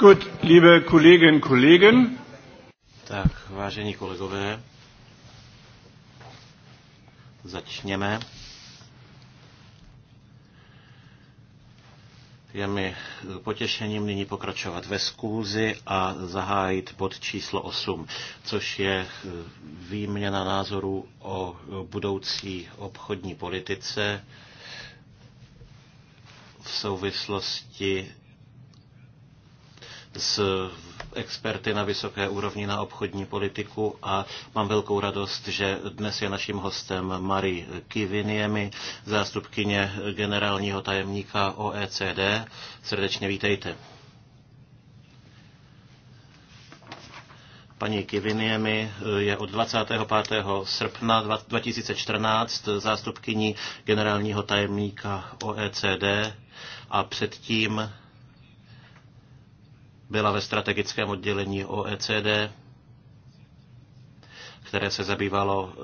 Gut, liebe Kolleginnen Kollegen. Tak, vážení kolegové, začněme. Je mi potěšením nyní pokračovat ve zkůzi a zahájit bod číslo 8, což je eh, výměna názorů o budoucí obchodní politice v souvislosti s experty na vysoké úrovni na obchodní politiku a mám velkou radost, že dnes je naším hostem Marie Kiviniemi, zástupkyně generálního tajemníka OECD. Srdečně vítejte. paní Kiviniemi je od 25. srpna 2014 zástupkyní generálního tajemníka OECD a předtím byla ve strategickém oddělení OECD, které se zabývalo e,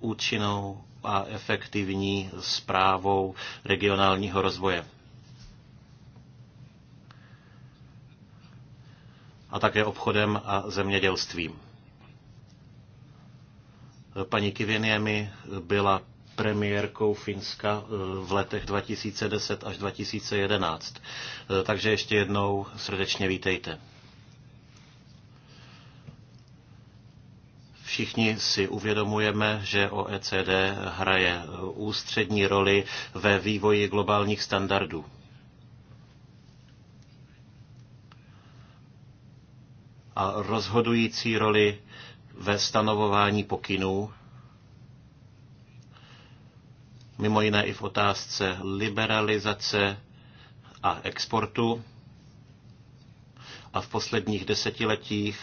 účinnou a efektivní zprávou regionálního rozvoje. A také obchodem a zemědělstvím. Paní Kiviniemi byla premiérkou Finska eh, v letech 2010 až 2011. Eh, takže ještě jednou srdečně vítejte. všichni si uvědomujeme, že OECD hraje eh, ústřední roli ve vývoji globálních standardů. A rozhodující roli ve stanovování pokynů mimo jiné i v otázce liberalizace a exportu. A v posledních desetiletích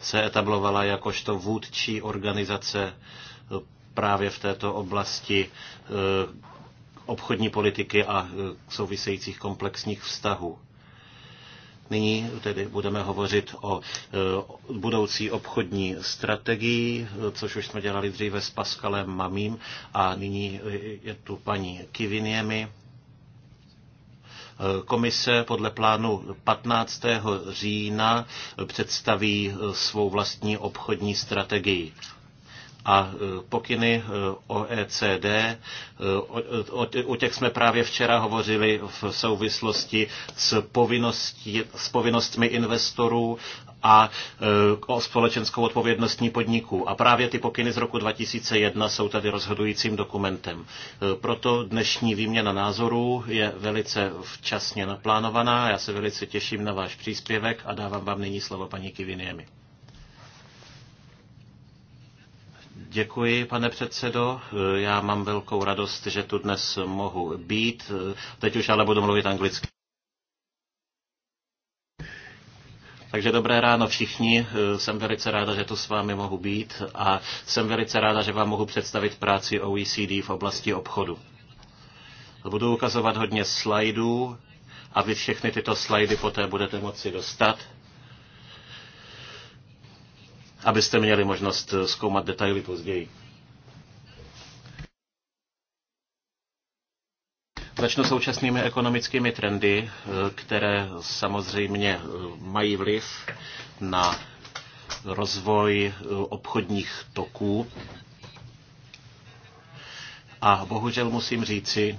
se etablovala jakožto vůdčí organizace právě v této oblasti eh, obchodní politiky a eh, souvisejících komplexních vztahů. Nyní tedy budeme hovořit o e, budoucí obchodní strategii, což už jsme dělali dříve s Paskalem Mamím a nyní je tu paní Kiviniemi. E, komise podle plánu 15. října představí e, svou vlastní obchodní strategii a e, pokyny e, OECD, e, o těch jsme právě včera hovořili v souvislosti s, povinností, s povinnostmi investorů a o společenskou odpovědnostní podniků. A právě ty pokyny z roku 2001 jsou tady rozhodujícím dokumentem. Proto dnešní výměna názorů je velice včasně naplánovaná. Já se velice těším na váš příspěvek a dávám vám nyní slovo paní Kiviniemi. Děkuji, pane předsedo. Já mám velkou radost, že tu dnes mohu být. Teď už ale budu mluvit anglicky. Takže dobré ráno všichni, jsem velice ráda, že tu s vámi mohu být a jsem velice ráda, že vám mohu představit práci OECD v oblasti obchodu. Budu ukazovat hodně slajdů a vy všechny tyto slajdy poté budete moci dostat abyste měli možnost eh, zkoumat detaily později. Začnu současnými ekonomickými trendy, eh, které samozřejmě eh, mají vliv na rozvoj obchodních toků. A bohužel musím říci,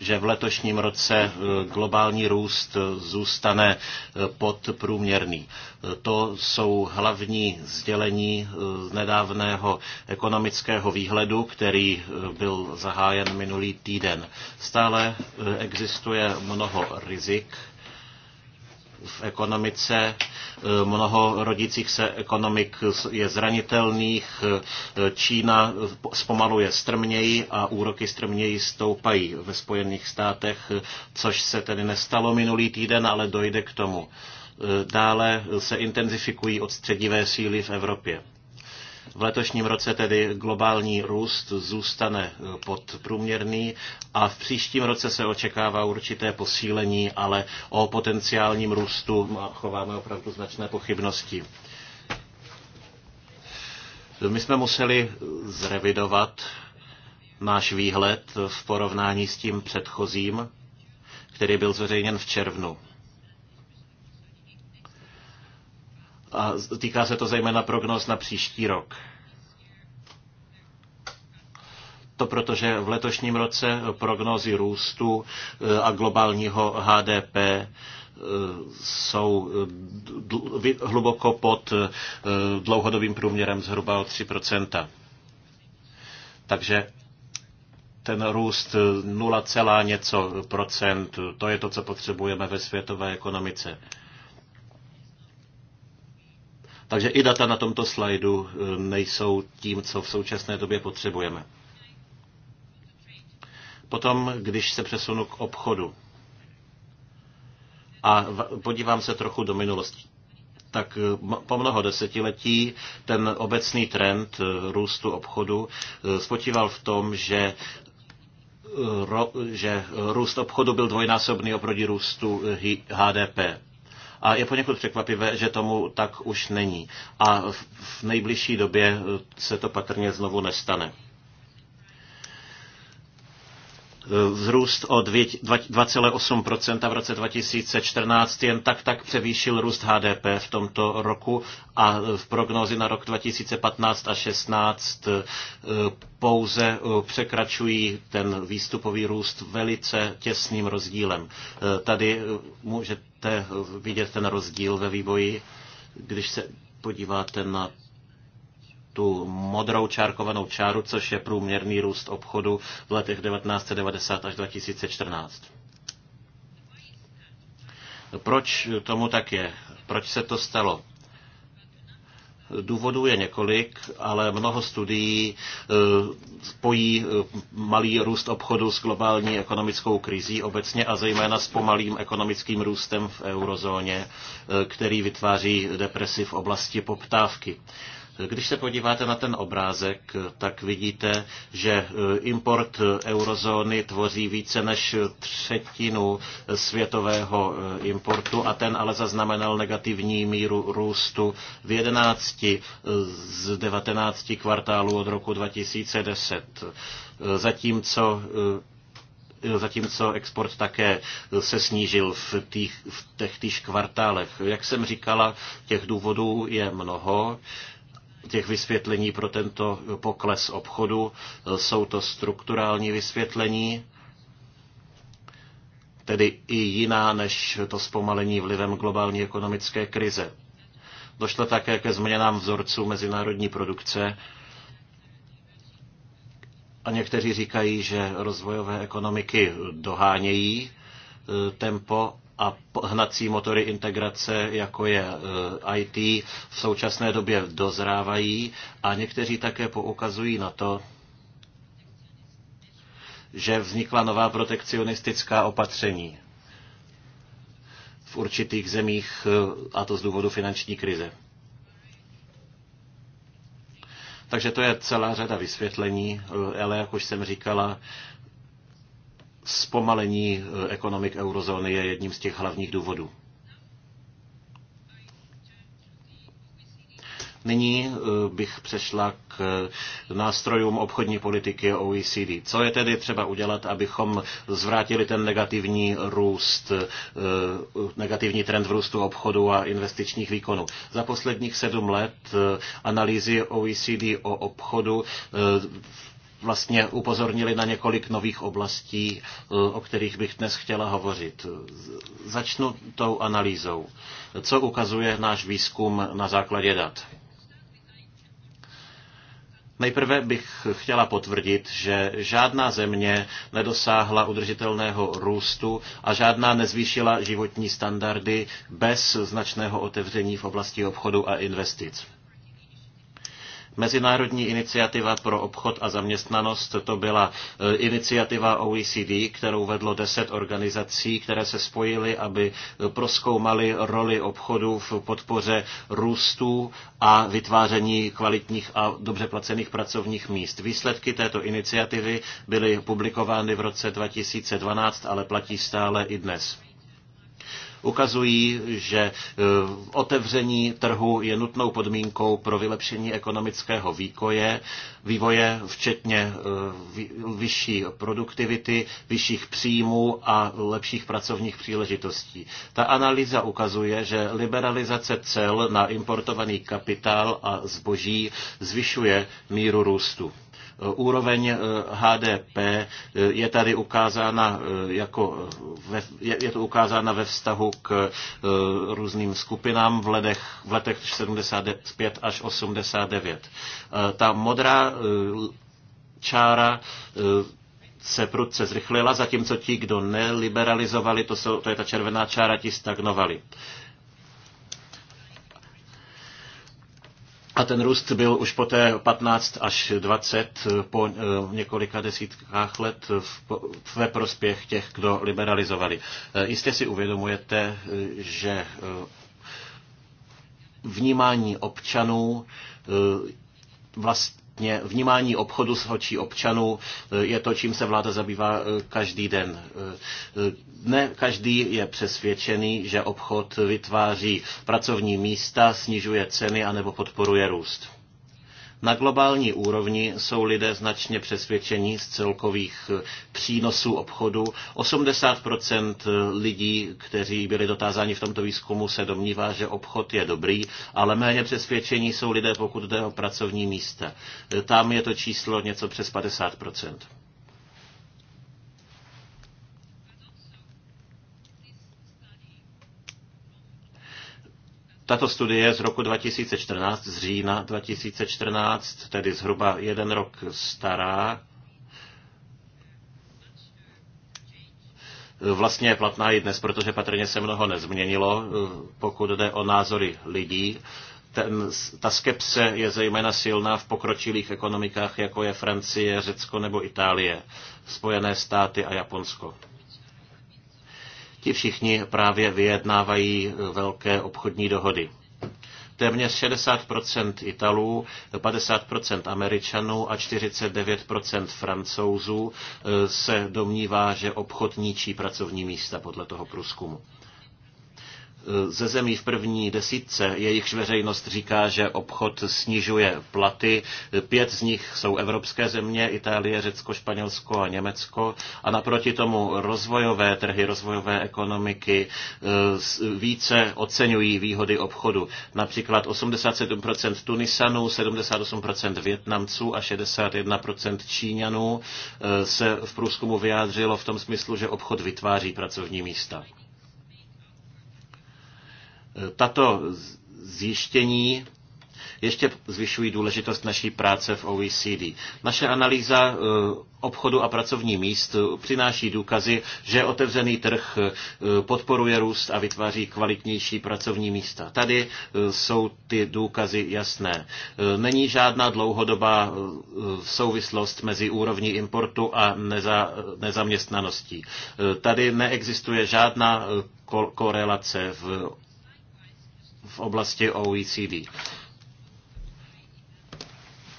že v letošním roce eh, globální růst eh, zůstane eh, podprůměrný. To jsou hlavní sdělení z nedávného ekonomického výhledu, který byl zahájen minulý týden. Stále existuje mnoho rizik v ekonomice. E, mnoho rodících se ekonomik je zranitelných. E, Čína zpomaluje strmněji a úroky strmněji stoupají ve Spojených státech, e, což se tedy nestalo minulý týden, ale dojde k tomu. Dále se intenzifikují odstředivé síly v Evropě. V letošním roce tedy globální růst zůstane eh, podprůměrný a v příštím roce se očekává určité posílení, ale o potenciálním růstu chováme opravdu značné pochybnosti. My jsme museli zrevidovat náš výhled v porovnání s tím předchozím, který byl zveřejněn v červnu. A týká se to zejména prognóz na příští rok. To protože v letošním roce prognózy růstu e, a globálního HDP e, jsou e, hluboko pod dlouhodobým průměrem zhruba o 3 Takže ten růst 0, něco procent, to je to, co potřebujeme ve světové ekonomice. Takže i data na tomto slajdu eh, nejsou tím, co v současné době potřebujeme. Potom, když se přesunu k obchodu a podívám se trochu do minulosti, tak eh, po mnoho desetiletí ten obecný trend eh, růstu obchodu spočíval v tom, že že růst obchodu byl dvojnásobný oproti růstu HDP a je poněkud překvapivé, že tomu tak už není. A v nejbližší době se to patrně znovu nestane vzrůst o 2,8% v roce 2014 jen tak tak převýšil růst HDP v tomto roku a v prognózi na rok 2015 a 16 eh, pouze eh, překračují ten výstupový růst velice těsným rozdílem. Eh, tady můžete vidět ten rozdíl ve vývoji, když se podíváte na tu modrou čárkovanou čáru, což je průměrný růst obchodu v letech 1990 až 2014. Proč tomu tak je? Proč se to stalo? Důvodů je několik, ale mnoho studií eh, spojí eh, malý růst obchodu s globální ekonomickou krizí obecně a zejména s pomalým ekonomickým růstem v eurozóně, eh, který vytváří depresi v oblasti poptávky. Když se podíváte na ten obrázek, tak vidíte, že e, import e, eurozóny tvoří více než třetinu světového e, importu a ten ale zaznamenal negativní míru růstu v 11 z 19 kvartálů od roku 2010. Zatímco zatímco export také se snížil v, tých, v těch týž kvartálech. Jak jsem říkala, těch důvodů je mnoho těch vysvětlení pro tento pokles obchodu. Jsou to strukturální vysvětlení, tedy i jiná než to zpomalení vlivem globální ekonomické krize. Došlo také ke změnám vzorců mezinárodní produkce, a někteří říkají, že rozvojové ekonomiky dohánějí eh, tempo a hnací motory integrace, jako je e, IT, v současné době dozrávají a někteří také poukazují na to, že vznikla nová protekcionistická opatření v určitých zemích, e, a to z důvodu finanční krize. Takže to je celá řada vysvětlení, e, ale jak už jsem říkala, zpomalení eh, ekonomik eurozóny je jedním z těch hlavních důvodů. Nyní eh, bych přešla k eh, nástrojům obchodní politiky OECD. Co je tedy třeba udělat, abychom zvrátili ten negativní růst, negativní trend v růstu obchodu a investičních výkonů? Za posledních sedm let analýzy OECD o obchodu vlastně upozornili na několik nových oblastí, eh, o kterých bych dnes chtěla hovořit. Začnu tou analýzou. Co ukazuje náš výzkum na základě dat? Nejprve bych chtěla potvrdit, že žádná země nedosáhla udržitelného růstu a žádná nezvýšila životní standardy bez značného otevření v oblasti obchodu a investic. Mezinárodní iniciativa pro obchod a zaměstnanost to byla eh, iniciativa OECD, kterou vedlo deset organizací, které se spojily, aby eh, prozkoumaly roli obchodu v podpoře růstu a vytváření kvalitních a dobře placených pracovních míst. Výsledky této iniciativy byly publikovány v roce 2012, ale platí stále i dnes ukazují, že e, otevření trhu je nutnou podmínkou pro vylepšení ekonomického výkoje, vývoje, včetně e, vyšší produktivity, vyšších příjmů a lepších pracovních příležitostí. Ta analýza ukazuje, že liberalizace cel na importovaný kapitál a zboží zvyšuje míru růstu. Úroveň HDP eh, eh, je tady ukázána eh, jako ve, je, je to ukázána ve vztahu k různým skupinám v, ledech, v letech 75 až 89. Ta modrá čára se prudce zrychlila, zatímco ti, kdo neliberalizovali, to, jsou, to je ta červená čára, ti stagnovali. A ten růst byl už poté 15 až 20 po eh, několika desítkách let ve prospěch těch, kdo liberalizovali. Eh, jistě si uvědomujete, eh, že vnímání občanů vlast Ostatně vnímání obchodu s očí občanů eh, je to, čím se vláda zabývá eh, každý den. Eh, ne každý je přesvědčený, že obchod vytváří pracovní místa, snižuje ceny anebo podporuje růst. Na globální úrovni jsou lidé značně přesvědčeni z celkových eh, přínosů obchodu. 80% eh, lidí, kteří byli dotázáni v tomto výzkumu, se domnívá, že obchod je dobrý, ale méně přesvědčení jsou lidé, pokud jde o pracovní místa. Eh, tam je to číslo něco přes 50%. Tato studie z roku 2014, z října 2014, tedy zhruba jeden rok stará, vlastně je platná i dnes, protože patrně se mnoho nezměnilo, pokud jde o názory lidí. Ten, ta skepse je zejména silná v pokročilých ekonomikách, jako je Francie, Řecko nebo Itálie, Spojené státy a Japonsko. Ti všichni právě vyjednávají velké obchodní dohody téměř 60% Italů, 50% Američanů a 49% Francouzů eh, se domnívá, že obchod ničí pracovní místa podle toho průzkumu ze zemí v první desítce, jejichž veřejnost říká, že obchod snižuje platy. Pět z nich jsou evropské země, Itálie, Řecko, Španělsko a Německo. A naproti tomu rozvojové trhy, rozvojové ekonomiky e, více oceňují výhody obchodu. Například 87% Tunisanů, 78% Větnamců a 61% Číňanů e, se v průzkumu vyjádřilo v tom smyslu, že obchod vytváří pracovní místa. Tato zjištění ještě zvyšují důležitost naší práce v OECD. Naše analýza eh, obchodu a pracovní míst přináší důkazy, že otevřený trh eh, podporuje růst a vytváří kvalitnější pracovní místa. Tady eh, jsou ty důkazy jasné. Není žádná dlouhodobá souvislost mezi úrovní importu a neza, nezaměstnaností. Tady neexistuje žádná korelace v v oblasti OECD.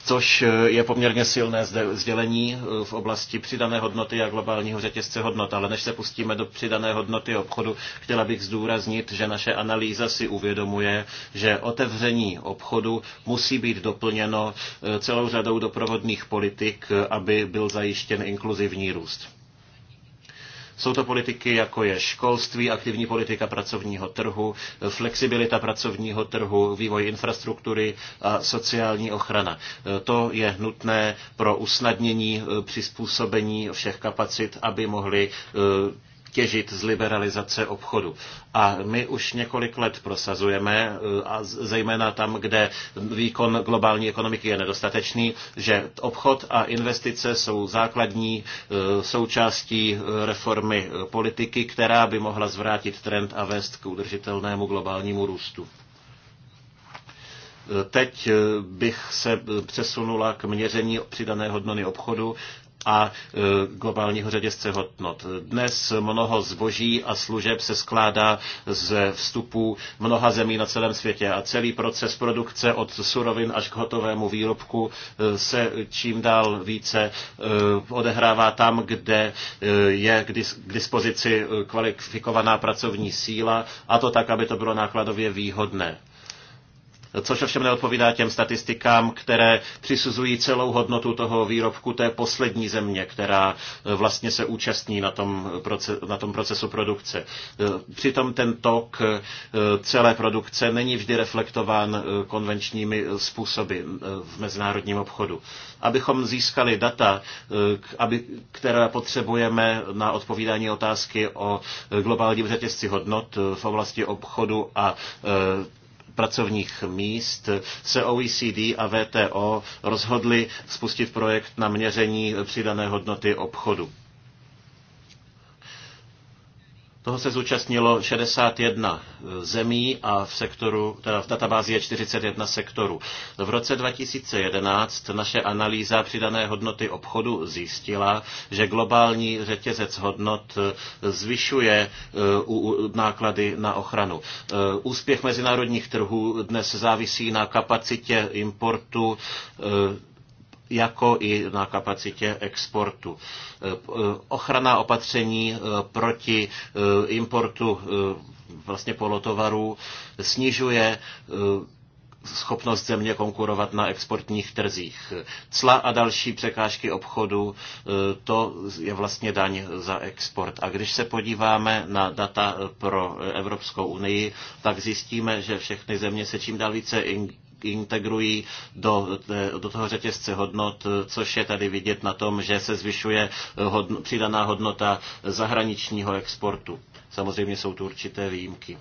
Což eh, je poměrně silné sdělení eh, v oblasti přidané hodnoty a globálního řetězce hodnot. Ale než se pustíme do přidané hodnoty obchodu, chtěla bych zdůraznit, že naše analýza si uvědomuje, že otevření obchodu musí být doplněno eh, celou řadou doprovodných politik, aby byl zajištěn inkluzivní růst. Jsou to politiky jako je školství, aktivní politika pracovního trhu, flexibilita pracovního trhu, vývoj infrastruktury a sociální ochrana. To je nutné pro usnadnění eh, přizpůsobení všech kapacit, aby mohli eh, těžit z liberalizace obchodu. A my už několik let prosazujeme, eh, a zejména tam, kde výkon globální ekonomiky je nedostatečný, že obchod a investice jsou základní eh, součástí eh, reformy politiky, která by mohla zvrátit trend a vést k udržitelnému globálnímu růstu. Teď bych se přesunula k měření přidané hodnoty obchodu, a e, globálního řetězce hodnot. Dnes mnoho zboží a služeb se skládá z vstupů mnoha zemí na celém světě a celý proces produkce od surovin až k hotovému výrobku e, se čím dál více e, odehrává tam, kde je k dispozici kvalifikovaná pracovní síla a to tak, aby to bylo nákladově výhodné což ovšem neodpovídá těm statistikám, které přisuzují celou hodnotu toho výrobku té poslední země, která eh, vlastně se účastní na tom, proces, na tom procesu produkce. Eh, přitom ten tok eh, celé produkce není vždy reflektován konvenčními způsoby v mezinárodním obchodu. Abychom získali data, která potřebujeme na odpovídání otázky o globálním řetězci hodnot v oblasti obchodu a pracovních míst se OECD a VTO rozhodli spustit projekt na měření přidané hodnoty obchodu. Toho se zúčastnilo 61 eh, zemí a v, sektoru, teda v databázi je 41 sektorů. V roce 2011 naše analýza přidané hodnoty obchodu zjistila, že globální řetězec hodnot eh, zvyšuje eh, náklady na ochranu. Úspěch mezinárodních trhů dnes závisí na kapacitě importu jako i na kapacitě exportu. Eh, Ochrana opatření eh, proti eh, importu vlastně polotovarů snižuje schopnost země konkurovat na exportních trzích. Cla a další překážky obchodu, to je vlastně daň za export. A když se podíváme na data pro Evropskou unii, tak zjistíme, že všechny země se čím dál více integrují do, do toho řetězce hodnot, což je tady vidět na tom, že se zvyšuje hodno, přidaná hodnota zahraničního exportu. Samozřejmě jsou tu určité výjimky.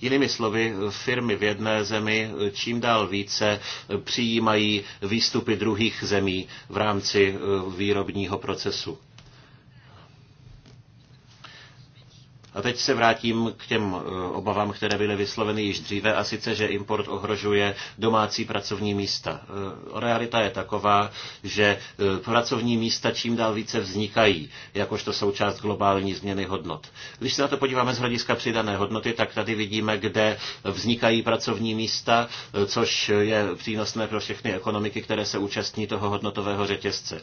Jinými slovy, firmy v jedné zemi čím dál více přijímají výstupy druhých zemí v rámci e, výrobního procesu. A teď se vrátím k těm eh, obavám, které byly vysloveny již dříve, a sice, že import ohrožuje domácí pracovní místa. Eh, realita je taková, že eh, pracovní místa čím dál více vznikají, jakožto součást globální změny hodnot. Když se na to podíváme z hlediska přidané hodnoty, tak tady vidíme, kde vznikají pracovní místa, což je přínosné pro všechny ekonomiky, které se účastní toho hodnotového řetězce.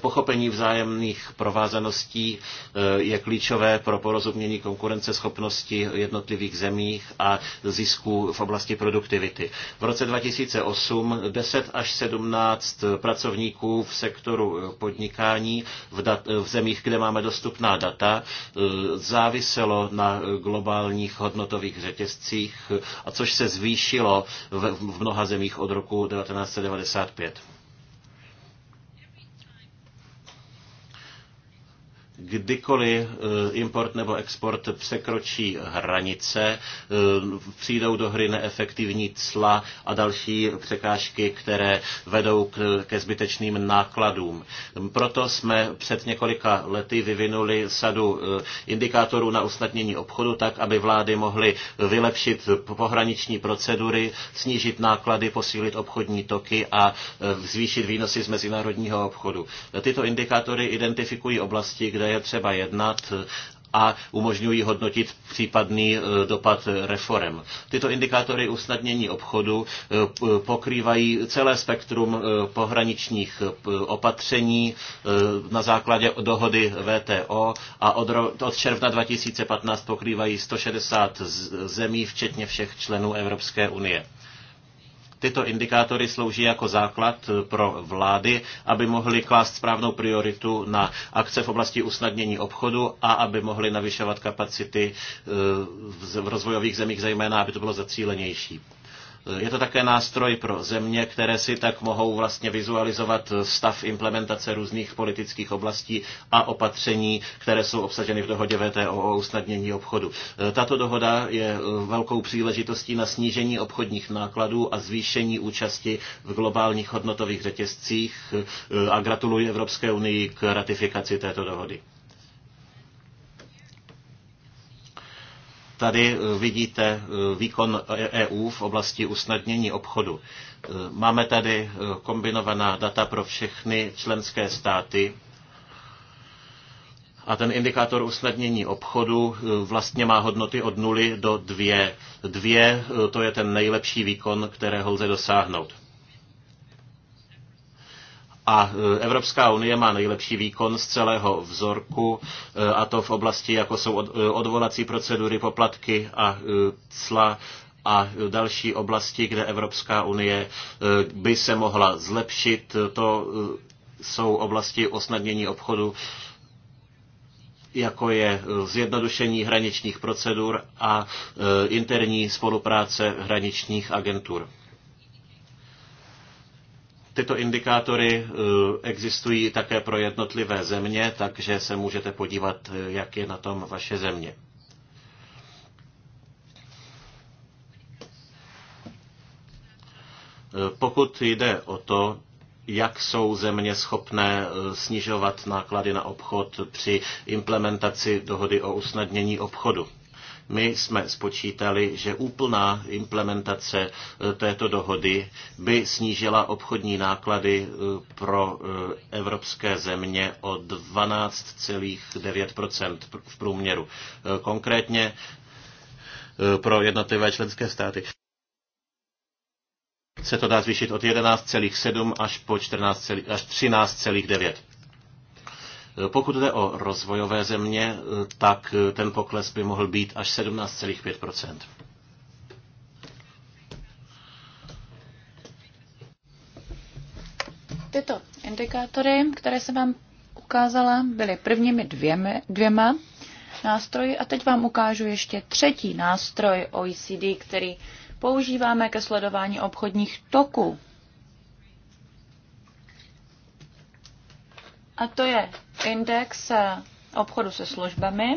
Pochopení vzájemných provázaností je klíčové pro porozumění konkurenceschopnosti jednotlivých zemích a zisků v oblasti produktivity. V roce 2008 10 až 17 pracovníků v sektoru podnikání v, dat, v zemích, kde máme dostupná data, záviselo na globálních hodnotových řetězcích, a což se zvýšilo v, v mnoha zemích od roku 1995. kdykoliv eh, import nebo export překročí hranice, eh, přijdou do hry neefektivní cla a další překážky, které vedou ke zbytečným nákladům. Proto jsme před několika lety vyvinuli sadu eh, indikátorů na usnadnění obchodu, tak aby vlády mohly vylepšit pohraniční procedury, snížit náklady, posílit obchodní toky a zvýšit výnosy z mezinárodního obchodu. Tyto indikátory identifikují oblasti, kde kde je třeba jednat a umožňují hodnotit případný e, dopad reform. Tyto indikátory usnadnění obchodu e, pokrývají celé spektrum e, pohraničních opatření na základě dohody VTO a od, od června 2015 pokrývají 160 zemí, včetně všech členů Evropské unie. Tyto indikátory slouží jako základ pro vlády, aby mohly klást správnou prioritu na akce v oblasti usnadnění obchodu a aby mohly navyšovat kapacity eh, v rozvojových zemích, zejména aby to bylo zacílenější. Je to také nástroj pro země, které si tak mohou vlastně vizualizovat stav implementace různých politických oblastí a opatření, které jsou obsaženy v dohodě VTO o usnadnění obchodu. Tato dohoda je velkou příležitostí na snížení obchodních nákladů a zvýšení účasti v globálních hodnotových řetězcích a gratuluji Evropské unii k ratifikaci této dohody. Tady eh, vidíte eh, výkon EU v oblasti usnadnění obchodu. Eh, máme tady kombinovaná data pro všechny členské státy a ten indikátor usnadnění obchodu vlastně má hodnoty od 0 do 2. 2 to je ten nejlepší výkon, kterého lze dosáhnout. A e, Evropská unie má nejlepší výkon z celého vzorku, e, a to v oblasti, jako jsou e, odvolací procedury, poplatky a cla a další oblasti, kde Evropská unie by se mohla zlepšit. To jsou oblasti osnadnění obchodu, jako je zjednodušení hraničních procedur a interní spolupráce hraničních agentur. Tyto indikátory eh, existují také pro jednotlivé země, takže se můžete podívat, eh, jak je na tom vaše země. Eh, pokud jde o to, jak jsou země schopné snižovat náklady na obchod při implementaci dohody o usnadnění obchodu. My jsme spočítali, že úplná implementace eh, této dohody by snížila obchodní náklady eh, pro eh, evropské země o 12,9 v průměru. Konkrétně pro jednotlivé členské státy se to dá zvýšit od 11,7 až po 14, až 13,9. Pokud jde o rozvojové země, tak ten pokles by mohl být až 17,5 Tyto indikátory, které jsem vám ukázala, byly prvními dvěmi, dvěma nástroji a teď vám ukážu ještě třetí nástroj OECD, který používáme ke sledování obchodních toků. A to je index obchodu se službami.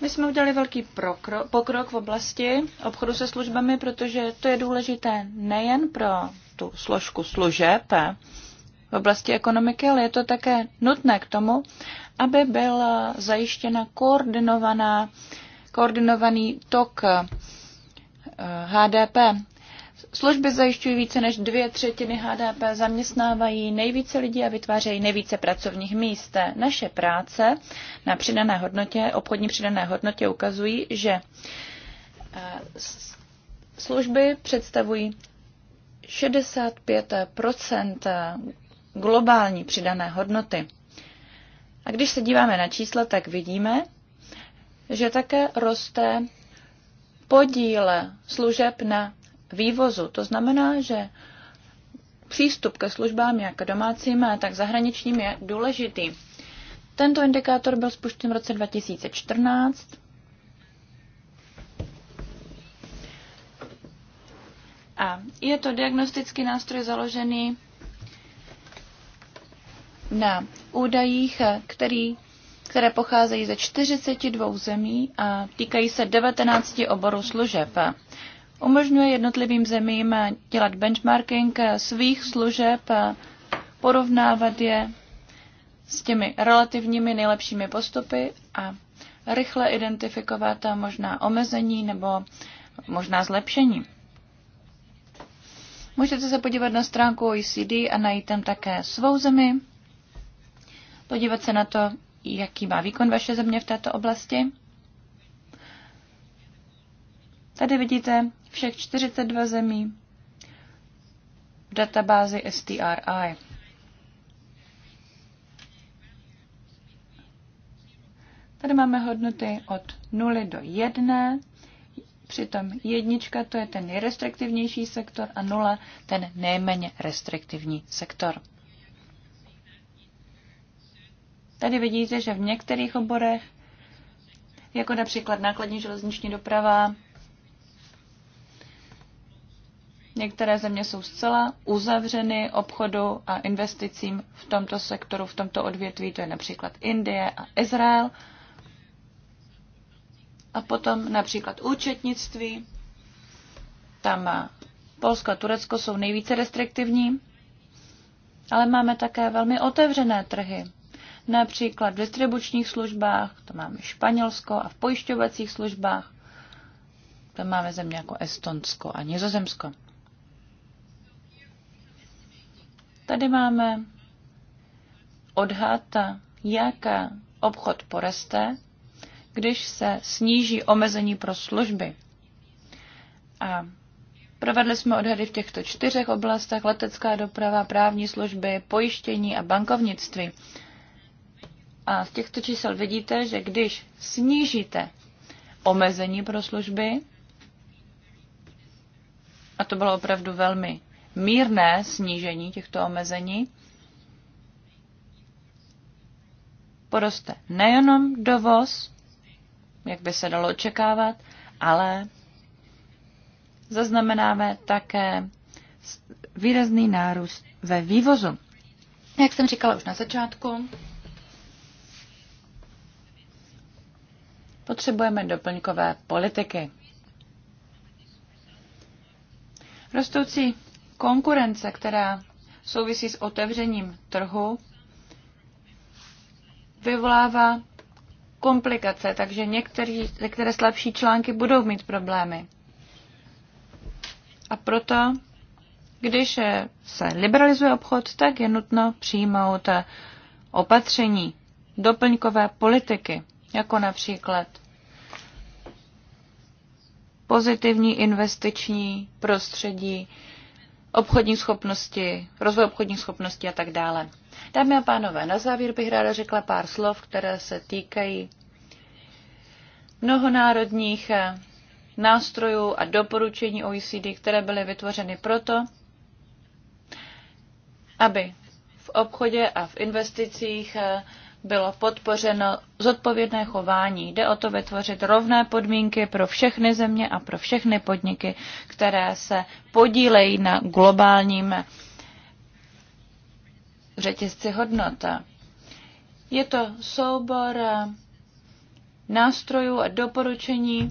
My jsme udělali velký pokrok, pokrok v oblasti obchodu se službami, protože to je důležité nejen pro tu složku služeb v oblasti ekonomiky, ale je to také nutné k tomu, aby byl zajištěna koordinovaná, koordinovaný tok HDP eh, Služby zajišťují více než dvě třetiny HDP, zaměstnávají nejvíce lidí a vytvářejí nejvíce pracovních míst. Naše práce na přidané hodnotě, obchodní přidané hodnotě ukazují, že eh, služby představují 65 globální přidané hodnoty. A když se díváme na čísla, tak vidíme, že také roste podíl služeb na vývozu. To znamená, že přístup ke službám jak domácím, tak zahraničním je důležitý. Tento indikátor byl spuštěn v roce 2014. A je to diagnostický nástroj založený na údajích, který, které pocházejí ze 42 zemí a týkají se 19 oborů služeb umožňuje jednotlivým zemím dělat benchmarking svých služeb, porovnávat je s těmi relativními nejlepšími postupy a rychle identifikovat možná omezení nebo možná zlepšení. Můžete se podívat na stránku OECD a najít tam také svou zemi, podívat se na to, jaký má výkon vaše země v této oblasti. Tady vidíte všech 42 zemí v databázi STRI. Tady máme hodnoty od 0 do 1, přitom jednička to je ten nejrestriktivnější sektor a 0 ten nejméně restriktivní sektor. Tady vidíte, že v některých oborech, jako například nákladní železniční doprava, Některé země jsou zcela uzavřeny obchodu a investicím v tomto sektoru, v tomto odvětví, to je například Indie a Izrael. A potom například účetnictví, tam Polsko a Turecko jsou nejvíce restriktivní, ale máme také velmi otevřené trhy. Například v distribučních službách, to máme Španělsko a v pojišťovacích službách, to máme země jako Estonsko a Nizozemsko. Tady máme odhad, jak obchod poroste, když se sníží omezení pro služby. A provedli jsme odhady v těchto čtyřech oblastech letecká doprava, právní služby, pojištění a bankovnictví. A z těchto čísel vidíte, že když snížíte omezení pro služby, a to bylo opravdu velmi mírné snížení těchto omezení poroste nejenom dovoz, jak by se dalo očekávat, ale zaznamenáme také výrazný nárůst ve vývozu. Jak jsem říkala už na začátku, potřebujeme doplňkové politiky. Rostoucí konkurence, která souvisí s otevřením trhu, vyvolává komplikace, takže některý, některé slabší články budou mít problémy. A proto, když se liberalizuje obchod, tak je nutno přijmout opatření, doplňkové politiky, jako například pozitivní investiční prostředí, obchodní schopnosti, rozvoj obchodní schopnosti a tak dále. Dámy a pánové, na závěr bych ráda řekla pár slov, které se týkají mnohonárodních eh, nástrojů a doporučení OECD, které byly vytvořeny proto, aby v obchodě a v investicích eh, bylo podpořeno zodpovědné chování. Jde o to vytvořit rovné podmínky pro všechny země a pro všechny podniky, které se podílejí na globálním řetězci hodnota. Je to soubor nástrojů a doporučení,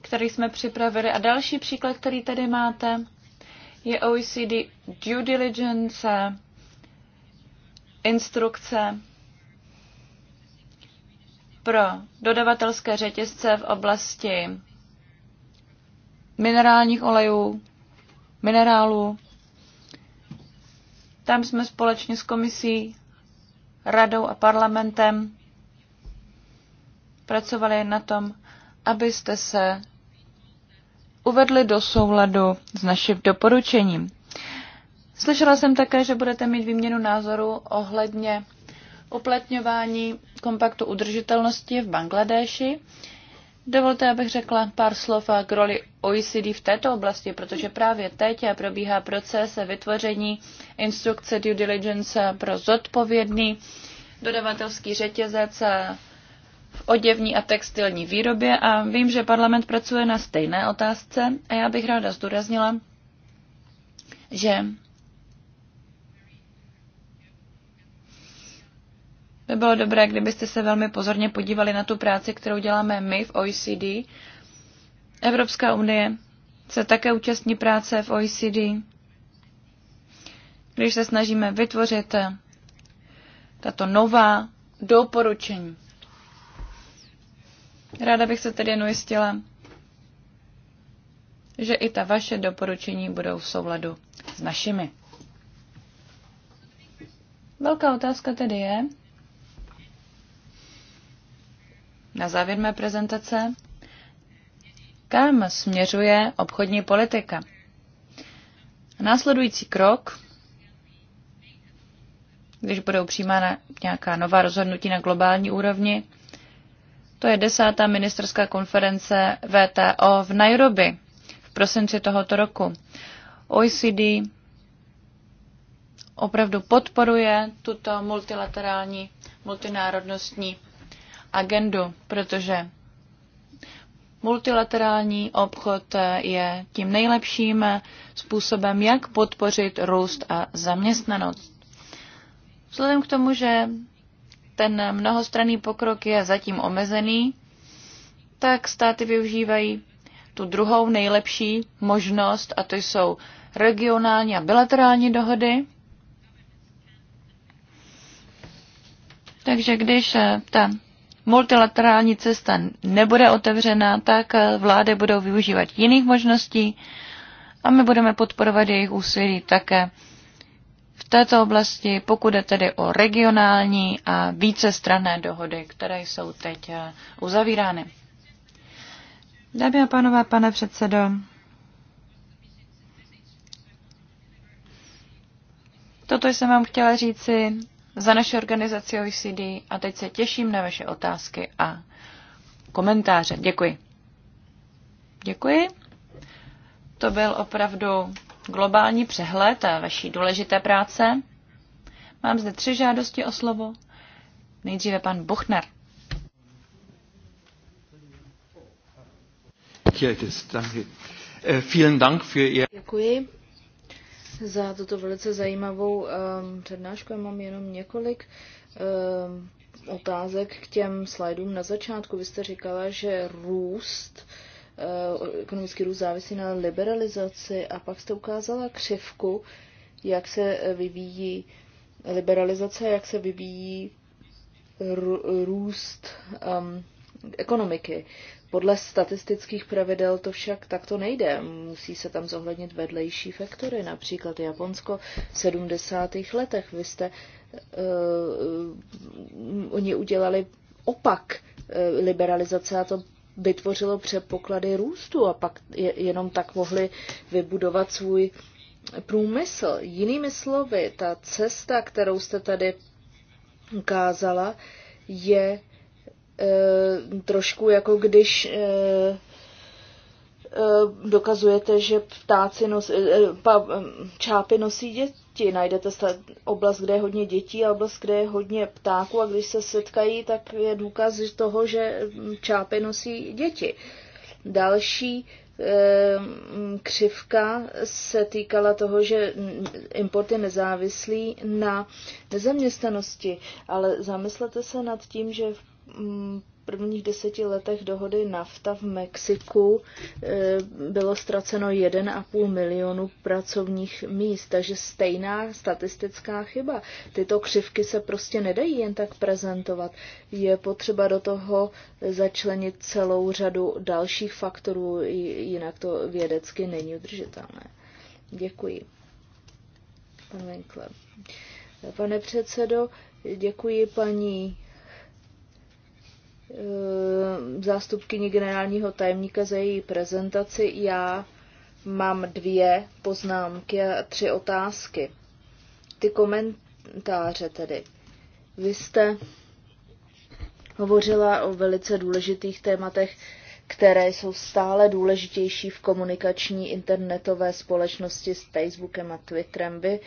který jsme připravili. A další příklad, který tady máte, je OECD Due Diligence instrukce pro dodavatelské řetězce v oblasti minerálních olejů, minerálů. Tam jsme společně s komisí, radou a parlamentem pracovali na tom, abyste se uvedli do souladu s naším doporučením. Slyšela jsem také, že budete mít výměnu názoru ohledně uplatňování kompaktu udržitelnosti v Bangladeši. Dovolte, abych řekla pár slov k roli OECD v této oblasti, protože právě teď probíhá proces vytvoření instrukce due diligence pro zodpovědný dodavatelský řetězec v oděvní a textilní výrobě a vím, že parlament pracuje na stejné otázce a já bych ráda zdůraznila, že by bylo dobré, kdybyste se velmi pozorně podívali na tu práci, kterou děláme my v OECD. Evropská unie se také účastní práce v OECD, když se snažíme vytvořit eh, tato nová doporučení. Ráda bych se tedy jen ujistila, že i ta vaše doporučení budou v souladu s našimi. Velká otázka tedy je, na závěr mé prezentace, kam směřuje obchodní politika. Následující krok, když budou přijímána nějaká nová rozhodnutí na globální úrovni, to je desátá ministerská konference VTO v Nairobi v prosinci tohoto roku. OECD opravdu podporuje tuto multilaterální, multinárodnostní agendu, protože multilaterální obchod je tím nejlepším způsobem, jak podpořit růst a zaměstnanost. Vzhledem k tomu, že ten mnohostranný pokrok je zatím omezený, tak státy využívají tu druhou nejlepší možnost, a to jsou regionální a bilaterální dohody. Takže když ta multilaterální cesta nebude otevřená, tak eh, vlády budou využívat jiných možností a my budeme podporovat jejich úsilí také v této oblasti, pokud je tedy o regionální a vícestranné dohody, které jsou teď eh, uzavírány. Dámy a pánové, pane předsedo, toto jsem vám chtěla říci za naše organizaci OECD a teď se těším na vaše otázky a komentáře. Děkuji. Děkuji. To byl opravdu globální přehled a vaší důležité práce. Mám zde tři žádosti o slovo. Nejdříve pan Buchner. Děkuji za tuto velice zajímavou um, přednášku. Já mám jenom několik um, otázek k těm slajdům na začátku. Vy jste říkala, že růst, uh, ekonomický růst závisí na liberalizaci a pak jste ukázala křivku, jak se vyvíjí liberalizace jak se vyvíjí růst um, ekonomiky. Podle statistických pravidel to však takto nejde. Musí se tam zohlednit vedlejší faktory, například Japonsko v 70. letech. Vy jste, uh, oni udělali opak uh, liberalizace a to vytvořilo předpoklady růstu a pak je, jenom tak mohli vybudovat svůj průmysl. Jinými slovy, ta cesta, kterou jste tady ukázala, je Eh, trošku jako když eh, eh, dokazujete, že ptáci nosí pa, čápy nosí děti. Najdete oblast, kde je hodně dětí a oblast, kde je hodně ptáků a když se setkají, tak je důkaz toho, že čápy nosí děti. Další křivka se týkala toho, že import je nezávislý na nezaměstnanosti, ale zamyslete se nad tím, že v Mm, prvních deseti letech dohody NAFTA v Mexiku e, bylo ztraceno 1,5 milionu pracovních míst, takže stejná statistická chyba. Tyto křivky se prostě nedají jen tak prezentovat. Je potřeba do toho začlenit celou řadu dalších faktorů, jinak to vědecky není udržitelné. Děkuji. Pan Winkler. Pane předsedo, děkuji paní Eh, zástupkyni generálního tajemníka za její prezentaci. Já mám dvě poznámky a tři otázky. Ty komentáře tedy. Vy jste hovořila o velice důležitých tématech, které jsou stále důležitější v komunikační internetové společnosti s Facebookem a Twitterem. Vy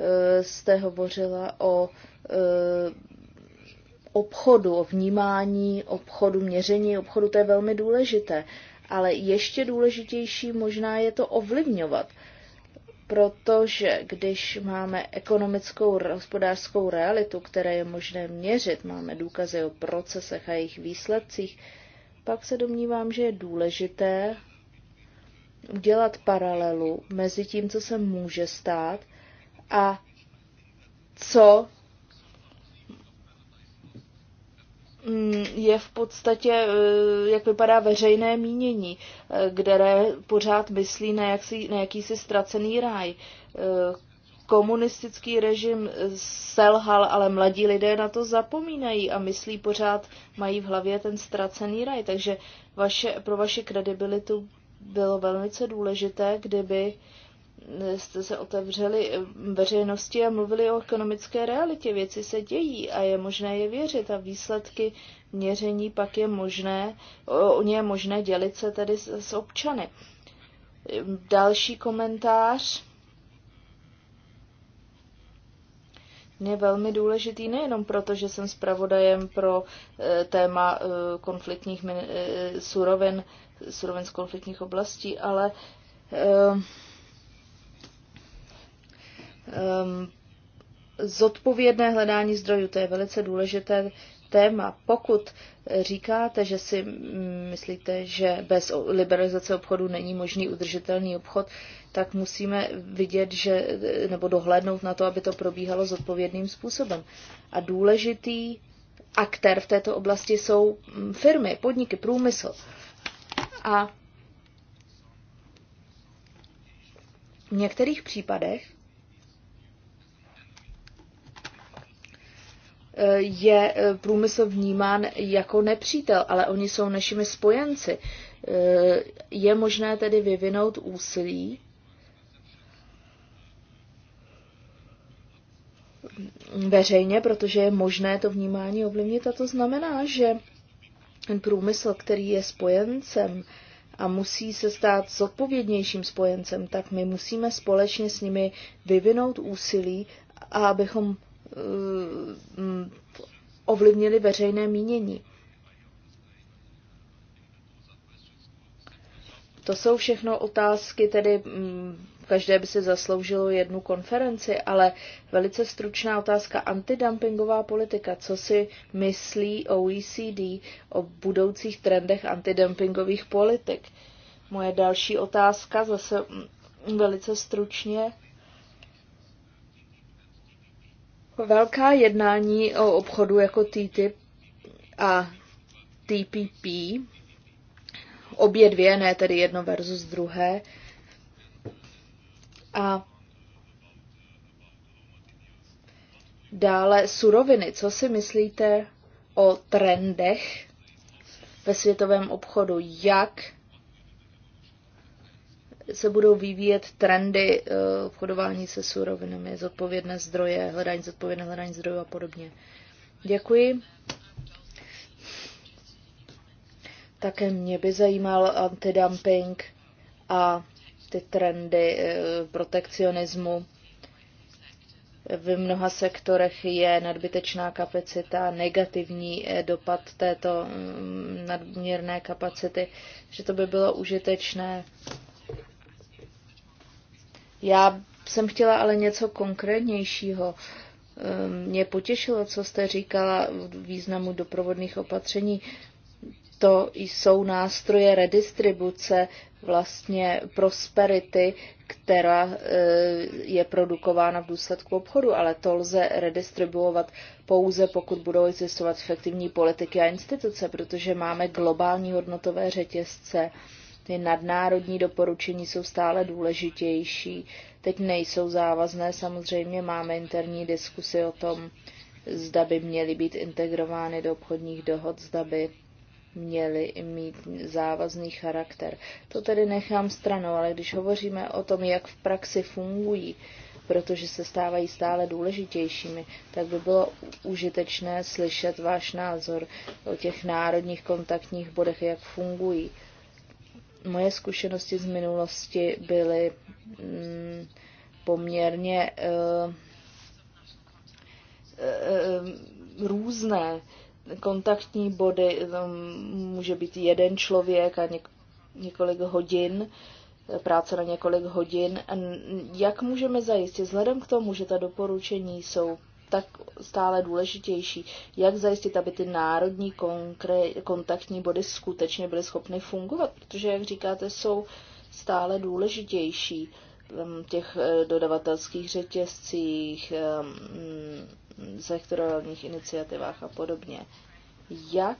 eh, jste hovořila o eh, obchodu, o vnímání obchodu, měření obchodu, to je velmi důležité. Ale ještě důležitější možná je to ovlivňovat, protože když máme ekonomickou hospodářskou realitu, které je možné měřit, máme důkazy o procesech a jejich výsledcích, pak se domnívám, že je důležité udělat paralelu mezi tím, co se může stát a co Mm, je v podstatě, eh, jak vypadá veřejné mínění, eh, které pořád myslí na, jaksi, na jakýsi ztracený ráj. Eh, komunistický režim selhal, ale mladí lidé na to zapomínají a myslí pořád, mají v hlavě ten ztracený raj. Takže vaše, pro vaše kredibilitu bylo velmi důležité, kdyby uh, jste se otevřeli veřejnosti a mluvili o ekonomické realitě. Věci se dějí a je možné je věřit a výsledky měření pak je možné, o ně je možné dělit se tedy s, s občany. Další komentář je velmi důležitý nejenom proto, že jsem zpravodajem pro e, téma e, konfliktních e, e, surovin, surovin z konfliktních oblastí, ale e, Um, zodpovědné hledání zdrojů, to je velice důležité téma. Pokud říkáte, že si mm, myslíte, že bez liberalizace obchodu není možný udržitelný obchod, tak musíme vidět, že, nebo dohlédnout na to, aby to probíhalo zodpovědným způsobem. A důležitý aktér v této oblasti jsou mm, firmy, podniky, průmysl. A v některých případech je eh, průmysl vnímán jako nepřítel, ale oni jsou našimi spojenci. Eh, je možné tedy vyvinout úsilí veřejně, protože je možné to vnímání ovlivnit a to znamená, že ten průmysl, který je spojencem a musí se stát zodpovědnějším spojencem, tak my musíme společně s nimi vyvinout úsilí, a abychom Eh, ovlivnili veřejné mínění. To jsou všechno otázky, tedy každé by se zasloužilo jednu konferenci, ale velice stručná otázka antidumpingová politika. Co si myslí OECD o budoucích trendech antidumpingových politik? Moje další otázka, zase velice stručně, Velká jednání o obchodu jako TTIP a TPP, obě dvě, ne tedy jedno versus druhé, a dále suroviny. Co si myslíte o trendech ve světovém obchodu? Jak se budou vyvíjet trendy obchodování eh, se surovinami, zodpovědné zdroje, hledání zodpovědné hledání zdrojů a podobně. Děkuji. Také mě by zajímal antidumping a ty trendy eh, protekcionismu. V mnoha sektorech je nadbytečná kapacita, negativní eh, dopad této mm, nadměrné kapacity, že to by bylo užitečné já jsem chtěla ale něco konkrétnějšího. Ehm, mě potěšilo, co jste říkala významu doprovodných opatření. To jsou nástroje redistribuce vlastně prosperity, která e, je produkována v důsledku obchodu, ale to lze redistribuovat pouze, pokud budou existovat efektivní politiky a instituce, protože máme globální hodnotové řetězce, ty nadnárodní doporučení jsou stále důležitější. Teď nejsou závazné, samozřejmě máme interní diskusy o tom, zda by měly být integrovány do obchodních dohod, zda by měly mít závazný charakter. To tedy nechám stranou, ale když hovoříme o tom, jak v praxi fungují, protože se stávají stále důležitějšími, tak by bylo užitečné slyšet váš názor o těch národních kontaktních bodech, jak fungují moje zkušenosti z minulosti byly mm, poměrně uh, uh, různé. Kontaktní body může být jeden člověk a něk- několik hodin, práce na několik hodin. Jak můžeme zajistit, vzhledem k tomu, že ta doporučení jsou tak stále důležitější. Jak zajistit, aby ty národní kontaktní body skutečně byly schopny fungovat? Protože, jak říkáte, jsou stále důležitější těch eh, dodavatelských řetězcích, mm, sektorálních iniciativách a podobně. Jak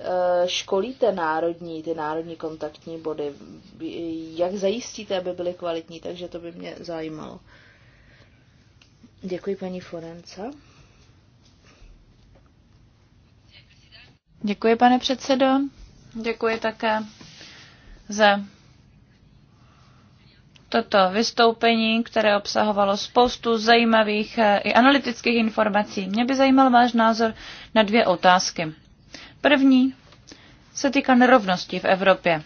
eh, školíte národní, ty národní kontaktní body? Jak zajistíte, aby byly kvalitní? Takže to by mě zajímalo. Děkuji paní Florenca. Děkuji, pane předsedo. Děkuji také za toto vystoupení, které obsahovalo spoustu zajímavých eh, i analytických informací. Mě by zajímal váš názor na dvě otázky. První se týká nerovností v Evropě.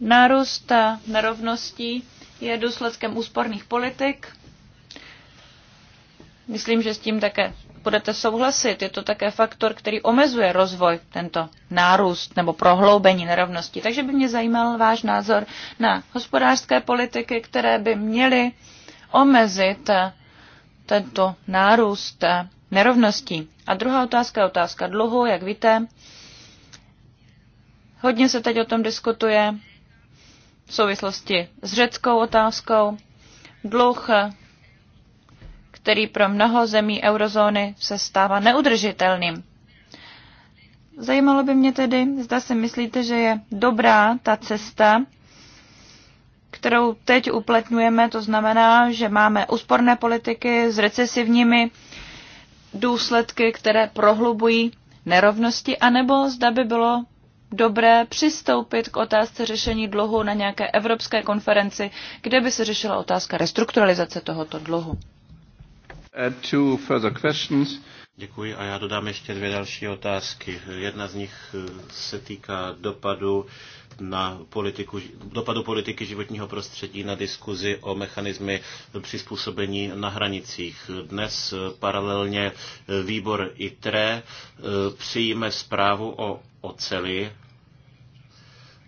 Nárůst nerovností je důsledkem úsporných politik. Myslím, že s tím také budete souhlasit. Je to také faktor, který omezuje rozvoj, tento nárůst nebo prohloubení nerovnosti. Takže by mě zajímal váš názor na hospodářské politiky, které by měly omezit tento nárůst nerovností. A druhá otázka je otázka dluhu, jak víte. Hodně se teď o tom diskutuje v souvislosti s řeckou otázkou. Dluh, který pro mnoho zemí eurozóny se stává neudržitelným. Zajímalo by mě tedy, zda si myslíte, že je dobrá ta cesta, kterou teď uplatňujeme, to znamená, že máme úsporné politiky s recesivními důsledky, které prohlubují nerovnosti, anebo zda by bylo dobré přistoupit k otázce řešení dluhu na nějaké evropské konferenci, kde by se řešila otázka restrukturalizace tohoto dluhu. Děkuji a já dodám ještě dvě další otázky. Jedna z nich eh, se týká dopadu na politiku, dopadu politiky životního prostředí na diskuzi o mechanizmy přizpůsobení na hranicích. Dnes eh, paralelně eh, výbor ITRE přijme zprávu o oceli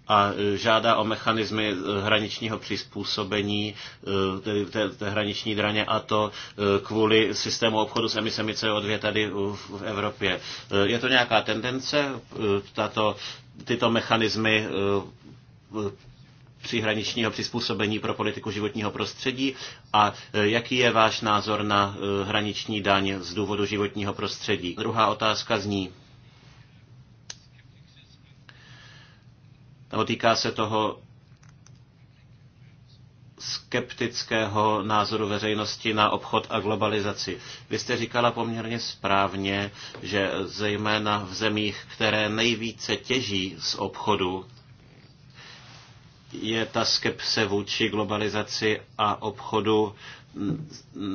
a e, žádá o mechanismy e, hraničního přizpůsobení e, té, té hraniční draně a to kvůli systému obchodu s emisemi CO2 tady v Evropě. Je to nějaká tendence, tato, tyto mechanismy příhraničního přizpůsobení pro politiku životního prostředí a jaký je váš názor na hraniční daň z důvodu životního prostředí? Druhá otázka zní, nebo týká se toho skeptického názoru veřejnosti na obchod a globalizaci. Vy jste říkala poměrně správně, že zejména v zemích, které nejvíce těží z obchodu, je ta skepse vůči globalizaci a obchodu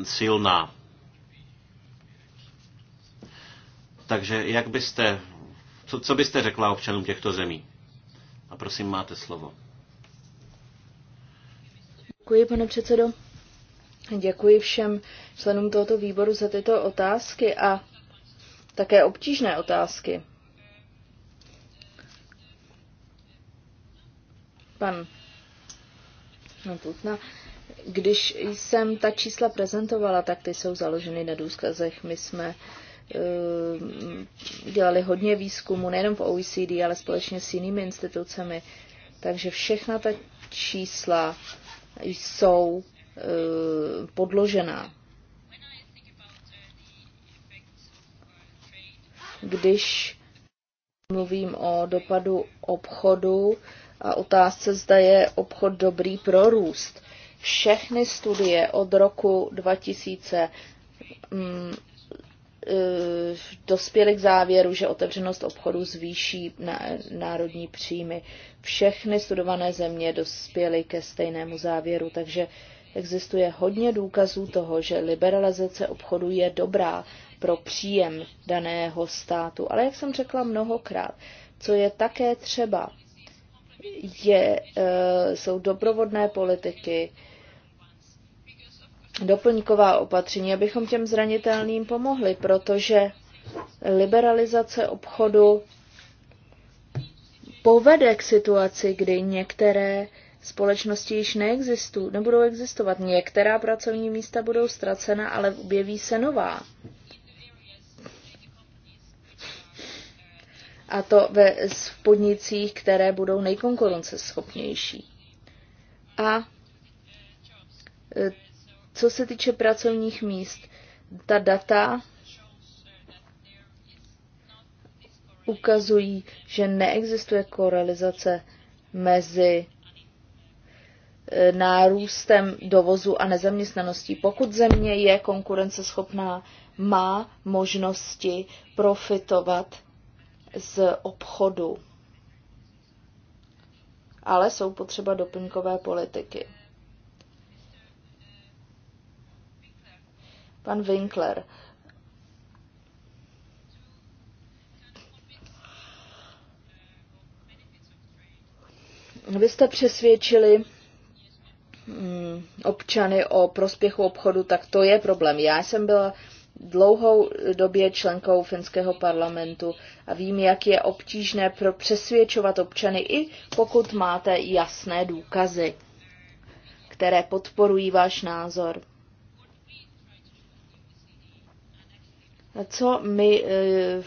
silná. Takže jak byste, co, co byste řekla občanům těchto zemí? A prosím, máte slovo. Děkuji, pane předsedo. Děkuji všem členům tohoto výboru za tyto otázky a také obtížné otázky. Pan no, Putna. Když jsem ta čísla prezentovala, tak ty jsou založeny na důzkazech. My jsme uh, Eh, dělali hodně výzkumu, nejenom v OECD, ale společně s jinými institucemi. Takže všechna ta čísla jsou eh, podložená. Když mluvím o dopadu obchodu a otázce, zda je obchod dobrý pro růst. Všechny studie od roku 2000 Eh, dospěli k závěru, že otevřenost obchodu zvýší národní příjmy. Všechny studované země dospěly ke stejnému závěru, takže existuje hodně důkazů toho, že liberalizace obchodu je dobrá pro příjem daného státu. Ale jak jsem řekla mnohokrát, co je také třeba, je, eh, jsou doprovodné politiky, doplňková opatření, abychom těm zranitelným pomohli, protože liberalizace obchodu povede k situaci, kdy některé společnosti již neexistují, nebudou existovat. Některá pracovní místa budou ztracena, ale objeví se nová. A to ve podnicích, které budou nejkonkurenceschopnější. A e, co se týče pracovních míst, ta data ukazují, že neexistuje korelizace mezi e, nárůstem dovozu a nezaměstnaností. Pokud země je konkurenceschopná, má možnosti profitovat z obchodu. Ale jsou potřeba doplňkové politiky. Pan Winkler. Vy jste přesvědčili mm, občany o prospěchu obchodu, tak to je problém. Já jsem byla dlouhou době členkou finského parlamentu a vím, jak je obtížné pro přesvědčovat občany, i pokud máte jasné důkazy, které podporují váš názor. co my eh,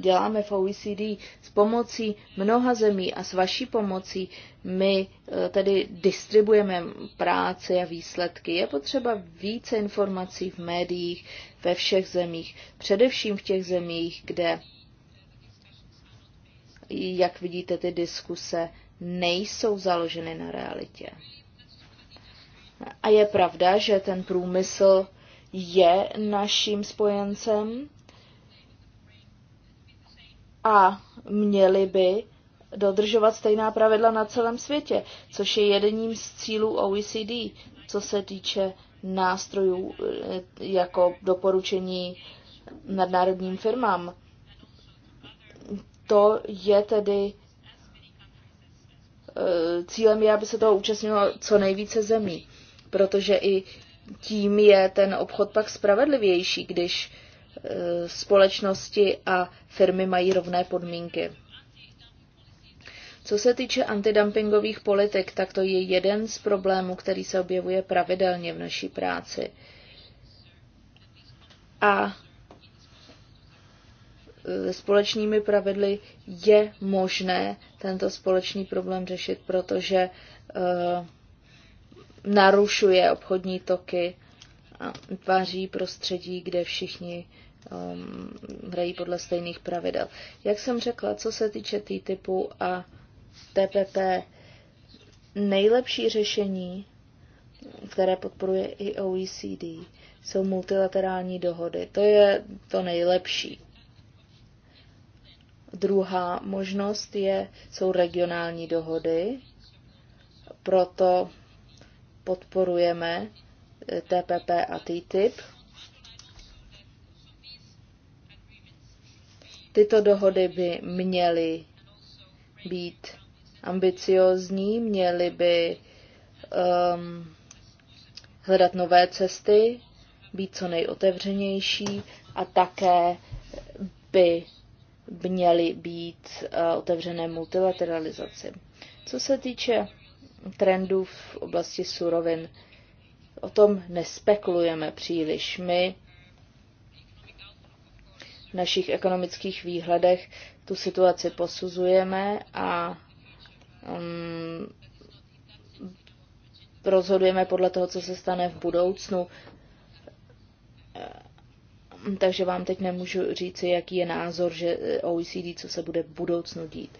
děláme v OECD s pomocí mnoha zemí a s vaší pomocí my eh, tedy distribuujeme práce a výsledky. Je potřeba více informací v médiích ve všech zemích, především v těch zemích, kde, jak vidíte, ty diskuse nejsou založeny na realitě. A je pravda, že ten průmysl je naším spojencem a měli by dodržovat stejná pravidla na celém světě, což je jedním z cílů OECD, co se týče nástrojů eh, jako doporučení nadnárodním firmám. To je tedy eh, cílem je, aby se toho účastnilo co nejvíce zemí, protože i tím je ten obchod pak spravedlivější, když e, společnosti a firmy mají rovné podmínky. Co se týče antidumpingových politik, tak to je jeden z problémů, který se objevuje pravidelně v naší práci. A společnými pravidly je možné tento společný problém řešit, protože uh, narušuje obchodní toky a tváří prostředí, kde všichni um, hrají podle stejných pravidel. Jak jsem řekla, co se týče TTIPu typu a TPP, nejlepší řešení, které podporuje i OECD, jsou multilaterální dohody. To je to nejlepší. Druhá možnost je, jsou regionální dohody, proto podporujeme eh, TPP a TTIP. Tyto dohody by měly být ambiciozní, měly by um, hledat nové cesty, být co nejotevřenější a také by měly být uh, otevřené multilateralizaci. Co se týče trendů v oblasti surovin. O tom nespekulujeme příliš. My v našich ekonomických výhledech tu situaci posuzujeme a um, rozhodujeme podle toho, co se stane v budoucnu. Takže vám teď nemůžu říci, jaký je názor že OECD, co se bude v budoucnu dít.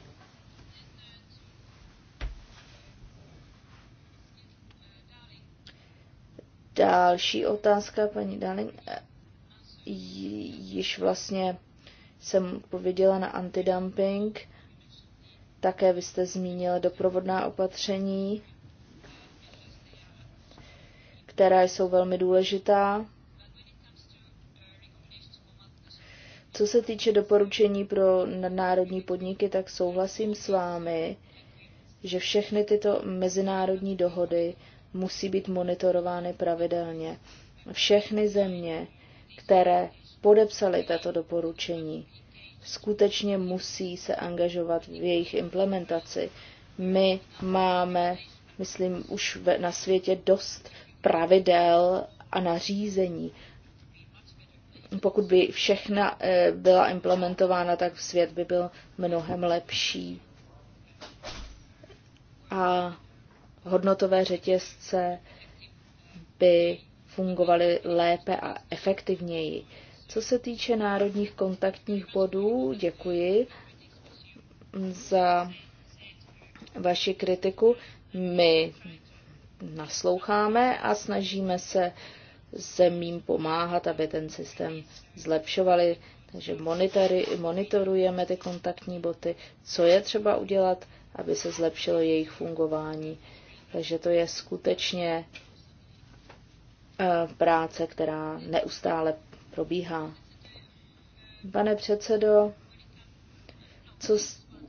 Další otázka, paní Dalin, Již vlastně jsem odpověděla na antidumping. Také vy jste zmínila doprovodná opatření, která jsou velmi důležitá. Co se týče doporučení pro nadnárodní podniky, tak souhlasím s vámi, že všechny tyto mezinárodní dohody musí být monitorovány pravidelně. Všechny země, které podepsaly tato doporučení, skutečně musí se angažovat v jejich implementaci. My máme, myslím, už na světě dost pravidel a nařízení. Pokud by všechna eh, byla implementována, tak svět by byl mnohem lepší. A hodnotové řetězce by fungovaly lépe a efektivněji. Co se týče národních kontaktních bodů, děkuji za vaši kritiku. My nasloucháme a snažíme se zemím pomáhat, aby ten systém zlepšovali. Takže monitory, monitorujeme ty kontaktní boty, co je třeba udělat, aby se zlepšilo jejich fungování takže to je skutečně eh, práce, která neustále probíhá. Pane předsedo, co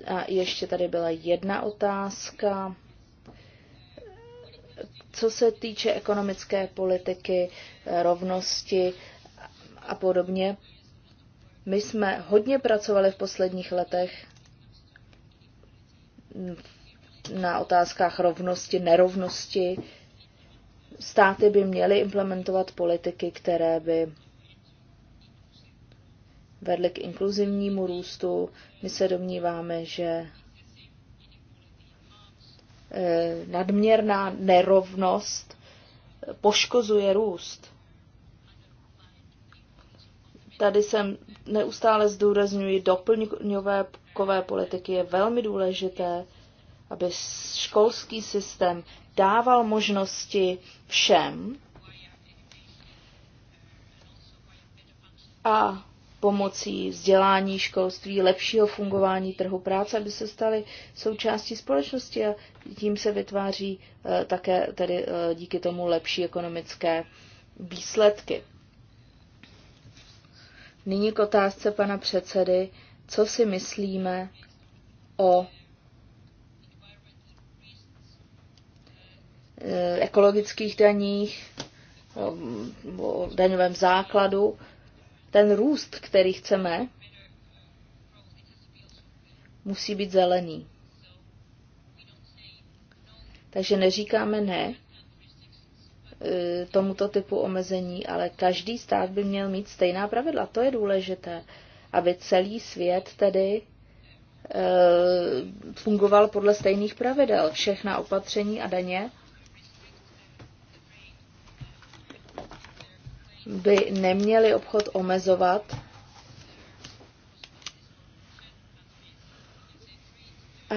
a ještě tady byla jedna otázka. Co se týče ekonomické politiky, eh, rovnosti a podobně, my jsme hodně pracovali v posledních letech na otázkách rovnosti, nerovnosti. Státy by měly implementovat politiky, které by vedly k inkluzivnímu růstu. My se domníváme, že eh, nadměrná nerovnost poškozuje růst. Tady jsem neustále zdůrazňuji, doplňkové politiky je velmi důležité aby školský systém dával možnosti všem a pomocí vzdělání, školství, lepšího fungování trhu práce, aby se staly součástí společnosti a tím se vytváří eh, také tedy eh, díky tomu lepší ekonomické výsledky. Nyní k otázce pana předsedy, co si myslíme o Eh, ekologických daních, eh, o daňovém základu, ten růst, který chceme, musí být zelený. Takže neříkáme ne eh, tomuto typu omezení, ale každý stát by měl mít stejná pravidla. To je důležité, aby celý svět tedy fungoval podle stejných pravidel. Všechna opatření a daně by neměli obchod omezovat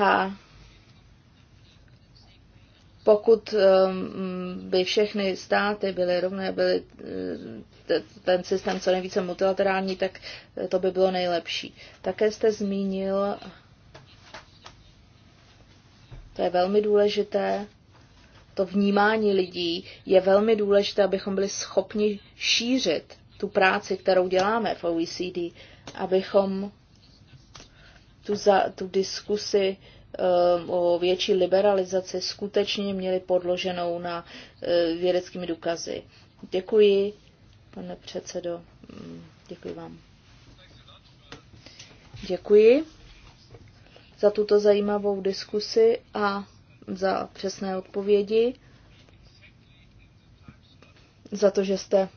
a pokud um, by všechny státy byly rovné, byly uh, ten systém co nejvíce multilaterální, tak to by bylo nejlepší. Také jste zmínil, to je velmi důležité, to vnímání lidí je velmi důležité, abychom byli schopni šířit tu práci, kterou děláme v OECD, abychom tu, za, tu diskusi eh, o větší liberalizaci skutečně měli podloženou na uh, vědeckými důkazy. Děkuji, pane předsedo. Mm, děkuji vám. Děkuji za tuto zajímavou diskusi a za přesné odpovědi, za to, že jste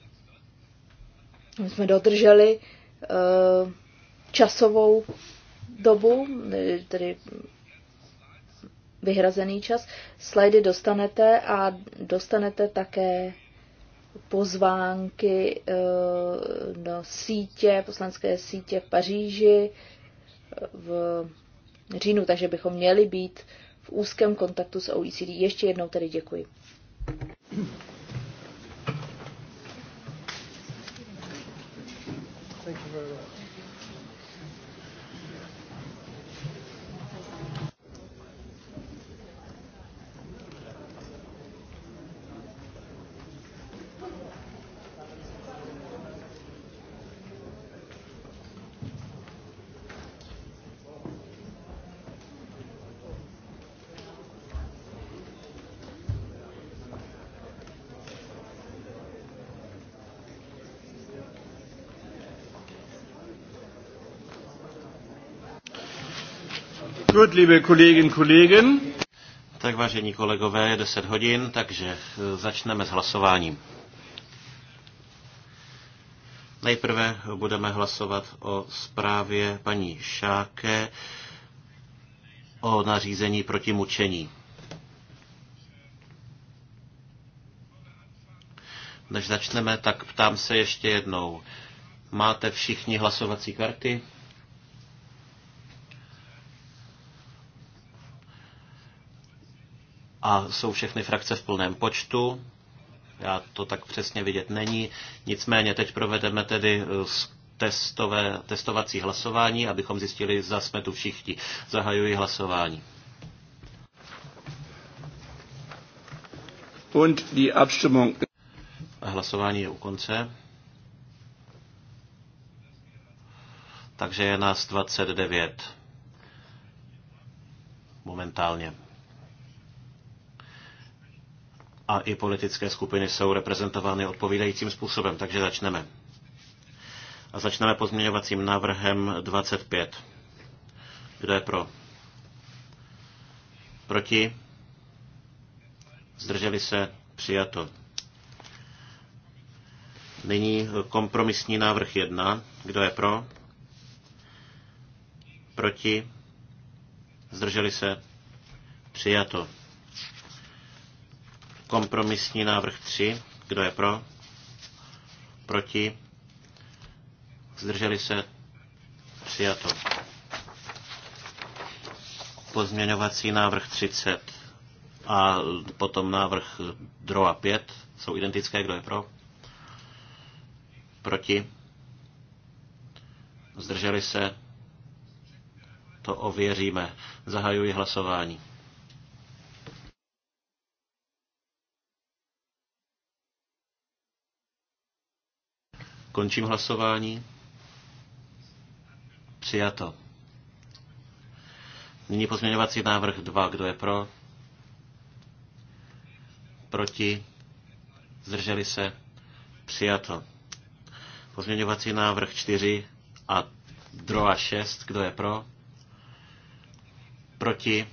my jsme dodrželi eh, časovou dobu, tedy vyhrazený čas. Slidy dostanete a dostanete také pozvánky eh, do sítě, poslanské sítě v Paříži eh, v říjnu, takže bychom měli být v úzkém kontaktu s OECD. Ještě jednou tedy děkuji. Thank you very much. Gut, liebe Kolleginnen Kollegen. Tak vážení kolegové, je 10 hodin, takže eh, začneme s hlasováním. Nejprve budeme hlasovat o zprávě paní Šáke o nařízení proti mučení. Než začneme, tak ptám se ještě jednou. Máte všichni hlasovací karty? a jsou všechny frakce v plném počtu. Já to tak přesně vidět není. Nicméně teď provedeme tedy eh, testové, testovací hlasování, abychom zjistili, zda jsme tu všichni. Zahajuji hlasování. Und die Abstimmung. Hlasování je u konce. Takže je nás 29 momentálně a i politické skupiny jsou reprezentovány odpovídajícím způsobem, takže začneme. A začneme pozměňovacím návrhem 25. Kdo je pro? Proti? Zdrželi se? Přijato. Nyní kompromisní návrh 1. Kdo je pro? Proti? Zdrželi se? Přijato. Kompromisní návrh 3. Kdo je pro? Proti? Zdrželi se? Přijato. Pozměňovací návrh 30 a potom návrh a 5 jsou identické. Kdo je pro? Proti? Zdrželi se? To ověříme. Zahajuji hlasování. Končím hlasování. Přijato. Nyní pozměňovací návrh 2. Kdo je pro? Proti? Zdrželi se? Přijato. Pozměňovací návrh 4 a droa 6. Kdo je pro? Proti?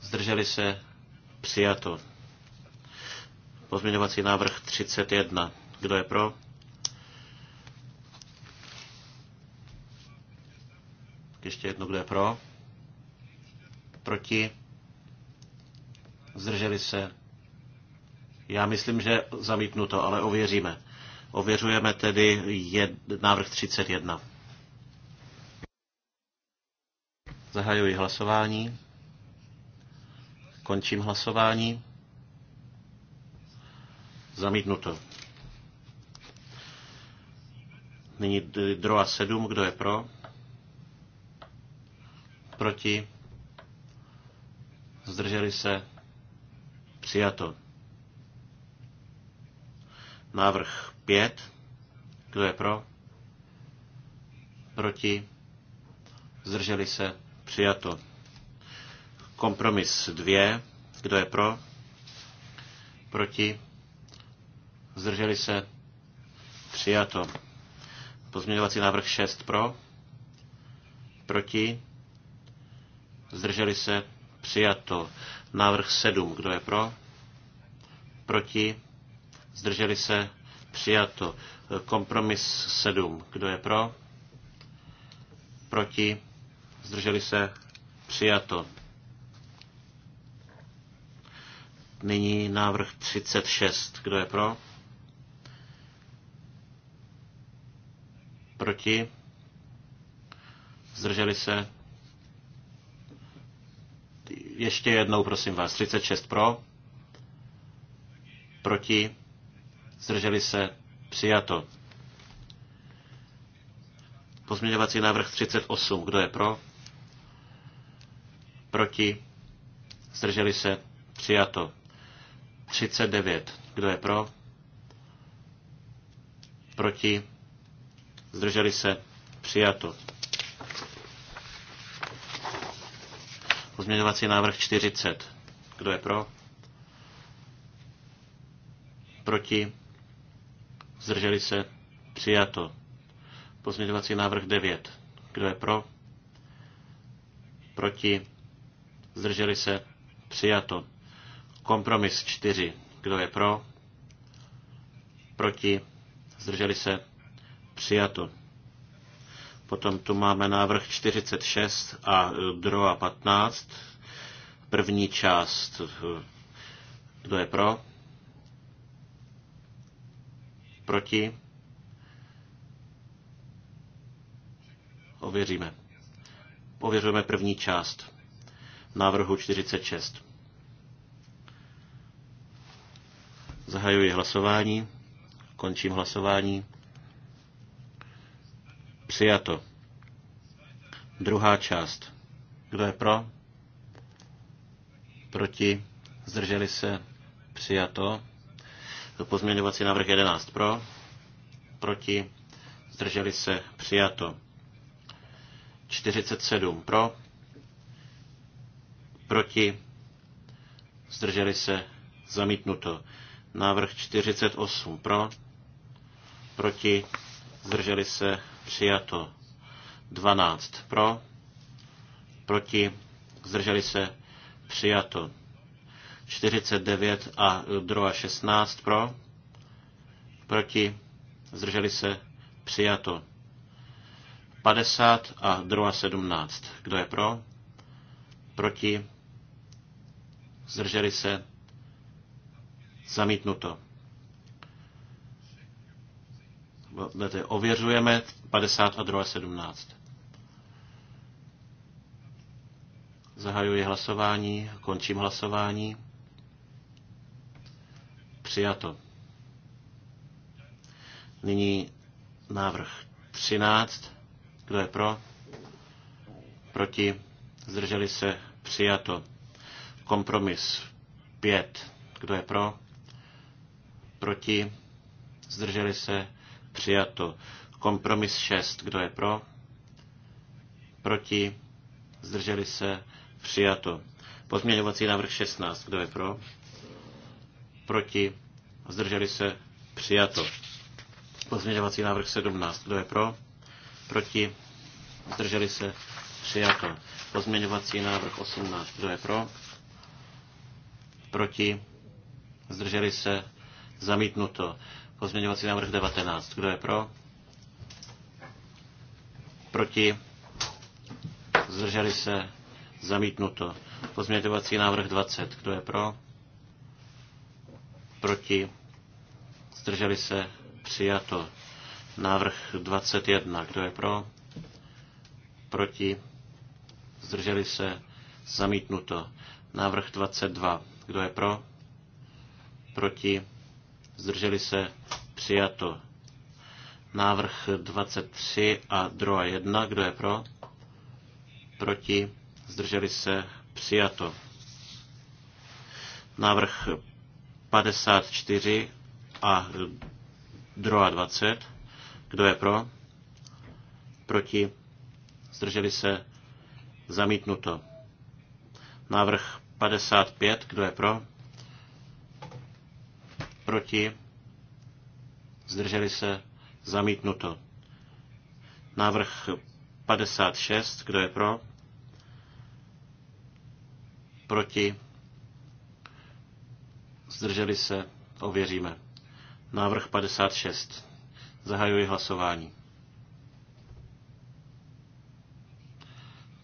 Zdrželi se? Přijato. Pozměňovací návrh 31. Kdo je pro? ještě jedno, kdo je pro, proti, zdrželi se. Já myslím, že zamítnu to, ale ověříme. Ověřujeme tedy jed, návrh 31. Zahajuji hlasování. Končím hlasování. Zamítnuto. Nyní DROA 7, kdo je pro? proti, zdrželi se, přijato. Návrh 5, kdo je pro, proti, zdrželi se, přijato. Kompromis 2, kdo je pro, proti, zdrželi se, přijato. Pozměňovací návrh 6 pro, proti, Zdrželi se? Přijato. Návrh 7. Kdo je pro? Proti? Zdrželi se? Přijato. Kompromis 7. Kdo je pro? Proti? Zdrželi se? Přijato. Nyní návrh 36. Kdo je pro? Proti? Zdrželi se? Ještě jednou, prosím vás, 36 pro, proti, zdrželi se, přijato. Pozměňovací návrh 38, kdo je pro, proti, zdrželi se, přijato. 39, kdo je pro, proti, zdrželi se, přijato. Pozměňovací návrh 40. Kdo je pro? Proti? Zdrželi se? Přijato. Pozměňovací návrh 9. Kdo je pro? Proti? Zdrželi se? Přijato. Kompromis 4. Kdo je pro? Proti? Zdrželi se? Přijato. Potom tu máme návrh 46 a droa 15. První část. Kdo je pro? Proti? Ověříme. Ověřujeme první část návrhu 46. Zahajuji hlasování. Končím hlasování. Přijato. Druhá část. Kdo je pro? Proti? Zdrželi se? Přijato. Pozměňovací návrh 11 pro? Proti? Zdrželi se? Přijato. 47 pro? Proti? Zdrželi se? Zamítnuto. Návrh 48 pro? Proti? Zdrželi se? přijato. 12 pro, proti, zdrželi se, přijato. 49 a druhá 16 pro, proti, zdrželi se, přijato. 50 a druhá 17. Kdo je pro? Proti, zdrželi se, zamítnuto. lety ověřujeme 50 a 2, 17. Zahajuji hlasování, končím hlasování. Přijato. Nyní návrh 13. Kdo je pro? Proti? Zdrželi se? Přijato. Kompromis 5. Kdo je pro? Proti? Zdrželi se? Přijato. Kompromis 6. Kdo je pro? Proti? Zdrželi se? Přijato. Pozměňovací návrh 16. Kdo je pro? Proti? Zdrželi se? Přijato. Pozměňovací návrh 17. Kdo je pro? Proti? Zdrželi se? Přijato. Pozměňovací návrh 18. Kdo je pro? Proti? Zdrželi se? Zamítnuto. Pozměňovací návrh 19. Kdo je pro? Proti? Zdrželi se? Zamítnuto. Pozměňovací návrh 20. Kdo je pro? Proti? Zdrželi se? Přijato. Návrh 21. Kdo je pro? Proti? Zdrželi se? Zamítnuto. Návrh 22. Kdo je pro? Proti? zdrželi se, přijato. Návrh 23 a DROA 1, kdo je pro? Proti, zdrželi se, přijato. Návrh 54 a DROA 20, kdo je pro? Proti, zdrželi se, zamítnuto. Návrh 55, kdo je pro? proti, zdrželi se, zamítnuto. Návrh 56, kdo je pro, proti, zdrželi se, ověříme. Návrh 56. Zahajuji hlasování.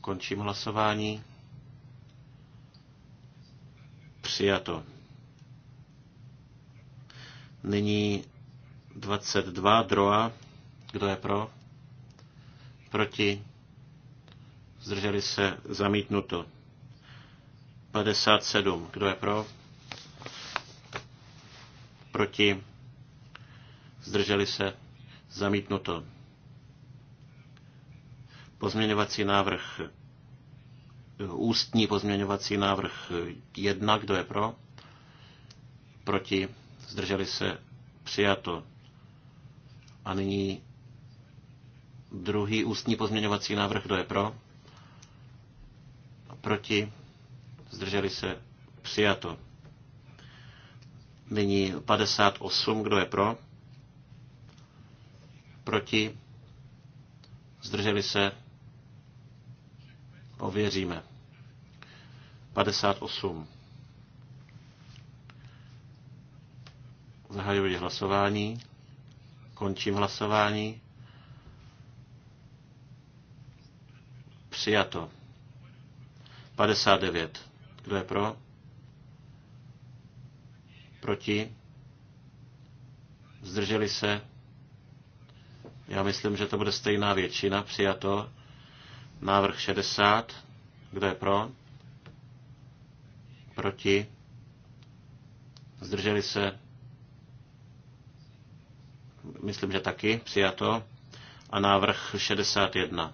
Končím hlasování. Přijato. Nyní 22 droa. Kdo je pro? Proti? Zdrželi se zamítnuto. 57. Kdo je pro? Proti? Zdrželi se zamítnuto. Pozměňovací návrh. Ústní pozměňovací návrh 1. Kdo je pro? Proti? zdrželi se, přijato. A nyní druhý ústní pozměňovací návrh, kdo je pro, proti, zdrželi se, přijato. Nyní 58, kdo je pro, proti, zdrželi se, ověříme. 58. Zahajuji hlasování. Končím hlasování. Přijato. 59. Kdo je pro? Proti? Zdrželi se? Já myslím, že to bude stejná většina. Přijato. Návrh 60. Kdo je pro? Proti? Zdrželi se? myslím, že taky, přijato. A návrh 61.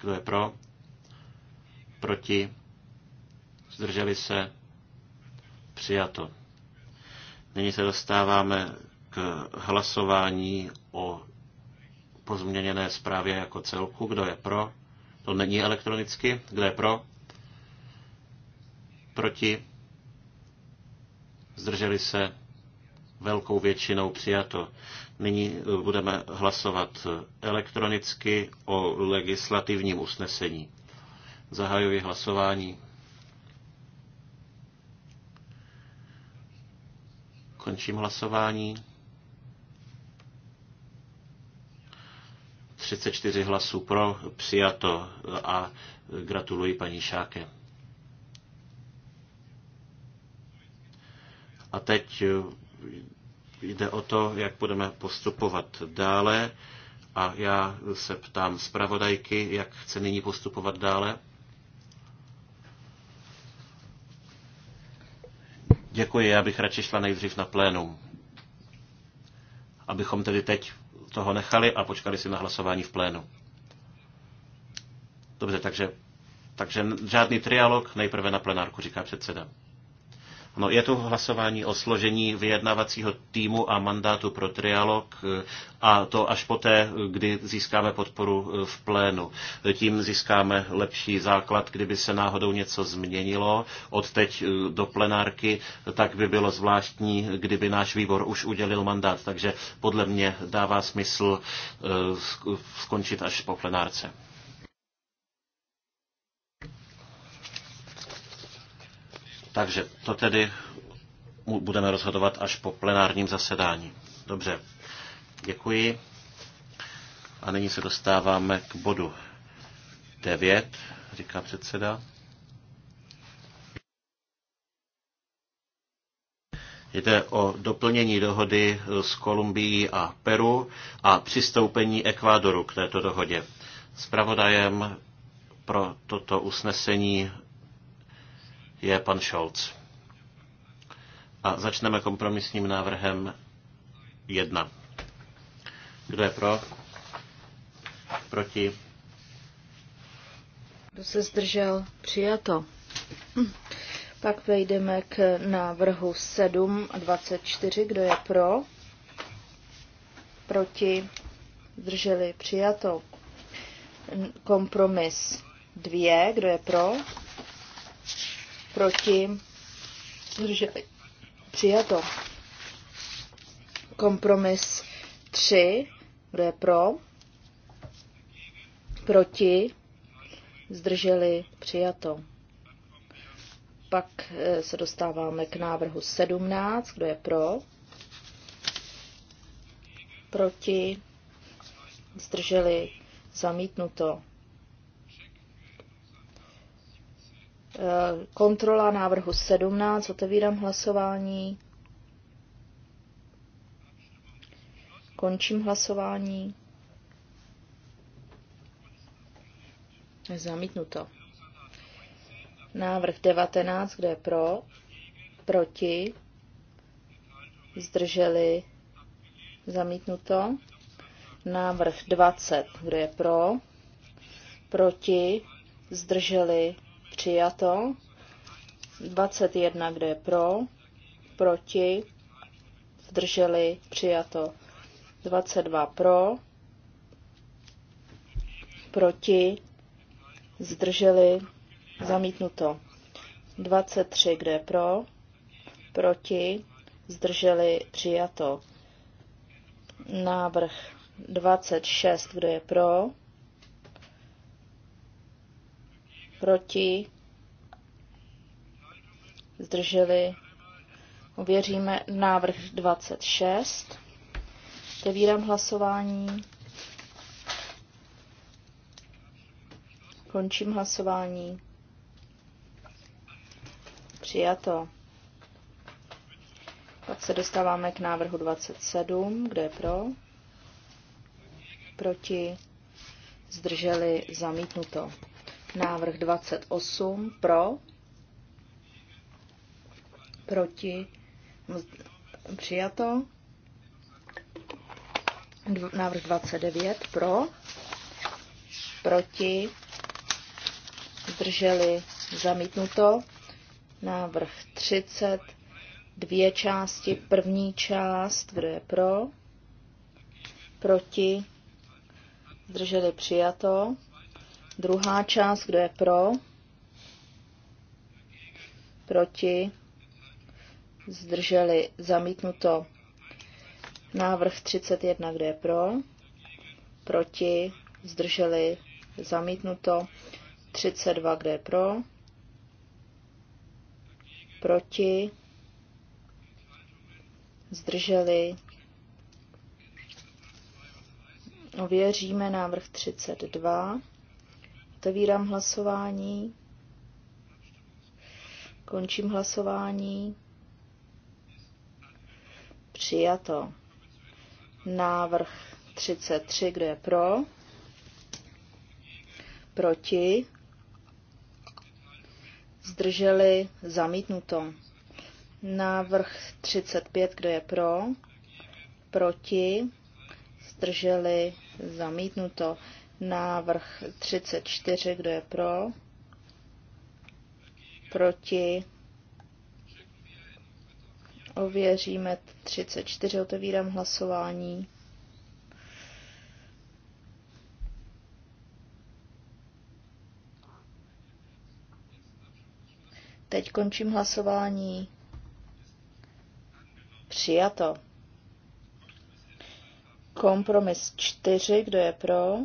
Kdo je pro? Proti? Zdrželi se? Přijato. Nyní se dostáváme k hlasování o pozměněné zprávě jako celku. Kdo je pro? To není elektronicky. Kdo je pro? Proti? Zdrželi se? Velkou většinou přijato. Nyní eh, budeme hlasovat elektronicky o legislativním usnesení. Zahajuji hlasování. Končím hlasování. 34 hlasů pro, přijato a gratuluji paní Šáke. A teď eh, Jde o to, jak budeme postupovat dále a já se ptám zpravodajky, jak chce nyní postupovat dále. Děkuji, já bych radši šla nejdřív na plénum. Abychom tedy teď toho nechali a počkali si na hlasování v plénu. Dobře, takže, takže žádný trialog, nejprve na plenárku, říká předseda. No, je to hlasování o složení vyjednavacího týmu a mandátu pro trialog a to až poté, kdy získáme podporu v plénu. Tím získáme lepší základ, kdyby se náhodou něco změnilo od teď eh, do plenárky, tak by bylo zvláštní, kdyby náš výbor už udělil mandát. Takže podle mě dává smysl eh, skončit až po plenárce. Takže to tedy budeme rozhodovat až po plenárním zasedání. Dobře, děkuji. A nyní se dostáváme k bodu 9, říká předseda. Jde o doplnění dohody s Kolumbií a Peru a přistoupení Ekvádoru k této dohodě. Spravodajem pro toto usnesení je pan Scholz. A začneme kompromisním návrhem 1. Kdo je pro? Proti? Kdo se zdržel? Přijato. Hm. Pak vejdeme k návrhu 7 a 24. Kdo je pro? Proti? Zdrželi? Přijato. Kompromis 2. Kdo je pro? proti, zdrželi, přijato. Kompromis 3, kdo je pro, proti, zdrželi, přijato. Pak eh, se dostáváme k návrhu 17, kdo je pro, proti, zdrželi, zamítnuto. Kontrola návrhu 17. Otevírám hlasování. Končím hlasování. Zamítnuto. Návrh 19, kde je pro, proti, zdrželi, zamítnuto. Návrh 20, kde je pro, proti, zdrželi, přijato. 21, kde je pro, proti, zdrželi, přijato. 22 pro, proti, zdrželi, zamítnuto. 23, kde je pro, proti, zdrželi, přijato. Návrh 26, kde je pro, proti, zdrželi, uvěříme návrh 26. Otevírám hlasování. Končím hlasování. Přijato. Pak se dostáváme k návrhu 27, kde je pro, proti, zdrželi, zamítnuto. Návrh 28 pro, proti, přijato. Návrh 29 pro, proti, zdrželi, zamítnuto. Návrh 30, dvě části, první část, kdo je pro, proti, zdrželi, přijato. Druhá část, kdo je pro? Proti? Zdrželi? Zamítnuto. Návrh 31, kdo je pro? Proti? Zdrželi? Zamítnuto. 32, kdo je pro? Proti? Zdrželi? Ověříme návrh 32. Otevírám hlasování. Končím hlasování. Přijato. Návrh 33, kdo je pro? Proti? Zdrželi? Zamítnuto. Návrh 35, kdo je pro? Proti? Zdrželi? Zamítnuto. Návrh 34, kdo je pro? Proti? Ověříme 34, otevírám hlasování. Teď končím hlasování. Přijato. Kompromis 4, kdo je pro?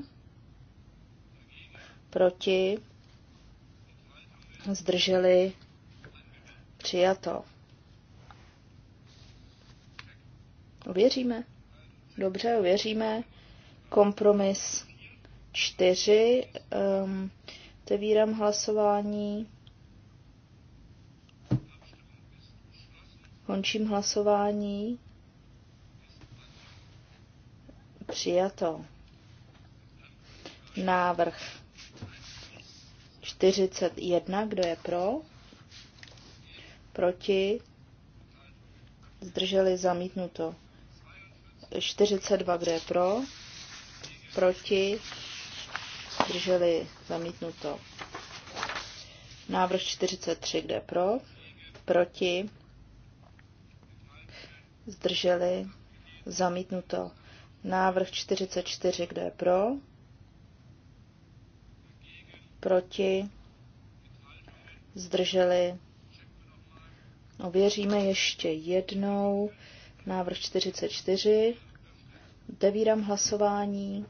proti, zdrželi, přijato. Uvěříme. Dobře, uvěříme. Kompromis 4. Um, ehm, otevírám hlasování. Končím hlasování. Přijato. Návrh 41, kdo je pro? Proti? Zdrželi zamítnuto. 42, kdo je pro? Proti? Zdrželi zamítnuto. Návrh 43, kde pro? Proti? Zdrželi? Zamítnuto. Návrh 44, kde pro? proti, zdrželi. Ověříme no, ještě jednou návrh 44. Devírám hlasování.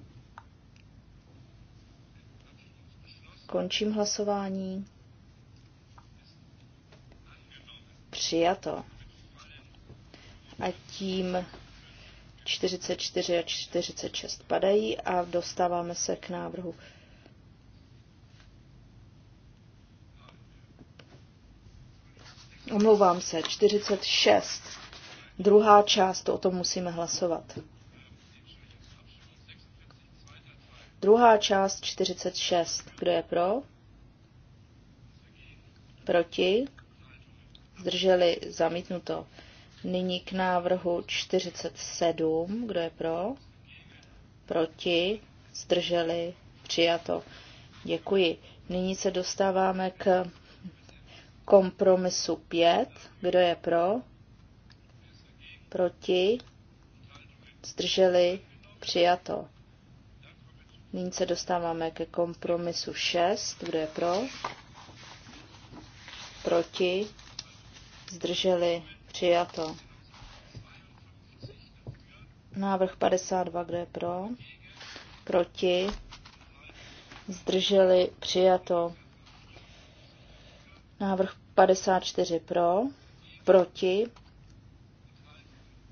Končím hlasování. Přijato. A tím 44 a 46 padají a dostáváme se k návrhu Omlouvám se, 46. Druhá část, o tom musíme hlasovat. Druhá část 46. Kdo je pro? Proti? Zdrželi zamítnuto. Nyní k návrhu 47. Kdo je pro? Proti? Zdrželi přijato. Děkuji. Nyní se dostáváme k kompromisu 5. Kdo je pro? Proti? Zdrželi? Přijato. Nyní se dostáváme ke kompromisu 6. Kdo je pro? Proti? Zdrželi? Přijato. Návrh 52, kdo je pro? Proti? Zdrželi? Přijato. Návrh 54 pro, proti,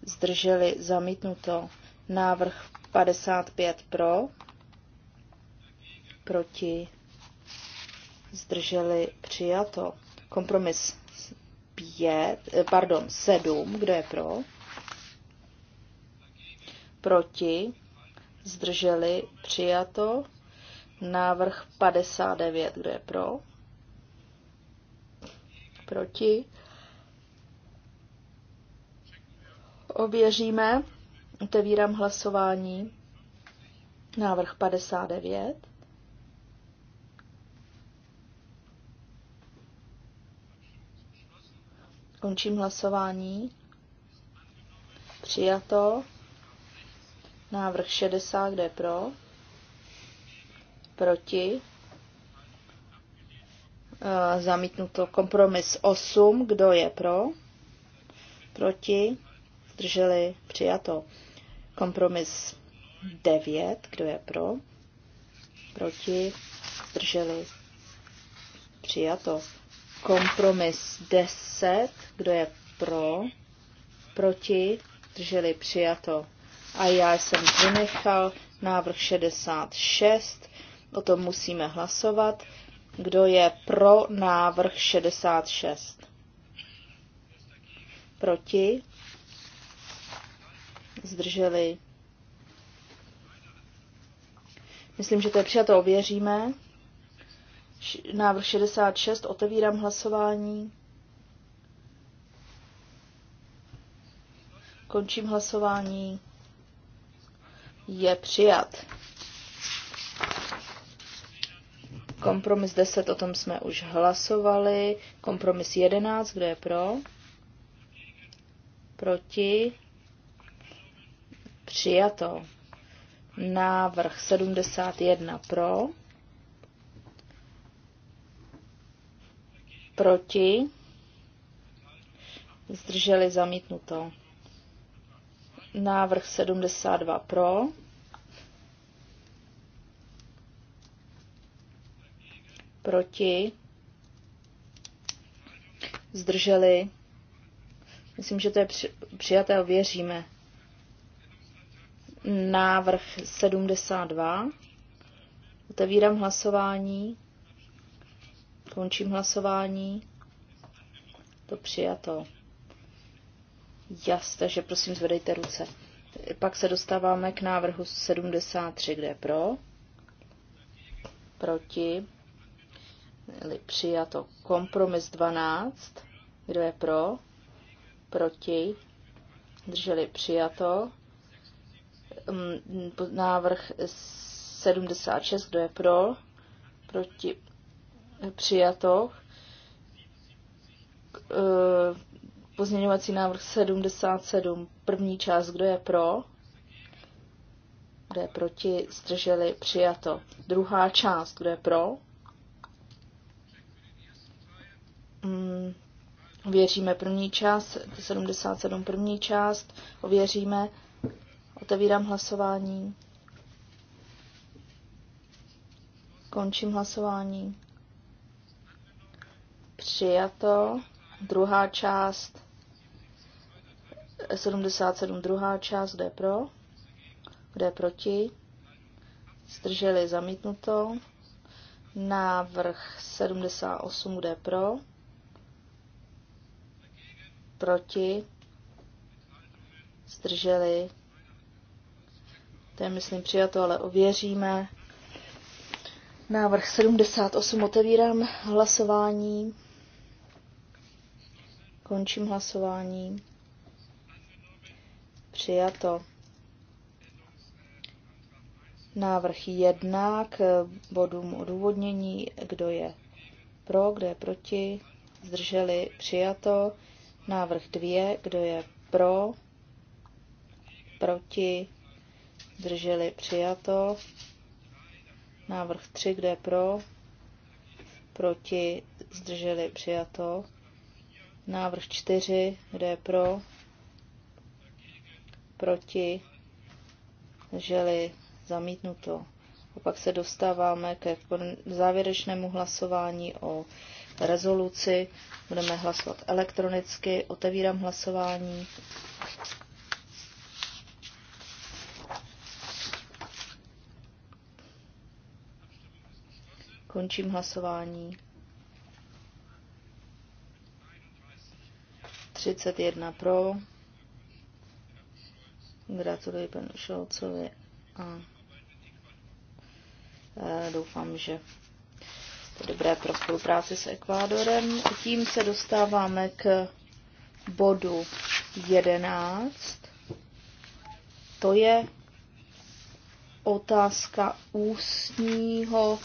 zdrželi zamítnuto. Návrh 55 pro, proti, zdrželi přijato. Kompromis 5, eh, pardon, 7, kdo je pro? Proti, zdrželi přijato. Návrh 59, kdo je pro? proti. Ověříme. Otevírám hlasování. Návrh 59. Končím hlasování. Přijato. Návrh 60, kde pro? Proti. Eh, zamítnuto kompromis 8. Kdo je pro? Proti? Zdrželi? Přijato. Kompromis 9. Kdo je pro? Proti? Zdrželi? Přijato. Kompromis 10. Kdo je pro? Proti? Zdrželi? Přijato. A já jsem vynechal návrh 66. O tom musíme hlasovat. Kdo je pro návrh 66? Proti? Zdrželi? Myslím, že to je přijato, ověříme. Návrh 66, otevírám hlasování. Končím hlasování. Je přijat. Kompromis 10, o tom jsme už hlasovali. Kompromis 11, kdo je pro? Proti? Přijato. Návrh 71 pro. Proti? Zdrželi zamítnuto. Návrh 72 pro. proti, zdrželi. Myslím, že to je přijaté, věříme. Návrh 72. Otevírám hlasování. Končím hlasování. To přijato. Jas, takže prosím zvedejte ruce. Pak se dostáváme k návrhu 73, kde je pro, proti, přijato. Kompromis 12. Kdo je pro? Proti? Drželi přijato. Mm, návrh 76. Kdo je pro? Proti? Přijato. E, pozměňovací návrh 77. První část. Kdo je pro? Kdo je proti? Zdrželi přijato. Druhá část. Kdo je pro? Mm, ověříme první část, 77 první část, ověříme. Otevírám hlasování. Končím hlasování. Přijato. Druhá část. 77. Druhá část. Kde pro? Kde proti? Zdrželi zamítnuto. Návrh 78. Kde pro? proti, zdrželi. To je, myslím, přijato, ale ověříme. Návrh 78 otevírám hlasování. Končím hlasování. Přijato. Návrh 1 k bodům odůvodnění, kdo je pro, kdo je proti, zdrželi, přijato. Návrh 2, kdo je pro, proti, zdrželi přijato. Návrh 3, kdo je pro, proti, zdrželi přijato. Návrh 4, kdo je pro, proti, zdrželi zamítnuto. A pak se dostáváme ke závěrečnému hlasování o rezoluci. Budeme hlasovat elektronicky. Otevírám hlasování. Končím hlasování. 31 pro. Gratuluji panu Šolcovi a e, doufám, že dobré pro spolupráci s Ekvádorem. Tím se dostáváme k bodu 11. To je otázka ústního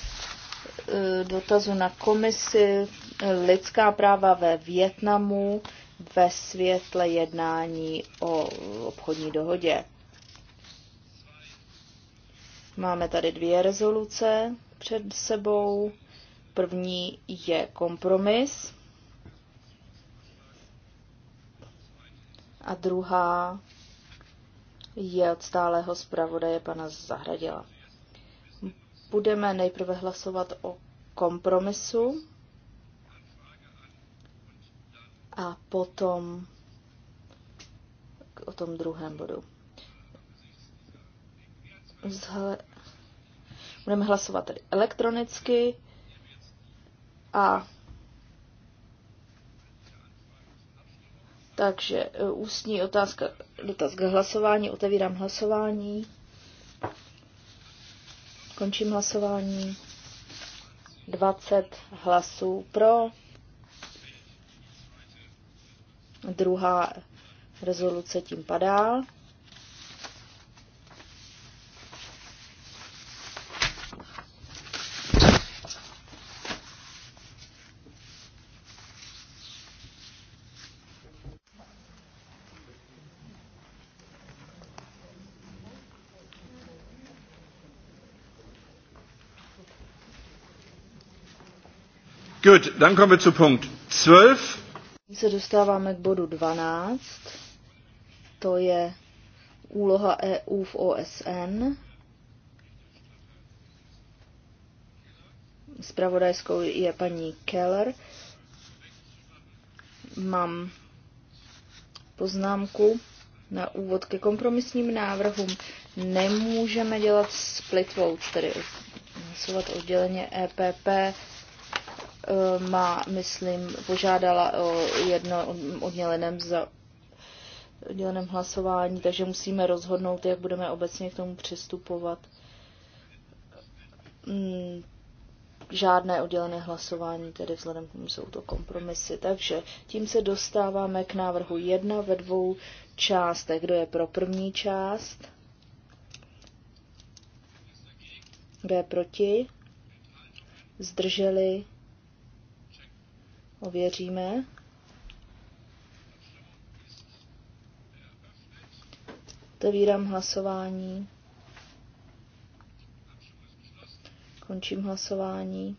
e, dotazu na komisi e, lidská práva ve Větnamu ve světle jednání o obchodní dohodě. Máme tady dvě rezoluce před sebou. První je kompromis a druhá je od stálého zpravodaje pana Zahradila. Budeme nejprve hlasovat o kompromisu a potom o tom druhém bodu. Zhle... Budeme hlasovat tedy elektronicky. A takže e, ústní otázka, dotaz k hlasování, otevírám hlasování. Končím hlasování. 20 hlasů pro. Druhá rezoluce tím padá. Gut, dann kommen wir zu Punkt 12. Se dostáváme k bodu 12. To je úloha EU v OSN. Spravodajskou je paní Keller. Mám poznámku na úvod ke kompromisním návrhům. Nemůžeme dělat split vote, tedy hlasovat odděleně EPP Eh, má, myslím, požádala o jedno odděleném, za, odděleném hlasování, takže musíme rozhodnout, jak budeme obecně k tomu přistupovat. Hmm, žádné oddělené hlasování, tedy vzhledem k tomu jsou to kompromisy. Takže tím se dostáváme k návrhu jedna ve dvou částech. Kdo je pro první část? Kdo je proti? Zdrželi? Ověříme. Otevírám hlasování. Končím hlasování.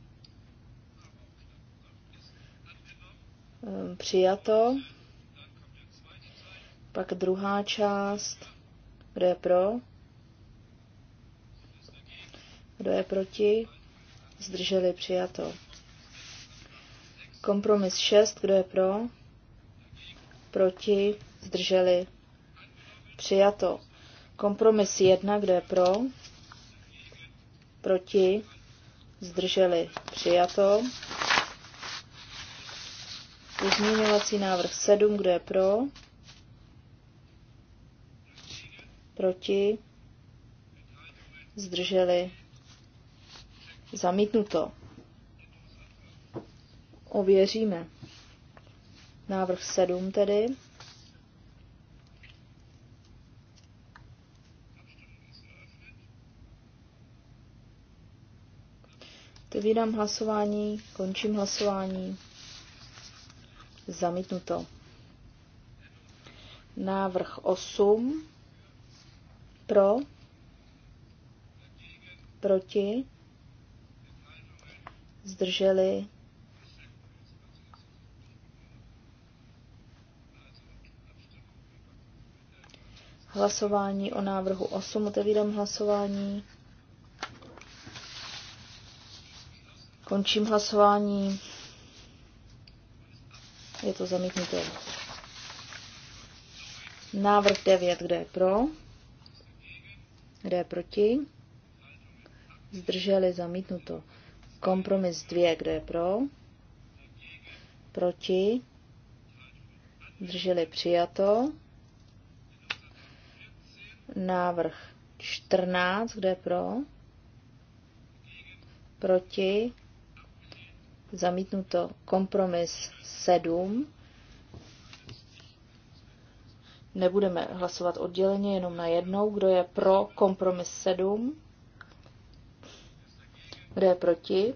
Ehm, přijato. Pak druhá část. Kdo je pro? Kdo je proti? Zdrželi přijato. Kompromis 6, kdo je pro? Proti? Zdrželi? Přijato. Kompromis 1, kdo je pro? Proti? Zdrželi? Přijato. Pozměňovací návrh 7, kdo je pro? Proti? Zdrželi? Zamítnuto ověříme. Návrh 7 tedy. Vydám hlasování, končím hlasování. Zamítnuto. Návrh 8. Pro. Proti. Zdrželi. hlasování o návrhu 8. Otevírám hlasování. Končím hlasování. Je to zamítnuté. Návrh 9, kde je pro? Kde je proti? Zdrželi zamítnuto. Kompromis 2, kde je pro? Proti? Zdrželi přijato. Návrh 14, kde je pro? Proti? Zamítnuto. Kompromis 7. Nebudeme hlasovat odděleně, jenom na jednou. Kdo je pro kompromis 7? Kdo je proti?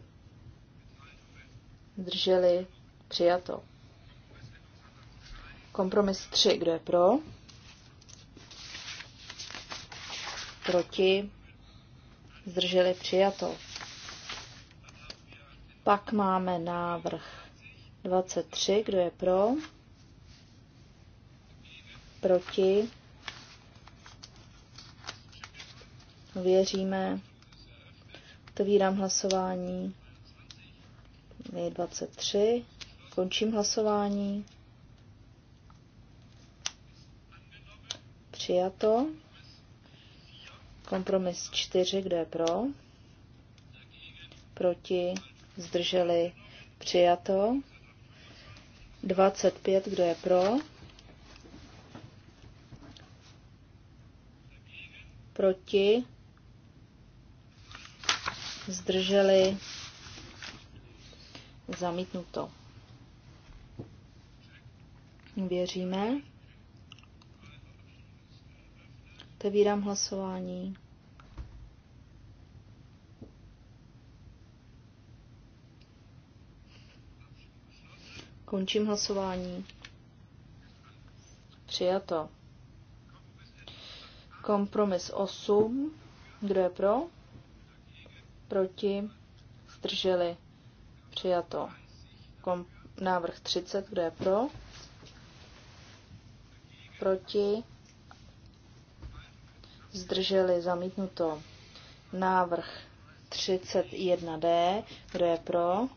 Zdrželi. Přijato. Kompromis 3. Kdo je pro? proti, zdrželi přijato. Pak máme návrh 23, kdo je pro, proti, věříme, otevírám hlasování, je 23, končím hlasování, přijato. Kompromis 4, kdo je pro? Proti? Zdrželi? Přijato. 25, kdo je pro? Proti? Zdrželi? Zamítnuto. Věříme. Otevírám hlasování. Končím hlasování. Přijato. Kompromis 8. Kdo je pro? Proti? Zdrželi? Přijato. Kom- návrh 30. Kdo je pro? Proti? Zdrželi? Zamítnuto. Návrh 31D. Kdo je pro?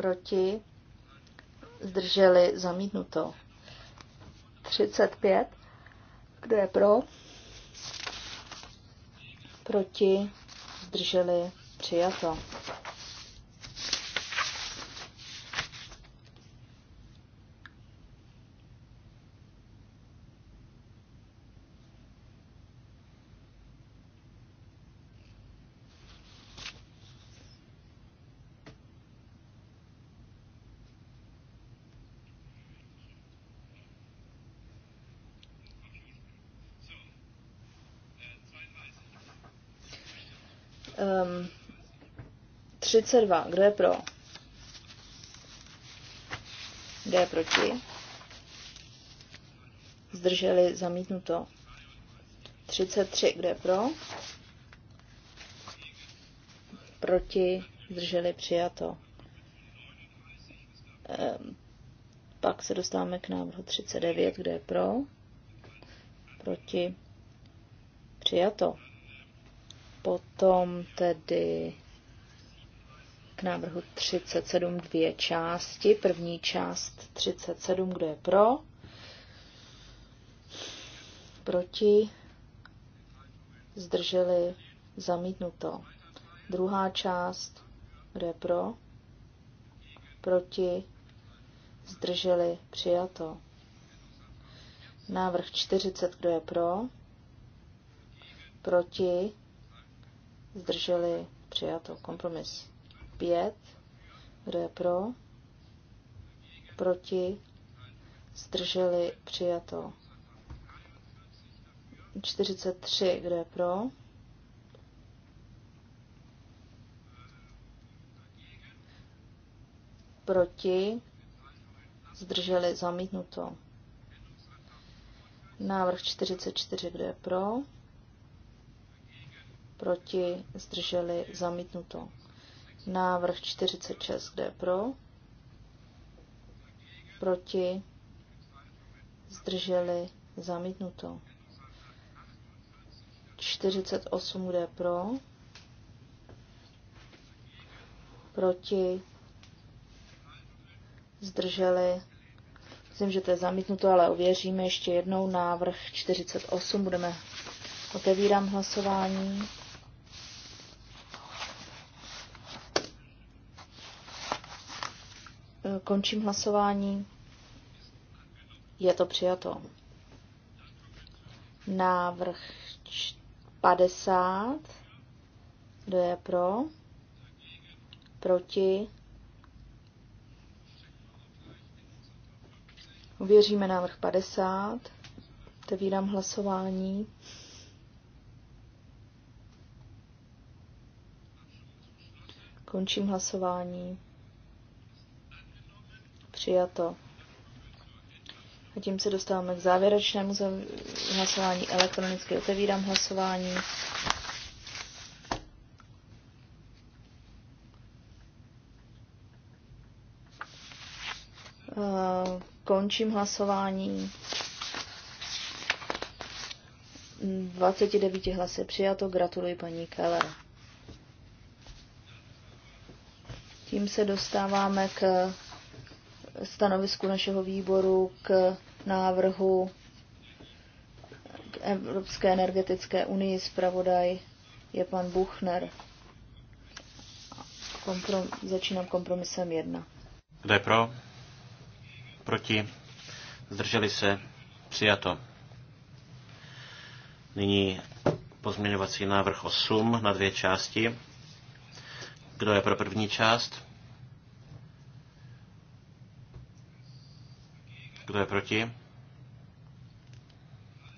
proti, zdrželi, zamítnuto. 35, kdo je pro, proti, zdrželi, přijato. 32. Kdo je pro? Kdo je proti? Zdrželi zamítnuto. 33. Kdo je pro? Proti? Zdrželi přijato. Ehm, pak se dostáváme k návrhu 39. Kdo je pro? Proti? Přijato. Potom tedy k návrhu 37 dvě části. První část 37, kdo je pro? Proti? Zdrželi? Zamítnuto. Druhá část, kdo je pro? Proti? Zdrželi? Přijato. Návrh 40, kdo je pro? Proti? Zdrželi? Přijato. Kompromis 5. Kdo je pro? Proti? Zdrželi? Přijato. 43. Kdo je pro? Proti? Zdrželi? Zamítnuto. Návrh 44. Kdo je pro? Proti? Zdrželi? Zamítnuto. Návrh 46, kde je pro? Proti? Zdrželi? Zamítnuto. 48, kde je pro? Proti? Zdrželi? Myslím, že to je zamítnuto, ale ověříme ještě jednou návrh 48. Budeme otevírám hlasování. Končím hlasování. Je to přijato. Návrh 50. Kdo je pro? Proti? Uvěříme návrh 50. Otevírám hlasování. Končím hlasování. Přijato. A tím se dostáváme k závěrečnému hlasování. Elektronicky otevírám hlasování. Končím hlasování. 29 hlasy přijato. Gratuluji paní Keller. Tím se dostáváme k stanovisku našeho výboru k návrhu k Evropské energetické unii. Zpravodaj je pan Buchner. Komprom, začínám kompromisem jedna. Kdo je pro? Proti? Zdrželi se? Přijato. Nyní pozměňovací návrh 8 na dvě části. Kdo je pro první část? Kdo je proti?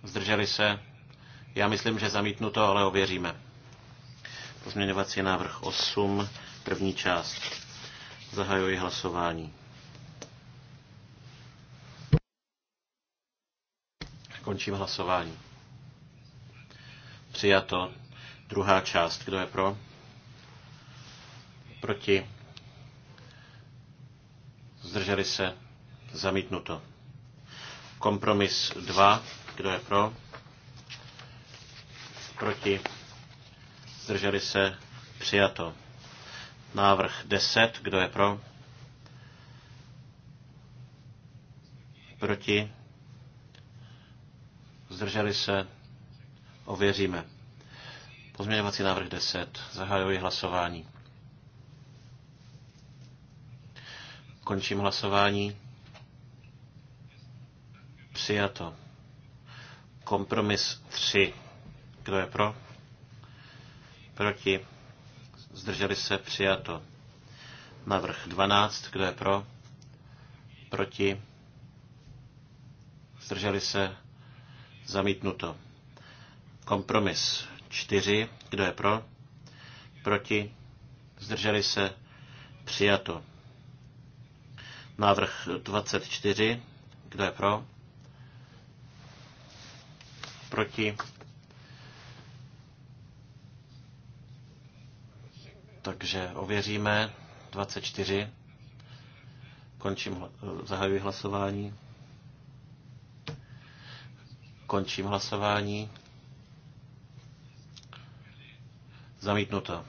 Zdrželi se? Já myslím, že zamítnu to, ale ověříme. Pozměňovací návrh 8, první část. Zahajuji hlasování. Končím hlasování. Přijato. Druhá část. Kdo je pro? Proti? Zdrželi se? Zamítnuto. Kompromis 2. Kdo je pro? Proti? Zdrželi se? Přijato. Návrh 10. Kdo je pro? Proti? Zdrželi se? Ověříme. Pozměňovací návrh 10. Zahajuji hlasování. Končím hlasování. Přijato. Kompromis 3. Kdo je pro? Proti? Zdrželi se? Přijato. Navrh 12. Kdo je pro? Proti? Zdrželi se? Zamítnuto. Kompromis 4. Kdo je pro? Proti? Zdrželi se? Přijato. Návrh 24. Kdo je pro? proti. Takže ověříme 24. Končím, zahajuji hlasování. Končím hlasování. Zamítnuto.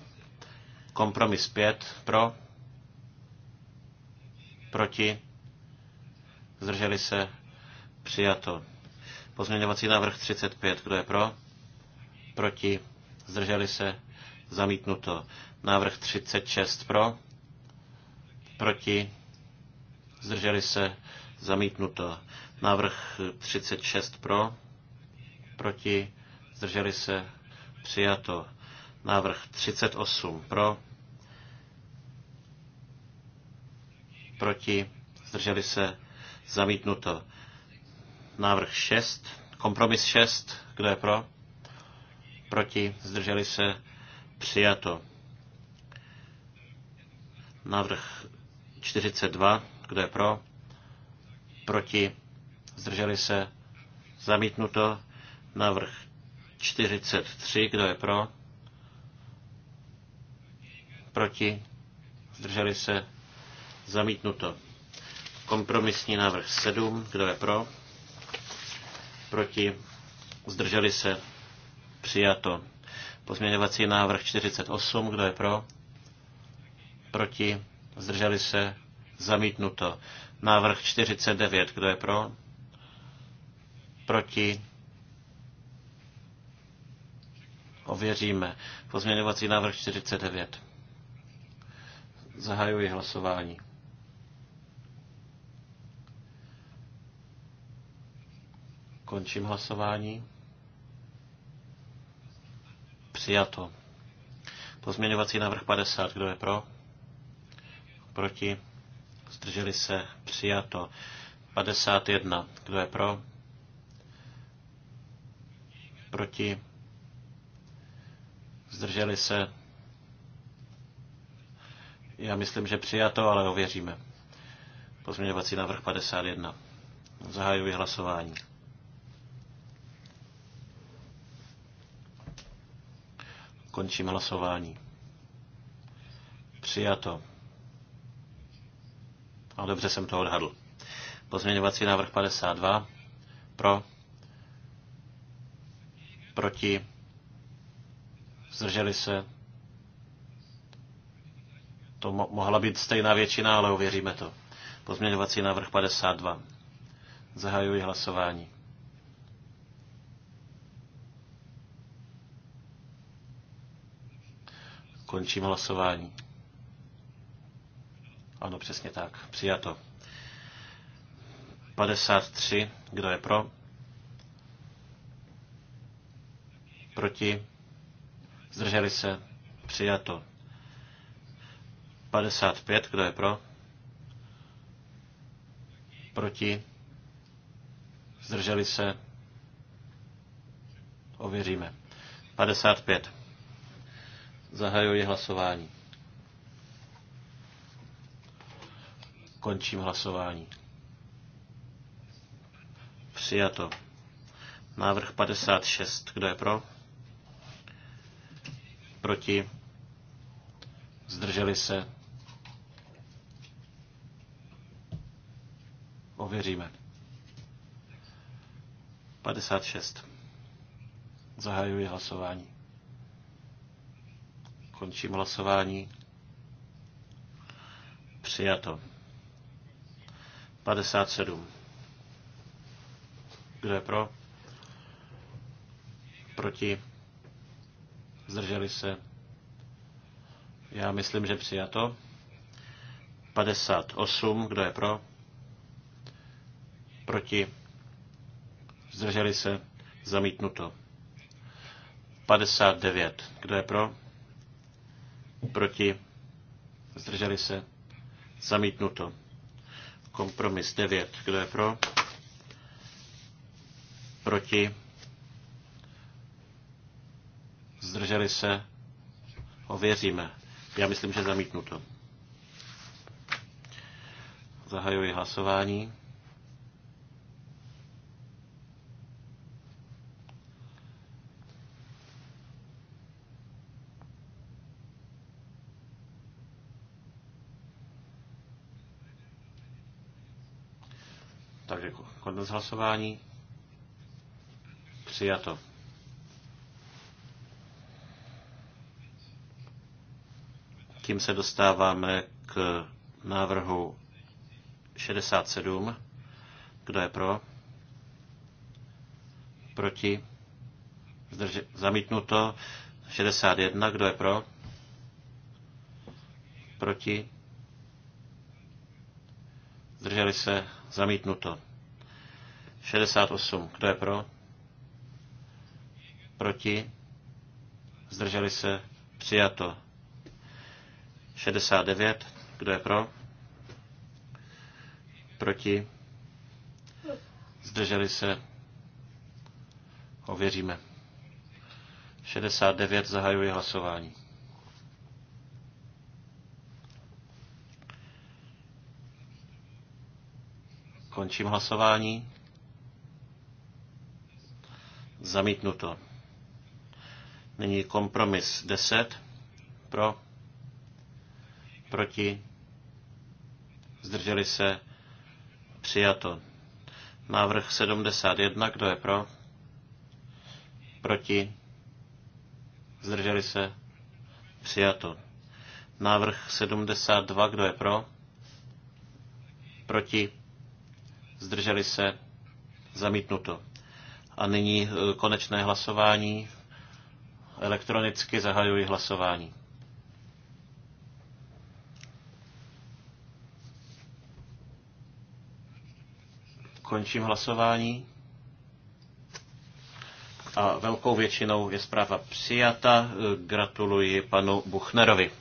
Kompromis 5 pro. Proti. Zdrželi se. Přijato. Pozměňovací návrh 35. Kdo je pro? Proti? Zdrželi se? Zamítnuto. Návrh 36 pro? Proti? Zdrželi se? Zamítnuto. Návrh 36 pro? Proti? Zdrželi se? Přijato. Návrh 38 pro? Proti? Zdrželi se? Zamítnuto. Návrh 6. Kompromis 6. Kdo je pro? Proti? Zdrželi se? Přijato. Návrh 42. Kdo je pro? Proti? Zdrželi se? Zamítnuto. Návrh 43. Kdo je pro? Proti? Zdrželi se? Zamítnuto. Kompromisní návrh 7. Kdo je pro? proti, zdrželi se, přijato. Pozměňovací návrh 48, kdo je pro, proti, zdrželi se, zamítnuto. Návrh 49, kdo je pro, proti, ověříme. Pozměňovací návrh 49. Zahajuji hlasování. Končím hlasování. Přijato. Pozměňovací návrh 50. Kdo je pro? Proti? Zdrželi se? Přijato. 51. Kdo je pro? Proti? Zdrželi se? Já myslím, že přijato, ale ověříme. Pozměňovací návrh 51. Zahajuji hlasování. Končím hlasování. Přijato. A dobře jsem to odhadl. Pozměňovací návrh 52. Pro. Proti. Zdrželi se. To mo- mohla být stejná většina, ale uvěříme to. Pozměňovací návrh 52. Zahajuji hlasování. Končím hlasování. Ano, přesně tak. Přijato. 53. Kdo je pro? Proti? Zdrželi se? Přijato. 55. Kdo je pro? Proti? Zdrželi se? Ověříme. 55. Zahajuji hlasování. Končím hlasování. Přijato. Návrh 56. Kdo je pro? Proti? Zdrželi se? Ověříme. 56. Zahajuji hlasování. Končím hlasování. Přijato. 57. Kdo je pro? Proti? Zdrželi se? Já myslím, že přijato. 58. Kdo je pro? Proti? Zdrželi se? Zamítnuto. 59. Kdo je pro? proti, zdrželi se, zamítnuto. Kompromis 9, kdo je pro, proti, zdrželi se, ověříme. Já myslím, že zamítnuto. Zahajuji hlasování. bez hlasování. Přijato. Tím se dostáváme k návrhu 67. Kdo je pro? Proti? Zdrži- zamítnuto. 61. Kdo je pro? Proti? Zdrželi se? Zamítnuto. 68. Kdo je pro? Proti? Zdrželi se? Přijato. 69. Kdo je pro? Proti? Zdrželi se? Ověříme. 69. Zahajuji hlasování. Končím hlasování. Zamítnuto. Nyní kompromis 10 pro, proti, zdrželi se, přijato. Návrh 71, kdo je pro, proti, zdrželi se, přijato. Návrh 72, kdo je pro, proti, zdrželi se, zamítnuto. A nyní eh, konečné hlasování. Elektronicky zahajuji hlasování. Končím hlasování. A velkou většinou je zpráva přijata. Eh, Gratuluji panu Buchnerovi.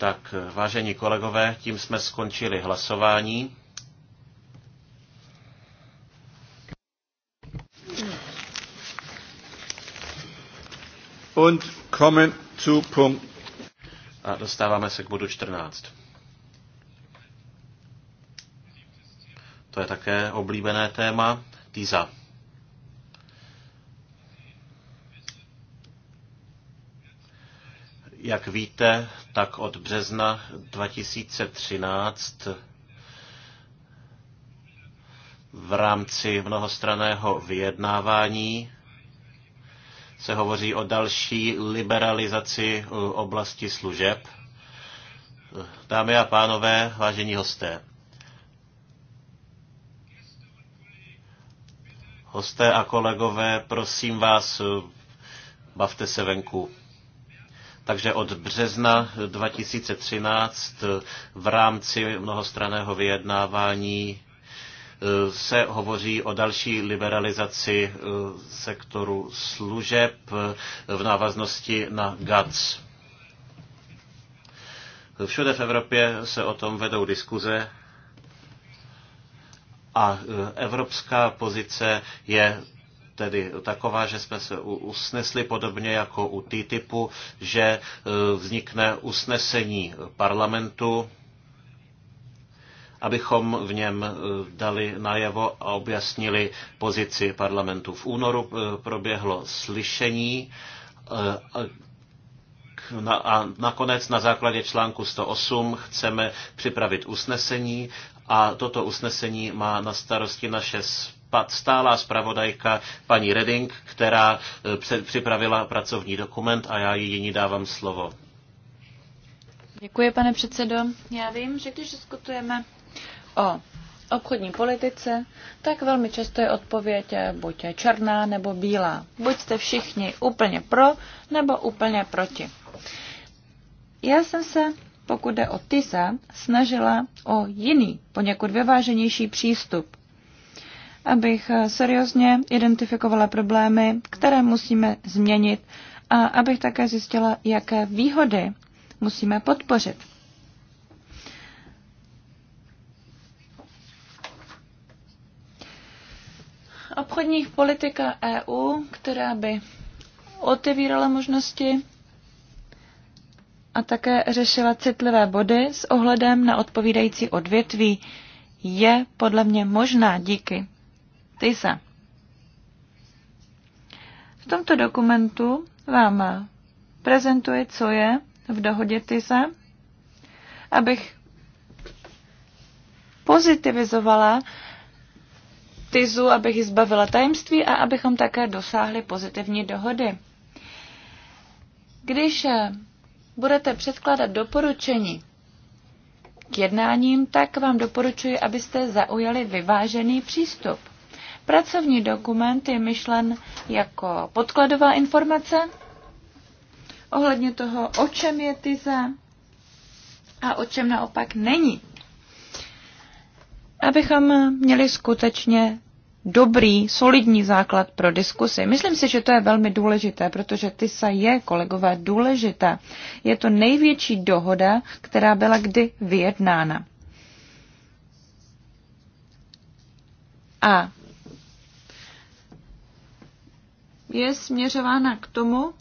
Tak, vážení kolegové, tím jsme skončili hlasování. Und kommen zu Punkt. A dostáváme se k bodu 14. To je také oblíbené téma, TISA. Jak víte, tak od března 2013 v rámci mnohostraného vyjednávání se hovoří o další liberalizaci eh, oblasti služeb. Dámy a pánové, vážení hosté, hosté a kolegové, prosím vás, eh, bavte se venku. Takže od března 2013 v rámci mnohostraného vyjednávání e, se hovoří o další liberalizaci e, sektoru služeb e, v návaznosti na GATS. Všude v Evropě se o tom vedou diskuze a evropská pozice je tedy taková, že jsme se usnesli podobně jako u TTIPu, že e, vznikne usnesení parlamentu, abychom v něm e, dali najevo a objasnili pozici parlamentu. V únoru e, proběhlo slyšení a nakonec na základě článku 108 chceme připravit usnesení a toto usnesení má na starosti naše stálá zpravodajka paní Reding, která eh, připravila pracovní dokument a já jí nyní dávám slovo. Děkuji, pane předsedo. Já vím, že když diskutujeme o obchodní politice, tak velmi často je odpověď eh, buď je černá nebo bílá. Buď jste všichni úplně pro nebo úplně proti. Já jsem se, pokud jde o TISA, snažila o jiný, poněkud vyváženější přístup abych eh, seriózně identifikovala problémy, které musíme změnit a abych také zjistila, jaké výhody musíme podpořit. Obchodní politika EU, která by otevírala možnosti a také řešila citlivé body s ohledem na odpovídající odvětví, je podle mě možná díky se. V tomto dokumentu vám prezentuji, co je v dohodě se, abych pozitivizovala tyzu, abych ji zbavila tajemství a abychom také dosáhli pozitivní dohody. Když budete předkládat doporučení k jednáním, tak vám doporučuji, abyste zaujali vyvážený přístup. Pracovní dokument je myšlen jako podkladová informace ohledně toho, o čem je tyze a o čem naopak není. Abychom měli skutečně dobrý, solidní základ pro diskusy. Myslím si, že to je velmi důležité, protože TISA je, kolegové, důležitá. Je to největší dohoda, která byla kdy vyjednána. A je směřována k tomu,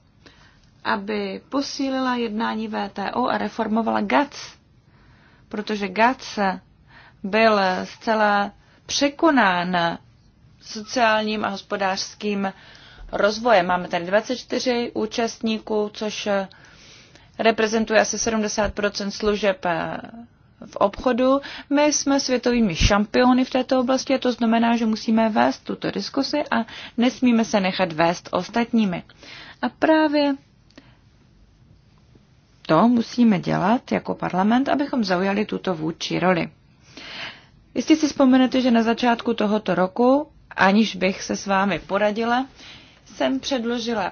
aby posílila jednání VTO a reformovala GATS, protože GATS byl zcela překonán sociálním a hospodářským rozvojem. Máme tady 24 účastníků, což reprezentuje asi 70 služeb v obchodu. My jsme světovými šampiony v této oblasti a to znamená, že musíme vést tuto diskusi a nesmíme se nechat vést ostatními. A právě to musíme dělat jako parlament, abychom zaujali tuto vůči roli. Jistě si vzpomenete, že na začátku tohoto roku, aniž bych se s vámi poradila, jsem předložila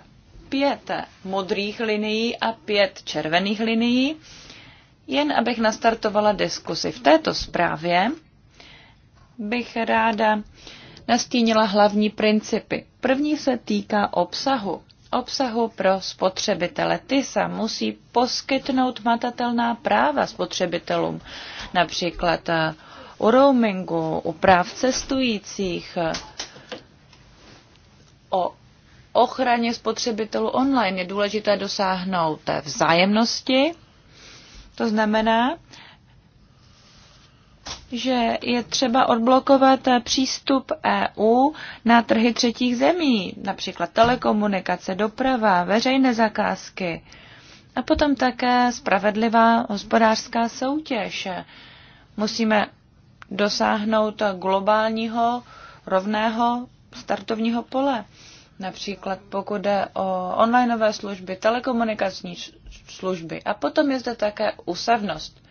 pět modrých linií a pět červených linií jen abych nastartovala diskusi. V této zprávě bych ráda nastínila hlavní principy. První se týká obsahu. Obsahu pro spotřebitele se musí poskytnout matatelná práva spotřebitelům, například eh, u roamingu, u práv cestujících, eh, o ochraně spotřebitelů online je důležité dosáhnout vzájemnosti to znamená, že je třeba odblokovat přístup EU na trhy třetích zemí, například telekomunikace, doprava, veřejné zakázky a potom také spravedlivá hospodářská soutěž. Musíme dosáhnout globálního rovného startovního pole. Například pokud jde o onlineové služby, telekomunikační služby. A potom je zde také úsavnost.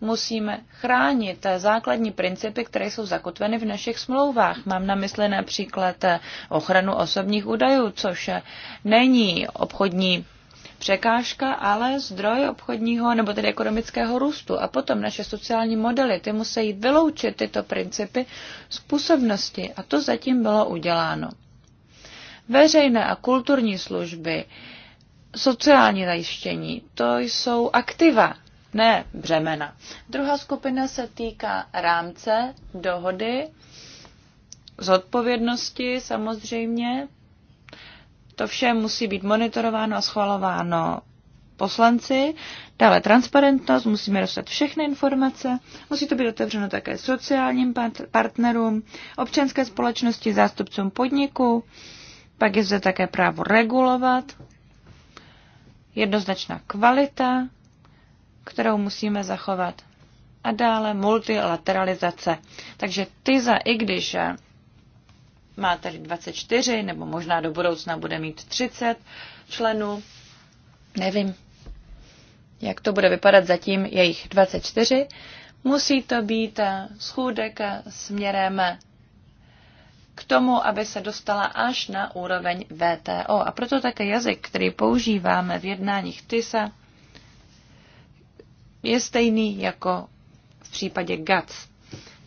Musíme chránit základní principy, které jsou zakotveny v našich smlouvách. Mám na mysli například eh, ochranu osobních údajů, což eh, není obchodní překážka, ale zdroj obchodního nebo tedy ekonomického růstu. A potom naše sociální modely, ty musí vyloučit tyto principy z působnosti a to zatím bylo uděláno. Veřejné a kulturní služby, sociální zajištění, to jsou aktiva, ne břemena. Druhá skupina se týká rámce, dohody, zodpovědnosti samozřejmě. To vše musí být monitorováno a schvalováno poslanci. Dále transparentnost, musíme dostat všechny informace, musí to být otevřeno také sociálním partnerům, občanské společnosti, zástupcům podniku, pak je zde také právo regulovat, jednoznačná kvalita, kterou musíme zachovat. A dále multilateralizace. Takže TISA, i když má tady 24, nebo možná do budoucna bude mít 30 členů, nevím, jak to bude vypadat zatím, jejich 24, musí to být schůdek směrem k tomu, aby se dostala až na úroveň VTO. A proto také jazyk, který používáme v jednáních TISA, je stejný jako v případě GATS.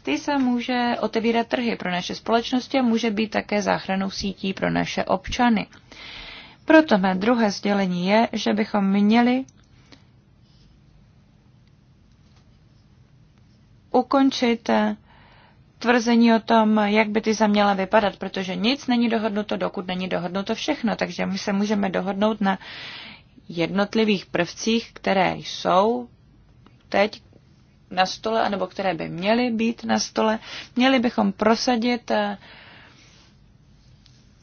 TISA může otevírat trhy pro naše společnosti a může být také záchranou sítí pro naše občany. Proto mé druhé sdělení je, že bychom měli ukončit tvrzení o tom, jak by ty za měla vypadat, protože nic není dohodnuto, dokud není dohodnuto všechno. Takže my se můžeme dohodnout na jednotlivých prvcích, které jsou teď na stole, anebo které by měly být na stole. Měli bychom prosadit eh,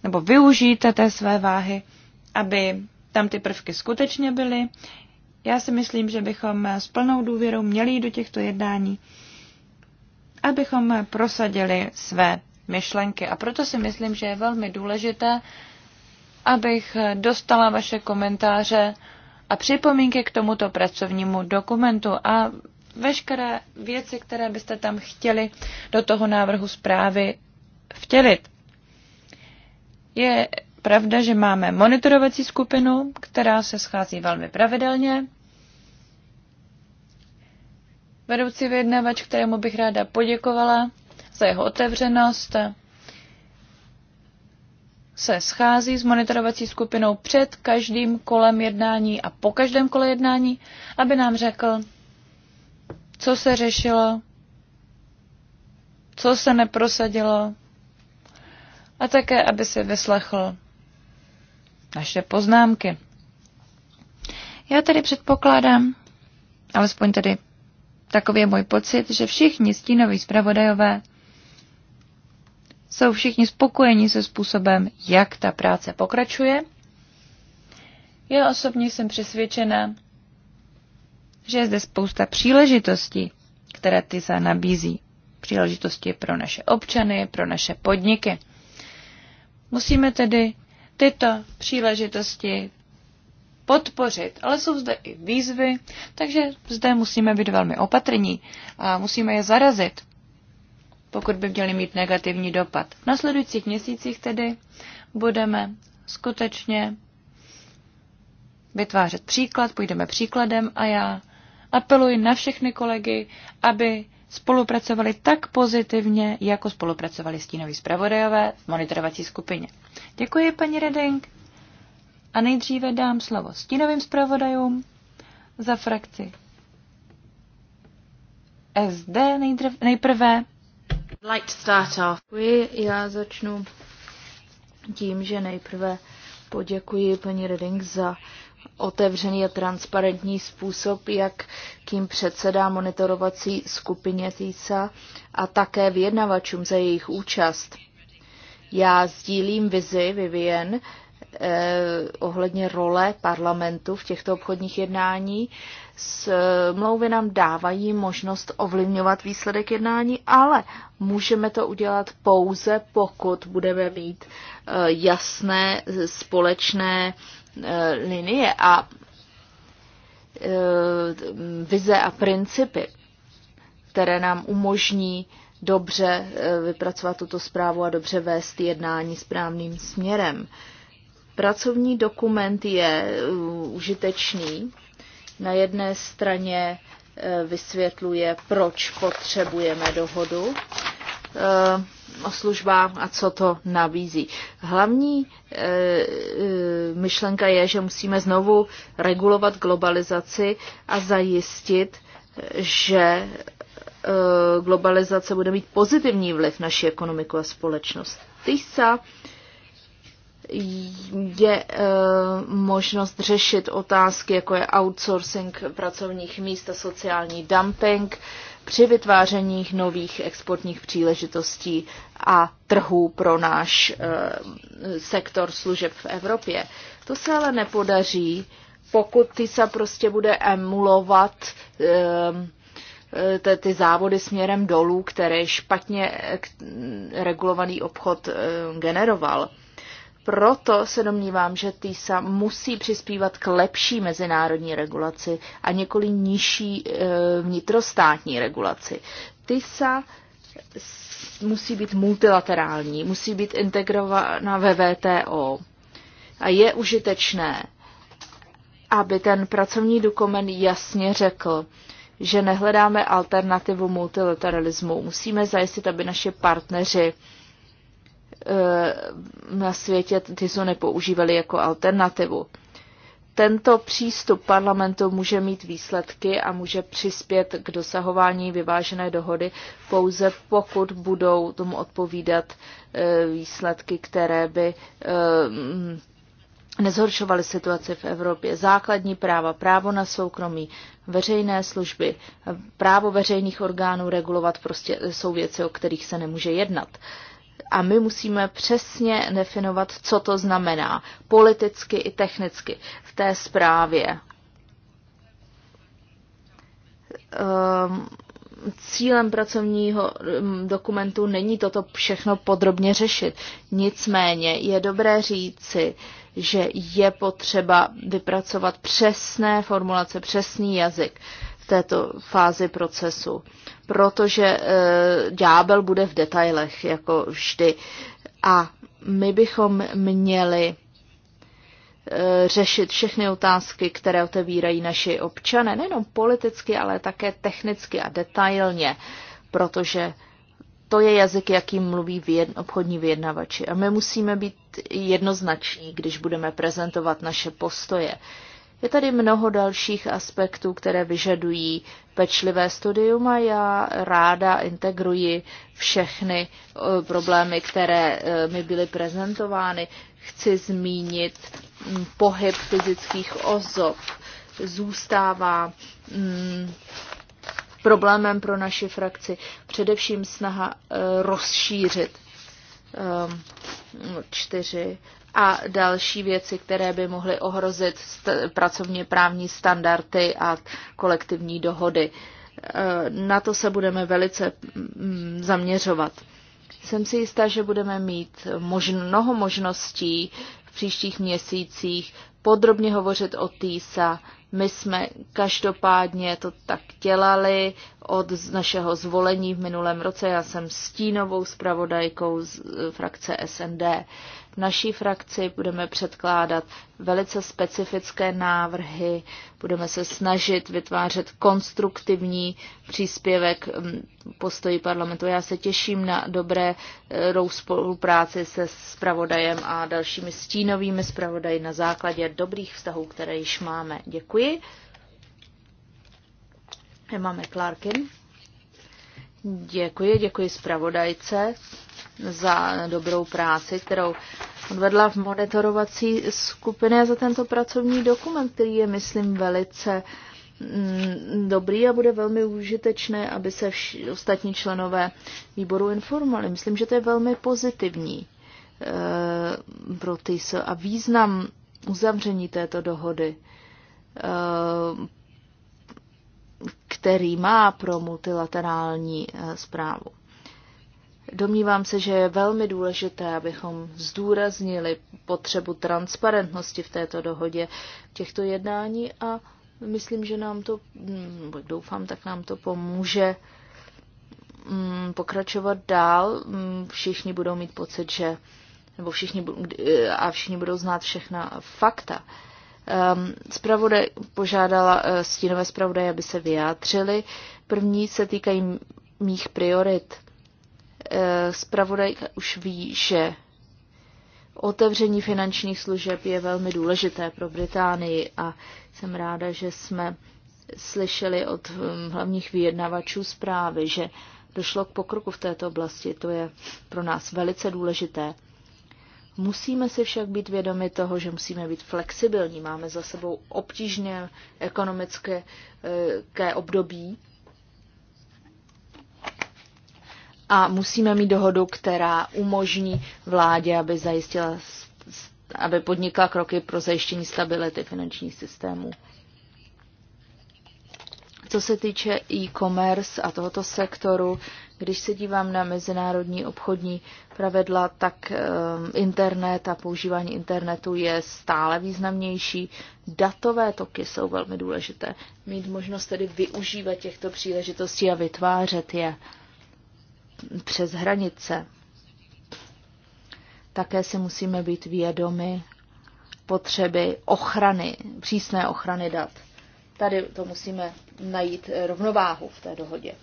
nebo využít té své váhy, aby tam ty prvky skutečně byly. Já si myslím, že bychom s plnou důvěrou měli jít do těchto jednání abychom prosadili své myšlenky. A proto si myslím, že je velmi důležité, abych dostala vaše komentáře a připomínky k tomuto pracovnímu dokumentu a veškeré věci, které byste tam chtěli do toho návrhu zprávy vtělit. Je pravda, že máme monitorovací skupinu, která se schází velmi pravidelně vedoucí vyjednavač, kterému bych ráda poděkovala za jeho otevřenost, se schází s monitorovací skupinou před každým kolem jednání a po každém kole jednání, aby nám řekl, co se řešilo, co se neprosadilo a také, aby si vyslechl naše poznámky. Já tedy předpokládám, alespoň tedy Takový je můj pocit, že všichni stínoví zpravodajové jsou všichni spokojeni se způsobem, jak ta práce pokračuje. Já osobně jsem přesvědčena, že je zde spousta příležitostí, které ty se nabízí. Příležitosti pro naše občany, pro naše podniky. Musíme tedy tyto příležitosti podpořit, ale jsou zde i výzvy, takže zde musíme být velmi opatrní a musíme je zarazit, pokud by měly mít negativní dopad. V nasledujících měsících tedy budeme skutečně vytvářet příklad, půjdeme příkladem a já apeluji na všechny kolegy, aby spolupracovali tak pozitivně, jako spolupracovali stínoví zpravodajové v monitorovací skupině. Děkuji, paní Reding. A nejdříve dám slovo stínovým zpravodajům za frakci SD nejdrev, nejprve. Like to start off. Já začnu tím, že nejprve poděkuji paní Reding za otevřený a transparentní způsob, jak kým předsedá monitorovací skupině TISA a také vyjednavačům za jejich účast. Já sdílím vizi Vivien, Eh, ohledně role parlamentu v těchto obchodních jednání. Smlouvy eh, nám dávají možnost ovlivňovat výsledek jednání, ale můžeme to udělat pouze, pokud budeme mít eh, jasné společné linie a vize a principy, které nám umožní dobře vypracovat tuto zprávu a dobře vést jednání správným směrem. Pracovní dokument je uh, užitečný. Na jedné straně uh, vysvětluje, proč potřebujeme dohodu uh, o službách a co to nabízí. Hlavní myšlenka je, že musíme znovu regulovat globalizaci a zajistit, že globalizace bude mít pozitivní vliv naší ekonomiku a společnost. TISA je eh, možnost řešit otázky, jako je outsourcing pracovních míst a sociální dumping při vytváření nových exportních příležitostí a trhů pro náš eh, sektor služeb v Evropě. To se ale nepodaří, pokud TISA prostě bude emulovat eh, ty závody směrem dolů, které špatně mm, regulovaný obchod generoval. Proto se domnívám, že TISA musí přispívat k lepší mezinárodní regulaci a několik nižší e, vnitrostátní regulaci. TISA musí být multilaterální, musí být integrována ve VTO. A je užitečné, aby ten pracovní dokument jasně řekl, že nehledáme alternativu multilateralismu. Musíme zajistit, aby naše partneři Eh, na světě jsou nepoužívali jako alternativu. Tento přístup parlamentu může mít výsledky a může přispět k dosahování vyvážené dohody pouze pokud budou tomu odpovídat eh, výsledky, které by eh, nezhoršovaly situaci v Evropě. Základní práva, právo na soukromí, veřejné služby, právo veřejných orgánů regulovat prostě jsou věci, o kterých se nemůže jednat. Uh, a my musíme přesně definovat, co to znamená politicky i technicky v té zprávě. Um, cílem pracovního ehm, dokumentu není toto všechno podrobně řešit. Nicméně je dobré říci, že je potřeba vypracovat přesné formulace, přesný jazyk v této fázi procesu protože eh, ďábel bude v detailech, jako vždy. A my bychom měli eh, řešit všechny otázky, které otevírají naši občané, nejenom politicky, ale také technicky a detailně, protože to je jazyk, jakým mluví vyjedn- obchodní vyjednavači. A my musíme být jednoznační, když budeme prezentovat naše postoje. Je tady mnoho dalších aspektů, které vyžadují pečlivé studium a já ráda integruji všechny eh, problémy, které eh, mi byly prezentovány. Chci zmínit mm, pohyb fyzických osob, zůstává mm, problémem pro naši frakci především snaha eh, rozšířit ehm, čtyři a další věci, které by mohly ohrozit st- pracovně právní standardy a kolektivní dohody. E, na to se budeme velice mm, zaměřovat. Jsem si jistá, že budeme mít možno, mnoho možností v příštích měsících podrobně hovořit o TISA. My jsme každopádně to tak dělali od našeho zvolení v minulém roce. Já jsem stínovou zpravodajkou z frakce SND. V naší frakci budeme předkládat velice specifické návrhy, budeme se snažit vytvářet konstruktivní příspěvek mm, postoji parlamentu. Já se těším na dobré e, spolupráci se spravodajem a dalšími stínovými spravodají na základě dobrých vztahů, které již máme. Děkuji. Máme Clarkin. Děkuji, děkuji zpravodajce za dobrou práci, kterou odvedla v monitorovací skupině za tento pracovní dokument, který je, myslím, velice mm, dobrý a bude velmi užitečné, aby se vš- ostatní členové výboru informovali. Myslím, že to je velmi pozitivní e, pro ty a význam uzavření této dohody, e, který má pro multilaterální e, zprávu. Domnívám se, že je velmi důležité, abychom zdůraznili potřebu transparentnosti v této dohodě, v těchto jednání a myslím, že nám to, doufám, tak nám to pomůže mm, pokračovat dál. Mm, všichni budou mít pocit, že nebo všichni, a všichni budou znát všechna fakta. Spravodaj ehm, požádala eh, stínové zpravodaje, aby se vyjádřili. První se týkají mých priorit Eh, zpravodajka už ví, že otevření finančních služeb je velmi důležité pro Británii a jsem ráda, že jsme slyšeli od hm, hlavních vyjednavačů zprávy, že došlo k pokroku v této oblasti. To je pro nás velice důležité. Musíme si však být vědomi toho, že musíme být flexibilní. Máme za sebou obtížné ekonomické eh, období a musíme mít dohodu, která umožní vládě, aby zajistila, aby podnikla kroky pro zajištění stability finančních systémů. Co se týče e-commerce a tohoto sektoru, když se dívám na mezinárodní obchodní pravidla, tak ehm, internet a používání internetu je stále významnější. Datové toky jsou velmi důležité. Mít možnost tedy využívat těchto příležitostí a vytvářet je přes hranice. Také si musíme být vědomi potřeby ochrany, přísné ochrany dat. Tady to musíme najít rovnováhu v té dohodě.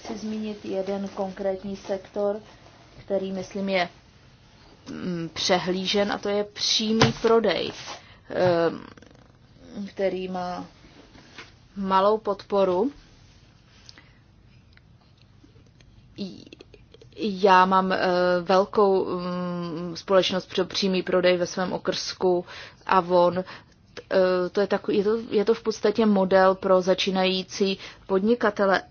Chci zmínit jeden konkrétní sektor, který, myslím, je mm, přehlížen, a to je přímý prodej, ehm, který má malou podporu já mám eh, velkou mm, společnost pro přímý prodej ve svém okrsku Avon. Eh, to je, takový, je, to, je to v podstatě model pro začínající podnikatele,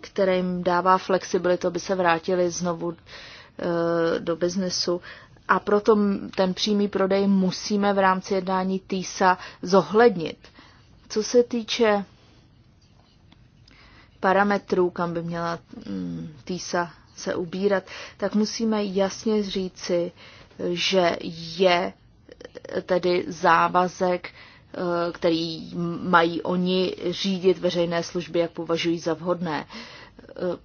který jim dává flexibilitu, aby se vrátili znovu eh, do biznesu. A proto ten přímý prodej musíme v rámci jednání TISA zohlednit. Co se týče parametrů, kam by měla mm, TISA se ubírat, tak musíme jasně říci, že je tedy závazek, eh, který mají oni řídit veřejné služby, jak považují za vhodné. Eh,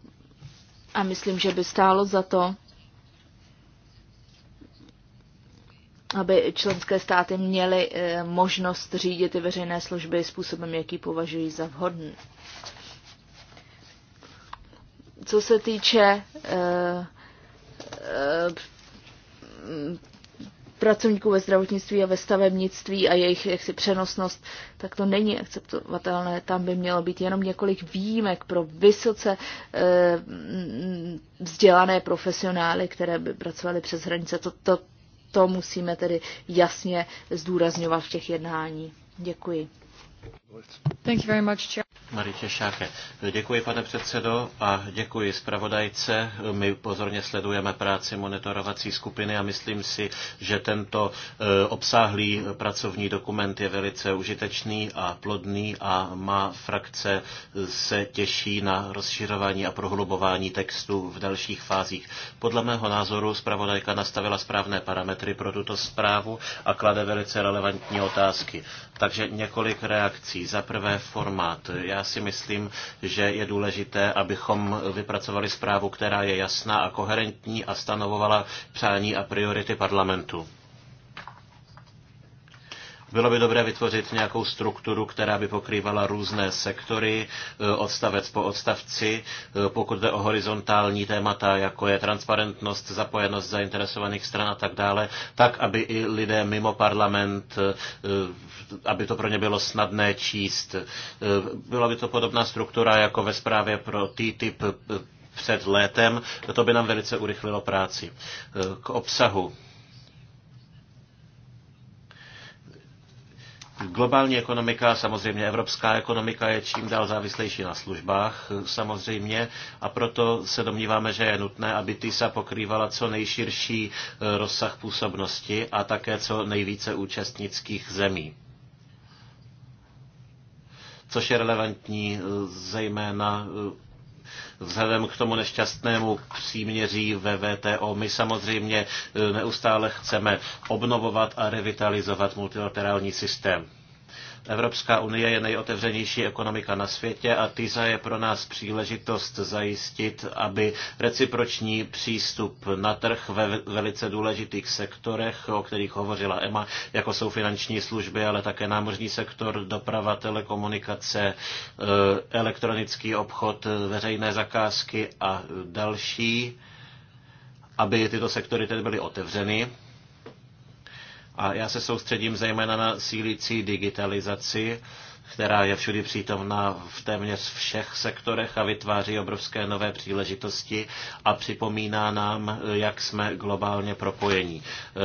a myslím, že by stálo za to, aby členské státy měly eh, možnost řídit ty veřejné služby způsobem, jaký považují za vhodný. Co se týče eh, eh, pracovníků ve zdravotnictví a ve stavebnictví a jejich jaksi přenosnost, tak to není akceptovatelné. Tam by mělo být jenom několik výjimek pro vysoce e, vzdělané profesionály, které by pracovaly přes hranice. To, to, to musíme tedy jasně zdůrazňovat v těch jednání. Děkuji. Thank you very much, Maritě Šáke. Děkuji, pane předsedo, a děkuji zpravodajce. My pozorně sledujeme práci monitorovací skupiny a myslím si, že tento eh, obsáhlý pracovní dokument je velice užitečný a plodný a má frakce eh, se těší na rozšiřování a prohlubování textu v dalších fázích. Podle mého názoru zpravodajka nastavila správné parametry pro tuto zprávu a klade velice relevantní otázky. Takže několik reakcí. Za prvé formát. Já já si myslím, že je důležité, abychom vypracovali zprávu, která je jasná a koherentní a stanovovala přání a priority parlamentu. Bylo by dobré vytvořit nějakou strukturu, která by pokrývala různé sektory, e, odstavec po odstavci, e, pokud jde o horizontální témata, jako je transparentnost, zapojenost zainteresovaných stran a tak dále, tak, aby i lidé mimo parlament, e, aby to pro ně bylo snadné číst. Byla by to podobná struktura jako ve zprávě pro TTIP před létem, to by nám velice urychlilo práci. K obsahu Globální ekonomika, samozřejmě evropská ekonomika je čím dál závislejší na službách, samozřejmě, a proto se domníváme, že je nutné, aby TISA pokrývala co nejširší eh, rozsah působnosti a také co nejvíce účastnických zemí což je relevantní eh, zejména eh, vzhledem k tomu nešťastnému příměří ve VTO. My samozřejmě e, neustále chceme obnovovat a revitalizovat multilaterální systém. Evropská unie je nejotevřenější ekonomika na světě a TISA je pro nás příležitost zajistit, aby reciproční přístup na trh ve velice důležitých sektorech, o kterých hovořila EMA, jako jsou finanční služby, ale také námořní sektor, doprava, telekomunikace, eh, elektronický obchod, veřejné zakázky a další, aby tyto sektory tedy byly otevřeny a já se soustředím zejména na sílící digitalizaci, která je všudy přítomná v téměř všech sektorech a vytváří obrovské nové příležitosti a připomíná nám, jak jsme globálně propojení.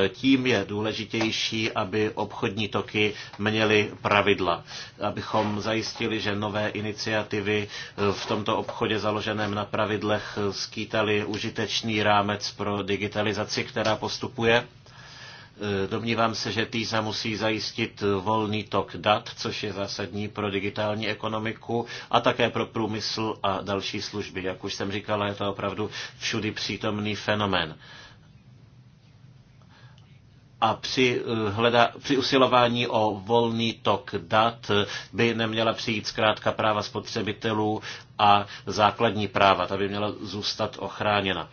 Tím je důležitější, aby obchodní toky měly pravidla, abychom zajistili, že nové iniciativy v tomto obchodě založeném na pravidlech skýtaly užitečný rámec pro digitalizaci, která postupuje E, domnívám se, že TISA musí zajistit volný tok dat, což je zásadní pro digitální ekonomiku a také pro průmysl a další služby. Jak už jsem říkala, je to opravdu všudy přítomný fenomén a při, e, hleda, při usilování o volný tok dat by neměla přijít zkrátka práva spotřebitelů a základní práva. Ta by měla zůstat ochráněna.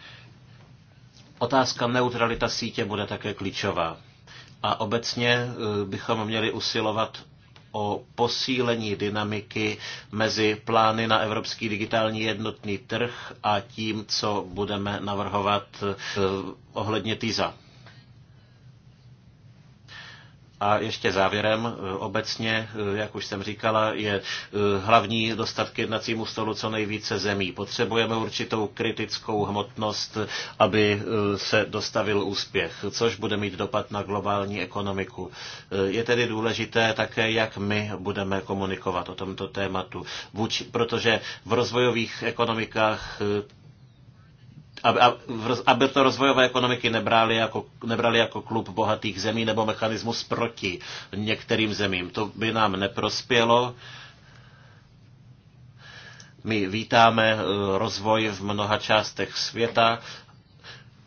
Otázka neutralita sítě bude také klíčová. A obecně eh, bychom měli usilovat o posílení dynamiky mezi plány na evropský digitální jednotný trh a tím, co budeme navrhovat eh, ohledně TISA. A ještě závěrem, eh, obecně, eh, jak už jsem říkala, je eh, hlavní dostat k jednacímu stolu co nejvíce zemí. Potřebujeme určitou kritickou hmotnost, aby se dostavil úspěch, což bude mít dopad na globální ekonomiku. Je tedy důležité také, jak my budeme komunikovat o tomto tématu, protože v rozvojových ekonomikách aby to rozvojové ekonomiky nebrali jako, nebrali jako klub bohatých zemí nebo mechanismus proti některým zemím. To by nám neprospělo. My vítáme eh, rozvoj v mnoha částech světa,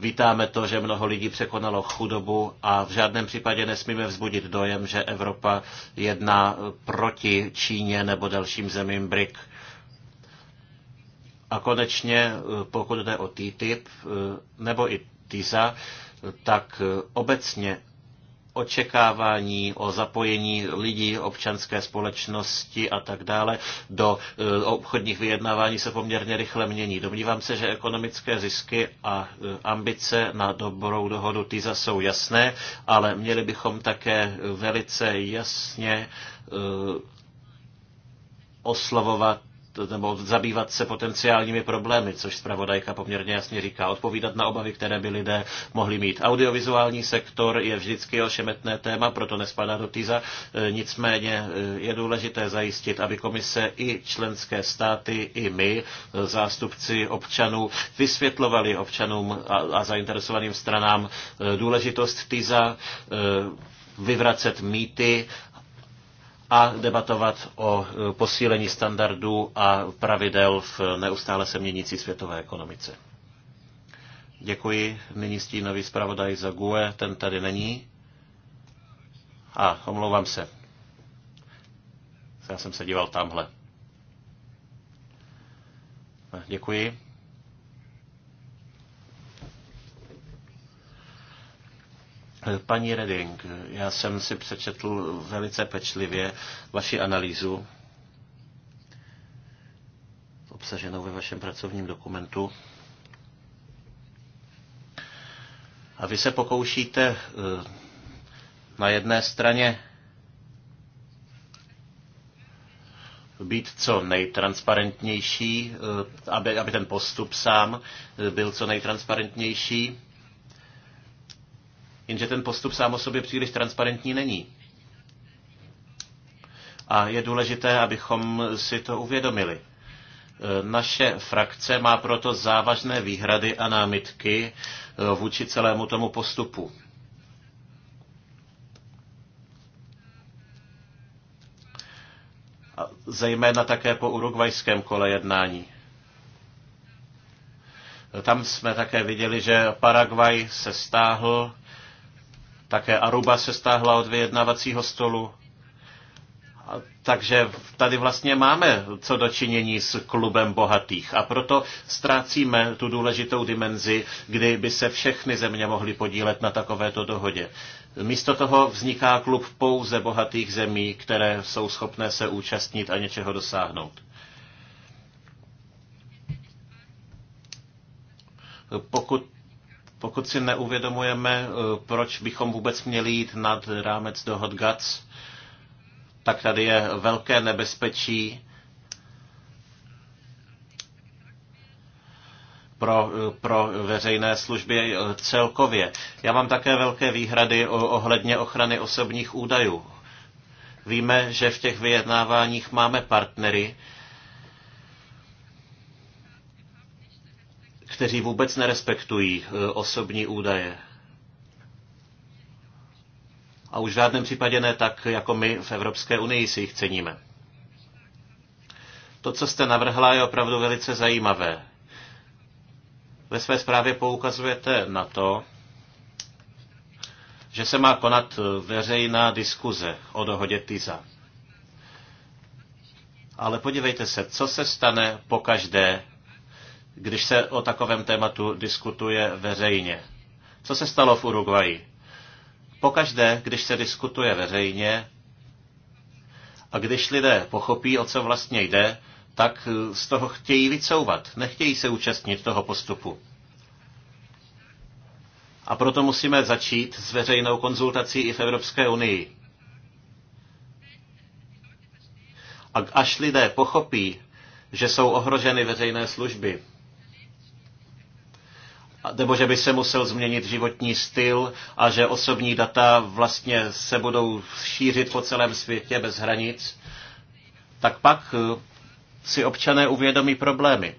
Vítáme to, že mnoho lidí překonalo chudobu a v žádném případě nesmíme vzbudit dojem, že Evropa jedná eh, proti Číně nebo dalším zemím BRIC. A konečně, eh, pokud jde o TTIP eh, nebo i TISA, tak eh, obecně očekávání o zapojení lidí, občanské společnosti a tak dále do obchodních vyjednávání se poměrně rychle mění. Domnívám se, že ekonomické zisky a ambice na dobrou dohodu TISA jsou jasné, ale měli bychom také velice jasně oslovovat nebo zabývat se potenciálními problémy, což zpravodajka poměrně jasně říká, odpovídat na obavy, které by lidé mohli mít. Audiovizuální sektor je vždycky ošemetné téma, proto nespadá do TISA, e, nicméně e, je důležité zajistit, aby komise i členské státy, i my, e, zástupci občanů, vysvětlovali občanům a zainteresovaným stranám důležitost TISA, vyvracet mýty a debatovat o e, posílení standardů a pravidel v neustále se měnící světové ekonomice. Děkuji. Nyní stínový zpravodaj za GUE, ten tady není. A, omlouvám se. Já jsem se díval tamhle. Děkuji. Paní Reding, já jsem si přečetl velice pečlivě vaši analýzu obsaženou ve vašem pracovním dokumentu. A vy se pokoušíte eh, na jedné straně být co nejtransparentnější, eh, aby, aby ten postup sám eh, byl co nejtransparentnější jenže ten postup sám o sobě příliš transparentní není. A je důležité, abychom si to uvědomili. E, naše frakce má proto závažné výhrady a námitky e, vůči celému tomu postupu. Zejména také po urugvajském kole jednání. E, tam jsme také viděli, že Paraguay se stáhl také Aruba se stáhla od vyjednavacího stolu. Takže tady vlastně máme co dočinění s klubem bohatých a proto ztrácíme tu důležitou dimenzi, kdy by se všechny země mohly podílet na takovéto dohodě. Místo toho vzniká klub pouze bohatých zemí, které jsou schopné se účastnit a něčeho dosáhnout. Pokud pokud si neuvědomujeme, eh, proč bychom vůbec měli jít nad rámec dohod GATS, tak tady je velké nebezpečí pro, eh, pro veřejné služby eh, celkově. Já mám také velké výhrady ohledně ochrany osobních údajů. Víme, že v těch vyjednáváních máme partnery, kteří vůbec nerespektují e, osobní údaje. A už v žádném případě ne tak, jako my v Evropské unii si jich ceníme. To, co jste navrhla, je opravdu velice zajímavé. Ve své zprávě poukazujete na to, že se má konat veřejná diskuze o dohodě TISA. Ale podívejte se, co se stane po každé když se o takovém tématu diskutuje veřejně. Co se stalo v Uruguayi? Pokaždé, když se diskutuje veřejně a když lidé pochopí, o co vlastně jde, tak eh, z toho chtějí vycouvat, nechtějí se účastnit toho postupu. A proto musíme začít s veřejnou konzultací i v Evropské unii. A až lidé pochopí, že jsou ohroženy veřejné služby, nebo že by se musel změnit životní styl a že osobní data vlastně se budou šířit po celém světě bez hranic, tak pak eh, si občané uvědomí problémy.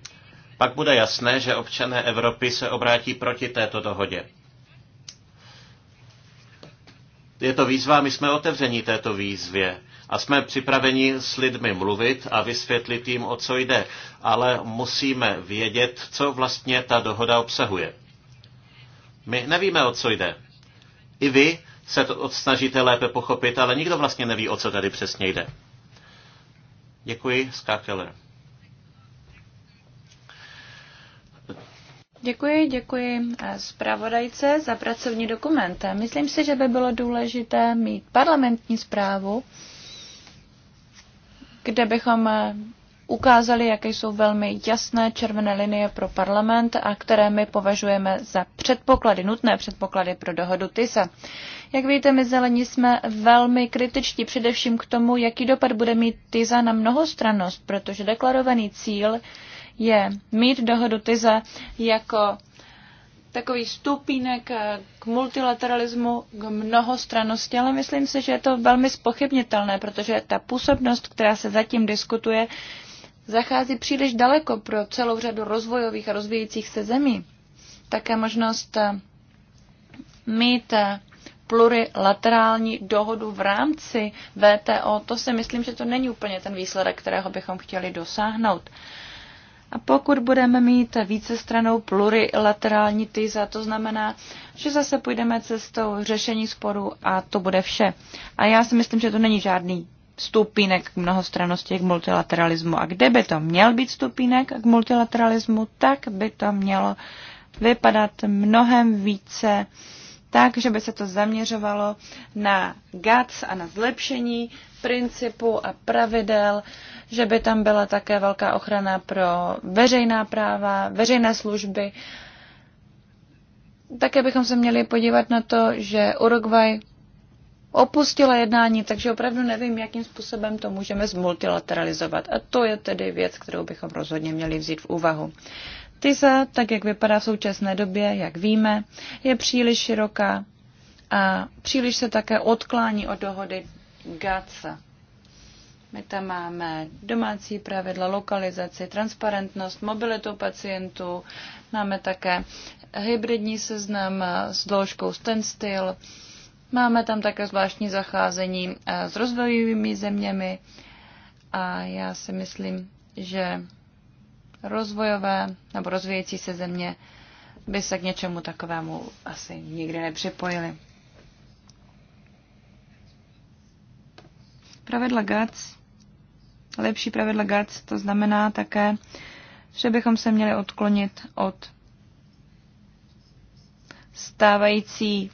Pak bude jasné, že občané Evropy se obrátí proti této dohodě. Je to výzva, my jsme otevření této výzvě a jsme připraveni s lidmi mluvit a vysvětlit jim, o co jde, ale musíme vědět, co vlastně ta dohoda obsahuje. My nevíme, o co jde. I vy se to snažíte lépe pochopit, ale nikdo vlastně neví, o co tady přesně jde. Děkuji, Skákeler. Děkuji, děkuji eh, zpravodajce za pracovní dokument. Myslím si, že by bylo důležité mít parlamentní zprávu, kde bychom eh, ukázali, jaké jsou velmi jasné červené linie pro parlament a které my považujeme za předpoklady, nutné předpoklady pro dohodu TISA. Jak víte, my zelení jsme velmi kritičtí především k tomu, jaký dopad bude mít TISA na mnohostrannost, protože deklarovaný cíl je mít dohodu TISA jako takový stupínek eh, k multilateralismu, k mnohostrannosti, ale myslím si, že je to velmi spochybnitelné, protože ta působnost, která se zatím diskutuje, zachází příliš daleko pro celou řadu rozvojových a rozvíjících se zemí. Také možnost eh, mít eh, plurilaterální dohodu v rámci VTO, to si myslím, že to není úplně ten výsledek, kterého bychom chtěli dosáhnout. A pokud budeme mít vícestranou plurilaterální tyza, to znamená, že zase půjdeme cestou řešení sporu a to bude vše. A já si myslím, že to není žádný stupínek k mnohostrannosti, k multilateralismu. A kde by to měl být stupínek k multilateralismu, tak by to mělo vypadat mnohem více uh, tak, že by se to zaměřovalo na GATS a na zlepšení principu a pravidel, že by tam byla také velká ochrana pro veřejná práva, veřejné služby. Také bychom se měli podívat na to, že Uruguay opustila jednání, takže opravdu nevím, jakým způsobem to můžeme zmultilateralizovat. A to je tedy věc, kterou bychom rozhodně měli vzít v úvahu. TISA, tak jak vypadá v současné době, jak víme, je příliš široká a příliš se také odklání od dohody GATSA. My tam máme domácí pravidla, lokalizaci, transparentnost, mobilitu pacientů, máme také hybridní seznam s dložkou standstill, máme tam také zvláštní zacházení eh, s rozvojovými zeměmi a já si myslím, že rozvojové nebo rozvíjející se země by se k něčemu takovému asi nikdy nepřipojili. Pravidla GATS, lepší pravidla GATS, to znamená také, že bychom se měli odklonit od stávajícího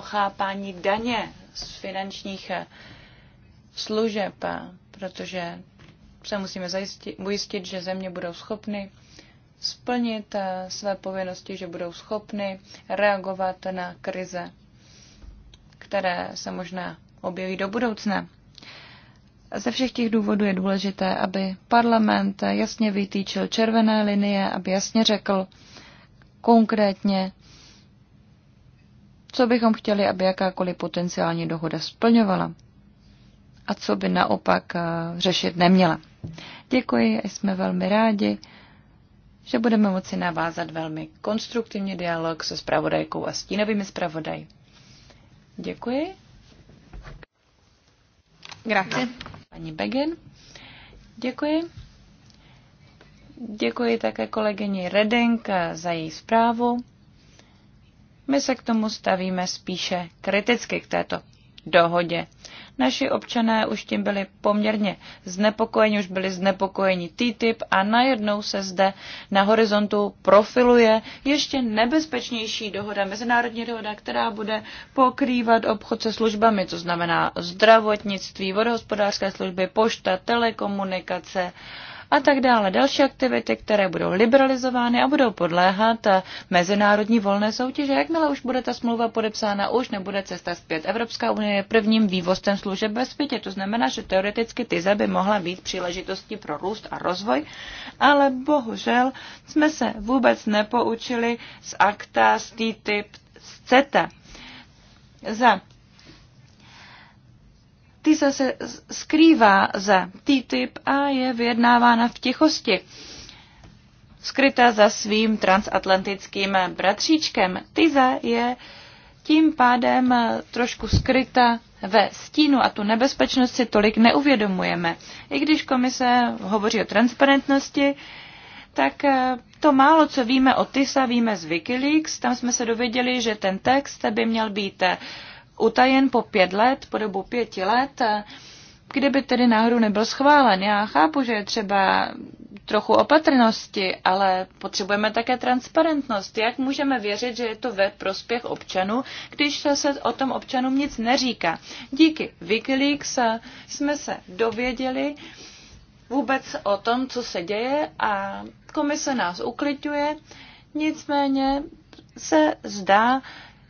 chápání daně z finančních služeb, protože se musíme zajistit, ujistit, že země budou schopny splnit eh, své povinnosti, že budou schopny reagovat na krize, které se možná objeví do budoucna. Ze všech těch důvodů je důležité, aby parlament jasně vytýčil červené linie, aby jasně řekl konkrétně, co bychom chtěli, aby jakákoliv potenciální dohoda splňovala a co by naopak eh, řešit neměla. Děkuji a jsme velmi rádi, že budeme moci navázat velmi konstruktivní dialog se spravodajkou a stínovými zpravodaj. Děkuji. Grazie. Paní Begin. Děkuji. Děkuji také kolegyni Redenk za její zprávu. My se k tomu stavíme spíše kriticky k této dohodě. Naši občané už tím byli poměrně znepokojeni, už byli znepokojeni TTIP a najednou se zde na horizontu profiluje ještě nebezpečnější dohoda, mezinárodní dohoda, která bude pokrývat obchod se službami, to znamená zdravotnictví, vodohospodářské služby, pošta, telekomunikace, a tak dále. Další aktivity, které budou liberalizovány a budou podléhat eh, mezinárodní volné soutěže. Jakmile už bude ta smlouva podepsána, už nebude cesta zpět. Evropská unie je prvním vývozcem služeb ve světě. To znamená, že teoreticky ty by mohla být příležitostí pro růst a rozvoj, ale bohužel jsme se vůbec nepoučili z akta, z TTIP, z CETA. Za ty se skrývá za TTIP a je vyjednávána v tichosti. Skryta za svým transatlantickým bratříčkem. TISA je tím pádem trošku skryta ve stínu a tu nebezpečnost si tolik neuvědomujeme. I když komise hovoří o transparentnosti, tak eh, to málo, co víme o TISA, víme z Wikileaks. Tam jsme se dověděli, že ten text by měl být eh, utajen po pět let, po dobu pěti let, kdyby tedy náhodou nebyl schválen. Já chápu, že je třeba trochu opatrnosti, ale potřebujeme také transparentnost. Jak můžeme věřit, že je to ve prospěch občanů, když se o tom občanům nic neříká? Díky Wikileaks jsme se dověděli vůbec o tom, co se děje a komise nás uklidňuje. Nicméně se zdá,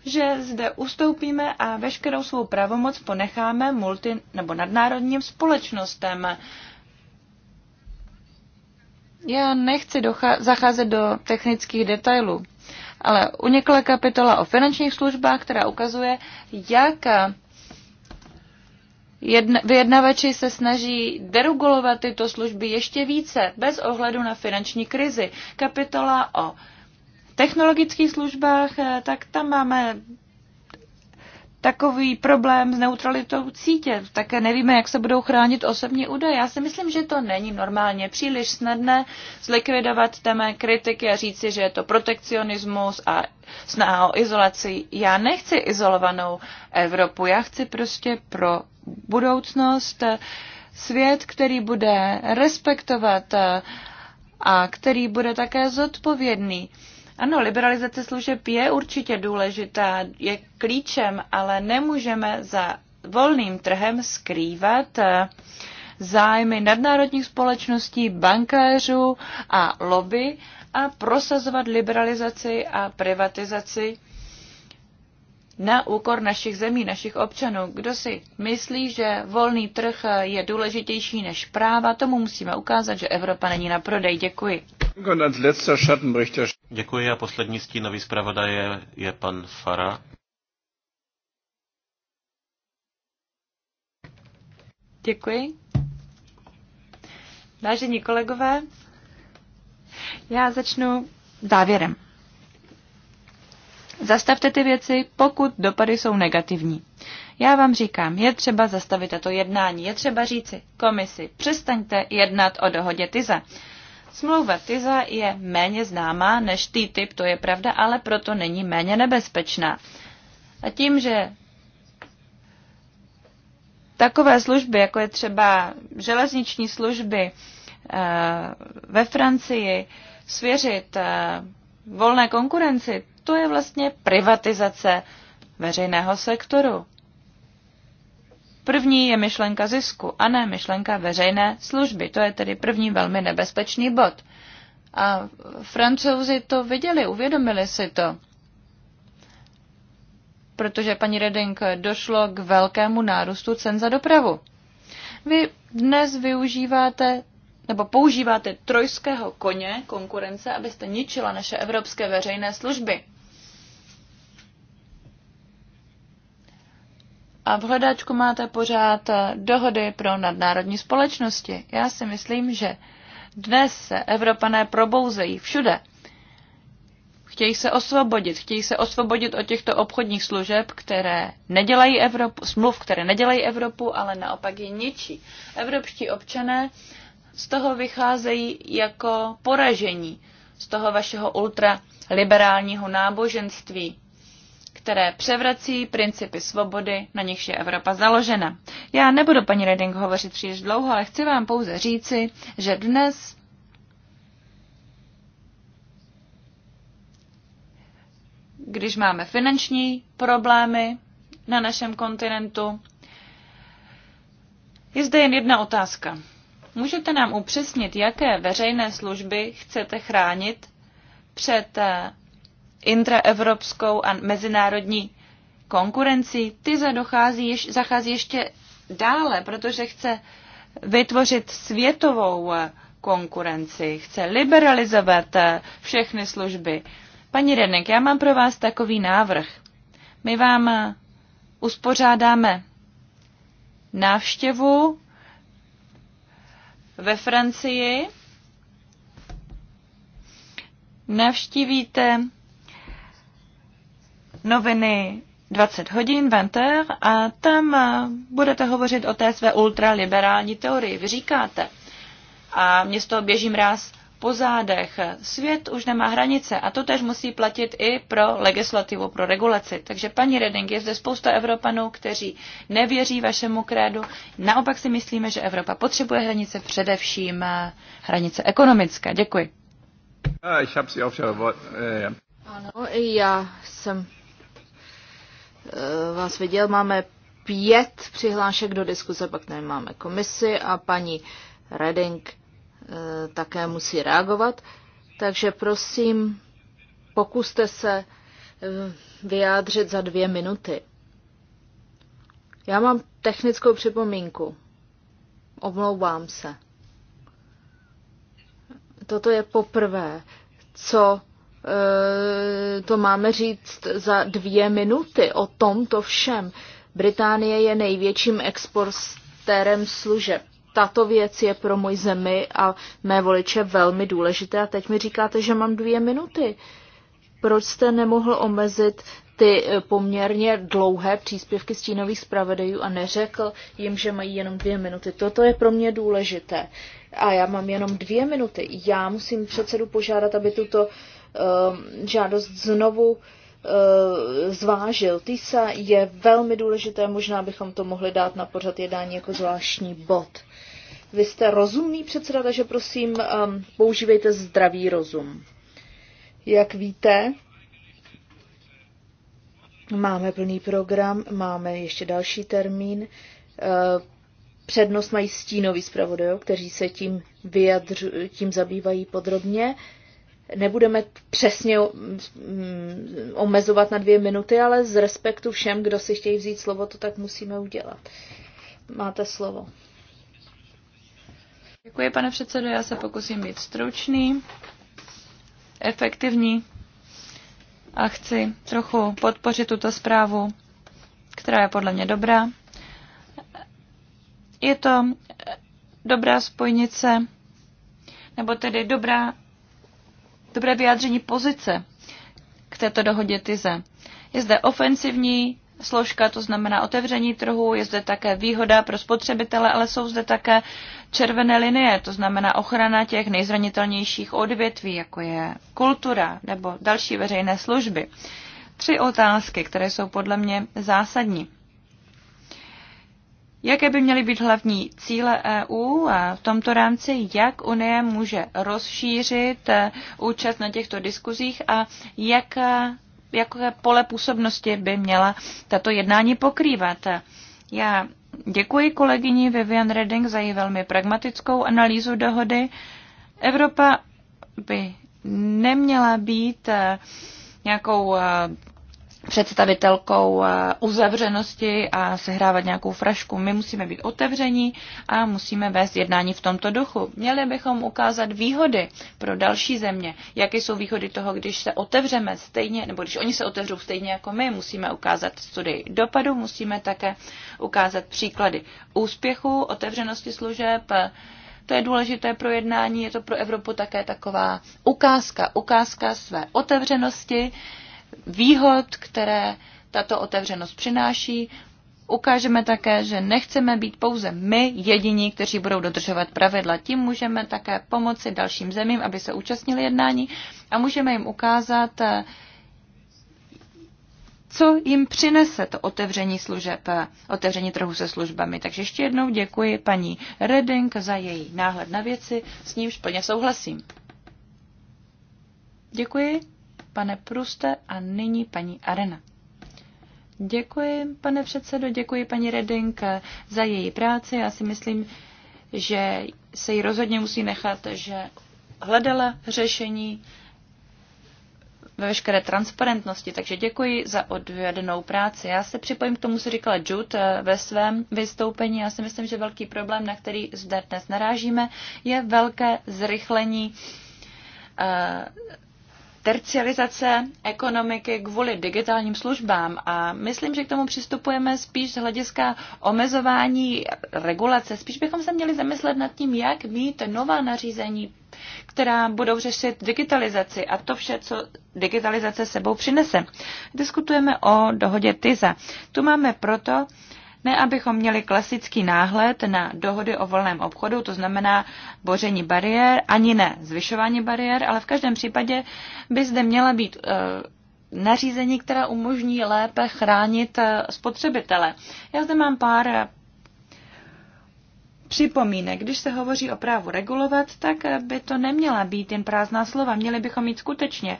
že zde ustoupíme a veškerou svou pravomoc ponecháme multi nebo nadnárodním společnostem. Já nechci zacházet do technických detailů, ale unikla kapitola o finančních službách, která ukazuje, jak Jedna, vyjednavači se snaží deregulovat tyto služby ještě více, bez ohledu na finanční krizi. Kapitola o technologických službách, eh, tak tam máme takový problém s neutralitou cítě. Také nevíme, jak se budou chránit osobní údaje. Já si myslím, že to není normálně příliš snadné zlikvidovat téma kritiky a říci, že je to protekcionismus a snaha o izolaci. Já nechci izolovanou Evropu, já chci prostě pro budoucnost eh, svět, který bude respektovat eh, a který bude také zodpovědný. Ano, liberalizace služeb je určitě důležitá, je klíčem, ale nemůžeme za volným trhem skrývat eh, zájmy nadnárodních společností, bankéřů a lobby a prosazovat liberalizaci a privatizaci na úkor našich zemí, našich občanů. Kdo si myslí, že volný trh je důležitější než práva, tomu musíme ukázat, že Evropa není na prodej. Děkuji. Děkuji a poslední stínový zpravodaj je, je pan Fara. Děkuji. Vážení kolegové, já začnu závěrem. Zastavte ty věci, pokud dopady jsou negativní. Já vám říkám, je třeba zastavit tato jednání, je třeba říci komisi, přestaňte jednat o dohodě TISA. Smlouva TISA je méně známá než TTIP, to je pravda, ale proto není méně nebezpečná. A tím, že takové služby, jako je třeba železniční služby eh, ve Francii, svěřit eh, volné konkurenci, to je vlastně privatizace veřejného sektoru. První je myšlenka zisku a ne myšlenka veřejné služby. To je tedy první velmi nebezpečný bod. A francouzi to viděli, uvědomili si to. Protože, paní Reding, došlo k velkému nárůstu cen za dopravu. Vy dnes využíváte nebo používáte trojského koně konkurence, abyste ničila naše evropské veřejné služby. a v hledáčku máte pořád eh, dohody pro nadnárodní společnosti. Já si myslím, že dnes se Evropané probouzejí všude. Chtějí se osvobodit, chtějí se osvobodit od těchto obchodních služeb, které nedělají Evropu, smluv, které nedělají Evropu, ale naopak je ničí. Evropští občané z toho vycházejí jako poražení, z toho vašeho ultraliberálního náboženství, které převrací principy svobody, na nichž je Evropa založena. Já nebudu, paní Reding, hovořit příliš dlouho, ale chci vám pouze říci, že dnes když máme finanční problémy na našem kontinentu, je zde jen jedna otázka. Můžete nám upřesnit, jaké veřejné služby chcete chránit před intraevropskou a mezinárodní konkurencí, ty dochází ješ, zachází ještě dále, protože chce vytvořit světovou konkurenci, chce liberalizovat všechny služby. Paní Renek, já mám pro vás takový návrh. My vám uspořádáme návštěvu ve Francii. Navštívíte noviny 20 hodin, 20 a tam eh, budete hovořit o té své ultraliberální teorii. Vy říkáte, a mě z toho běží mráz po zádech, svět už nemá hranice a to tež musí platit i pro legislativu, pro regulaci. Takže paní Reding, je zde spousta Evropanů, kteří nevěří vašemu krédu. Naopak si myslíme, že Evropa potřebuje hranice, především eh, hranice ekonomické. Děkuji. Ah, äh, ano, já jsem Eh, vás viděl. Máme pět přihlášek do diskuze, pak tady máme komisi a paní Reding eh, také musí reagovat. Takže prosím, pokuste se eh, vyjádřit za dvě minuty. Já mám technickou připomínku. Omlouvám se. Toto je poprvé, co Eh, to máme říct za dvě minuty o tomto všem. Británie je největším exportérem služeb. Tato věc je pro můj zemi a mé voliče velmi důležité a teď mi říkáte, že mám dvě minuty. Proč jste nemohl omezit ty eh, poměrně dlouhé příspěvky stínových zpravodajů a neřekl jim, že mají jenom dvě minuty. Toto je pro mě důležité. A já mám jenom dvě minuty. Já musím předsedu požádat, aby tuto uh, Um, žádost znovu uh, zvážil. Týsa je velmi důležité, možná bychom to mohli dát na pořad jednání jako zvláštní bod. Vy jste rozumný předseda, takže prosím, um, používejte zdravý rozum. Jak víte, máme plný program, máme ještě další termín. Uh, přednost mají stínoví zpravodajů, kteří se tím, vyjadřu, tím zabývají podrobně nebudeme přesně mm, omezovat na dvě minuty, ale z respektu všem, kdo si chtějí vzít slovo, to tak musíme udělat. Máte slovo. Děkuji, pane předsedo. Já se pokusím být stručný, efektivní a chci trochu podpořit tuto zprávu, která je podle mě dobrá. Je to dobrá spojnice, nebo tedy dobrá dobré vyjádření pozice k této dohodě TIZE. Je zde ofensivní složka, to znamená otevření trhu, je zde také výhoda pro spotřebitele, ale jsou zde také červené linie, to znamená ochrana těch nejzranitelnějších odvětví, jako je kultura nebo další veřejné služby. Tři otázky, které jsou podle mě zásadní. Jaké by měly být hlavní cíle EU a v tomto rámci, jak Unie může rozšířit eh, účast na těchto diskuzích a jak, eh, jaké pole působnosti by měla tato jednání pokrývat? Já děkuji kolegyni Vivian Redding za její velmi pragmatickou analýzu dohody. Evropa by neměla být eh, nějakou představitelkou eh, uzavřenosti a sehrávat nějakou frašku. My musíme být otevření a musíme vést jednání v tomto duchu. Měli bychom ukázat výhody pro další země. Jaké jsou výhody toho, když se otevřeme stejně, nebo když oni se otevřou stejně jako my, musíme ukázat studii dopadu, musíme také ukázat příklady úspěchu, otevřenosti služeb, to je důležité pro jednání, je to pro Evropu také taková ukázka, ukázka své otevřenosti, výhod, které tato otevřenost přináší. Ukážeme také, že nechceme být pouze my jediní, kteří budou dodržovat pravidla. Tím můžeme také pomoci dalším zemím, aby se účastnili jednání a můžeme jim ukázat, co jim přinese to otevření služeb, otevření trhu se službami. Takže ještě jednou děkuji paní Reding za její náhled na věci, s nímž plně souhlasím. Děkuji pane Pruste a nyní paní Arena. Děkuji, pane předsedo, děkuji paní Redink za její práci. Já si myslím, že se jí rozhodně musí nechat, že hledala řešení ve veškeré transparentnosti, takže děkuji za odvedenou práci. Já se připojím k tomu, co říkala Jude eh, ve svém vystoupení. Já si myslím, že velký problém, na který zde dnes narážíme, je velké zrychlení eh, tercializace ekonomiky kvůli digitálním službám a myslím, že k tomu přistupujeme spíš z hlediska omezování regulace. Spíš bychom se měli zamyslet nad tím, jak mít nová nařízení, která budou řešit digitalizaci a to vše, co digitalizace sebou přinese. Diskutujeme o dohodě TISA. Tu máme proto, ne, abychom měli klasický náhled na dohody o volném obchodu, to znamená boření bariér, ani ne zvyšování bariér, ale v každém případě by zde měla být eh, nařízení, která umožní lépe chránit eh, spotřebitele. Já zde mám pár eh, připomínek. Když se hovoří o právu regulovat, tak by to neměla být jen prázdná slova. Měli bychom mít skutečně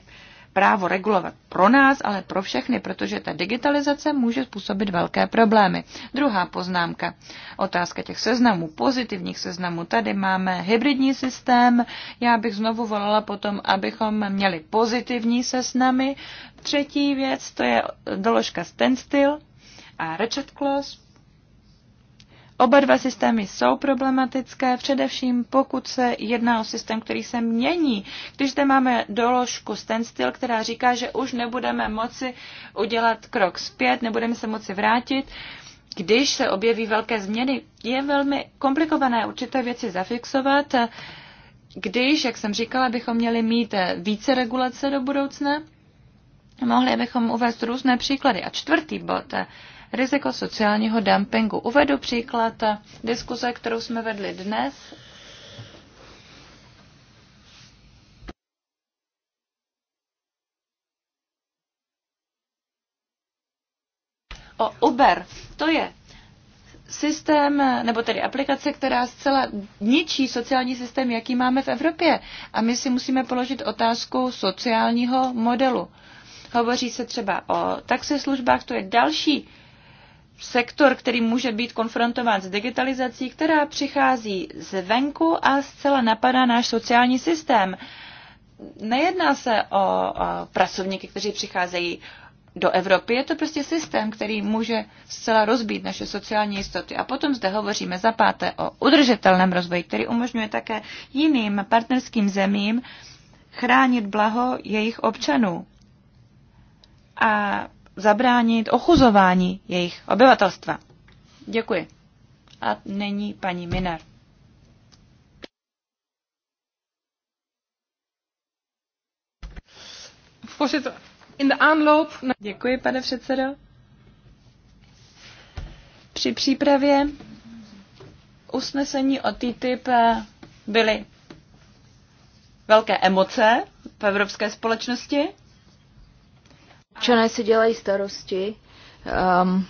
právo regulovat pro nás, ale pro všechny, protože ta digitalizace může způsobit velké problémy. Druhá poznámka. Otázka těch seznamů, pozitivních seznamů. Tady máme hybridní systém. Já bych znovu volala potom, abychom měli pozitivní seznamy. Třetí věc, to je doložka standstill a ratchet clause Oba dva systémy jsou problematické, především pokud se jedná o systém, který se mění. Když zde máme doložku standstill, která říká, že už nebudeme moci udělat krok zpět, nebudeme se moci vrátit, když se objeví velké změny, je velmi komplikované určité věci zafixovat, když, jak jsem říkala, bychom měli mít více regulace do budoucna, mohli bychom uvést různé příklady. A čtvrtý bod, riziko sociálního dumpingu. Uvedu příklad diskuze, kterou jsme vedli dnes o Uber. To je systém, nebo tedy aplikace, která zcela ničí sociální systém, jaký máme v Evropě. A my si musíme položit otázku sociálního modelu. Hovoří se třeba o taxislužbách, to je další sektor, který může být konfrontován s digitalizací, která přichází zvenku a zcela napadá náš sociální systém. Nejedná se o, o pracovníky, kteří přicházejí do Evropy. Je to prostě systém, který může zcela rozbít naše sociální jistoty. A potom zde hovoříme za páté o udržitelném rozvoji, který umožňuje také jiným partnerským zemím chránit blaho jejich občanů. A zabránit ochuzování jejich obyvatelstva. Děkuji. A není paní Miner. Děkuji, pane předsedo. Při přípravě usnesení o TTIP eh, byly velké emoce v evropské společnosti. Občané si dělají starosti. Um,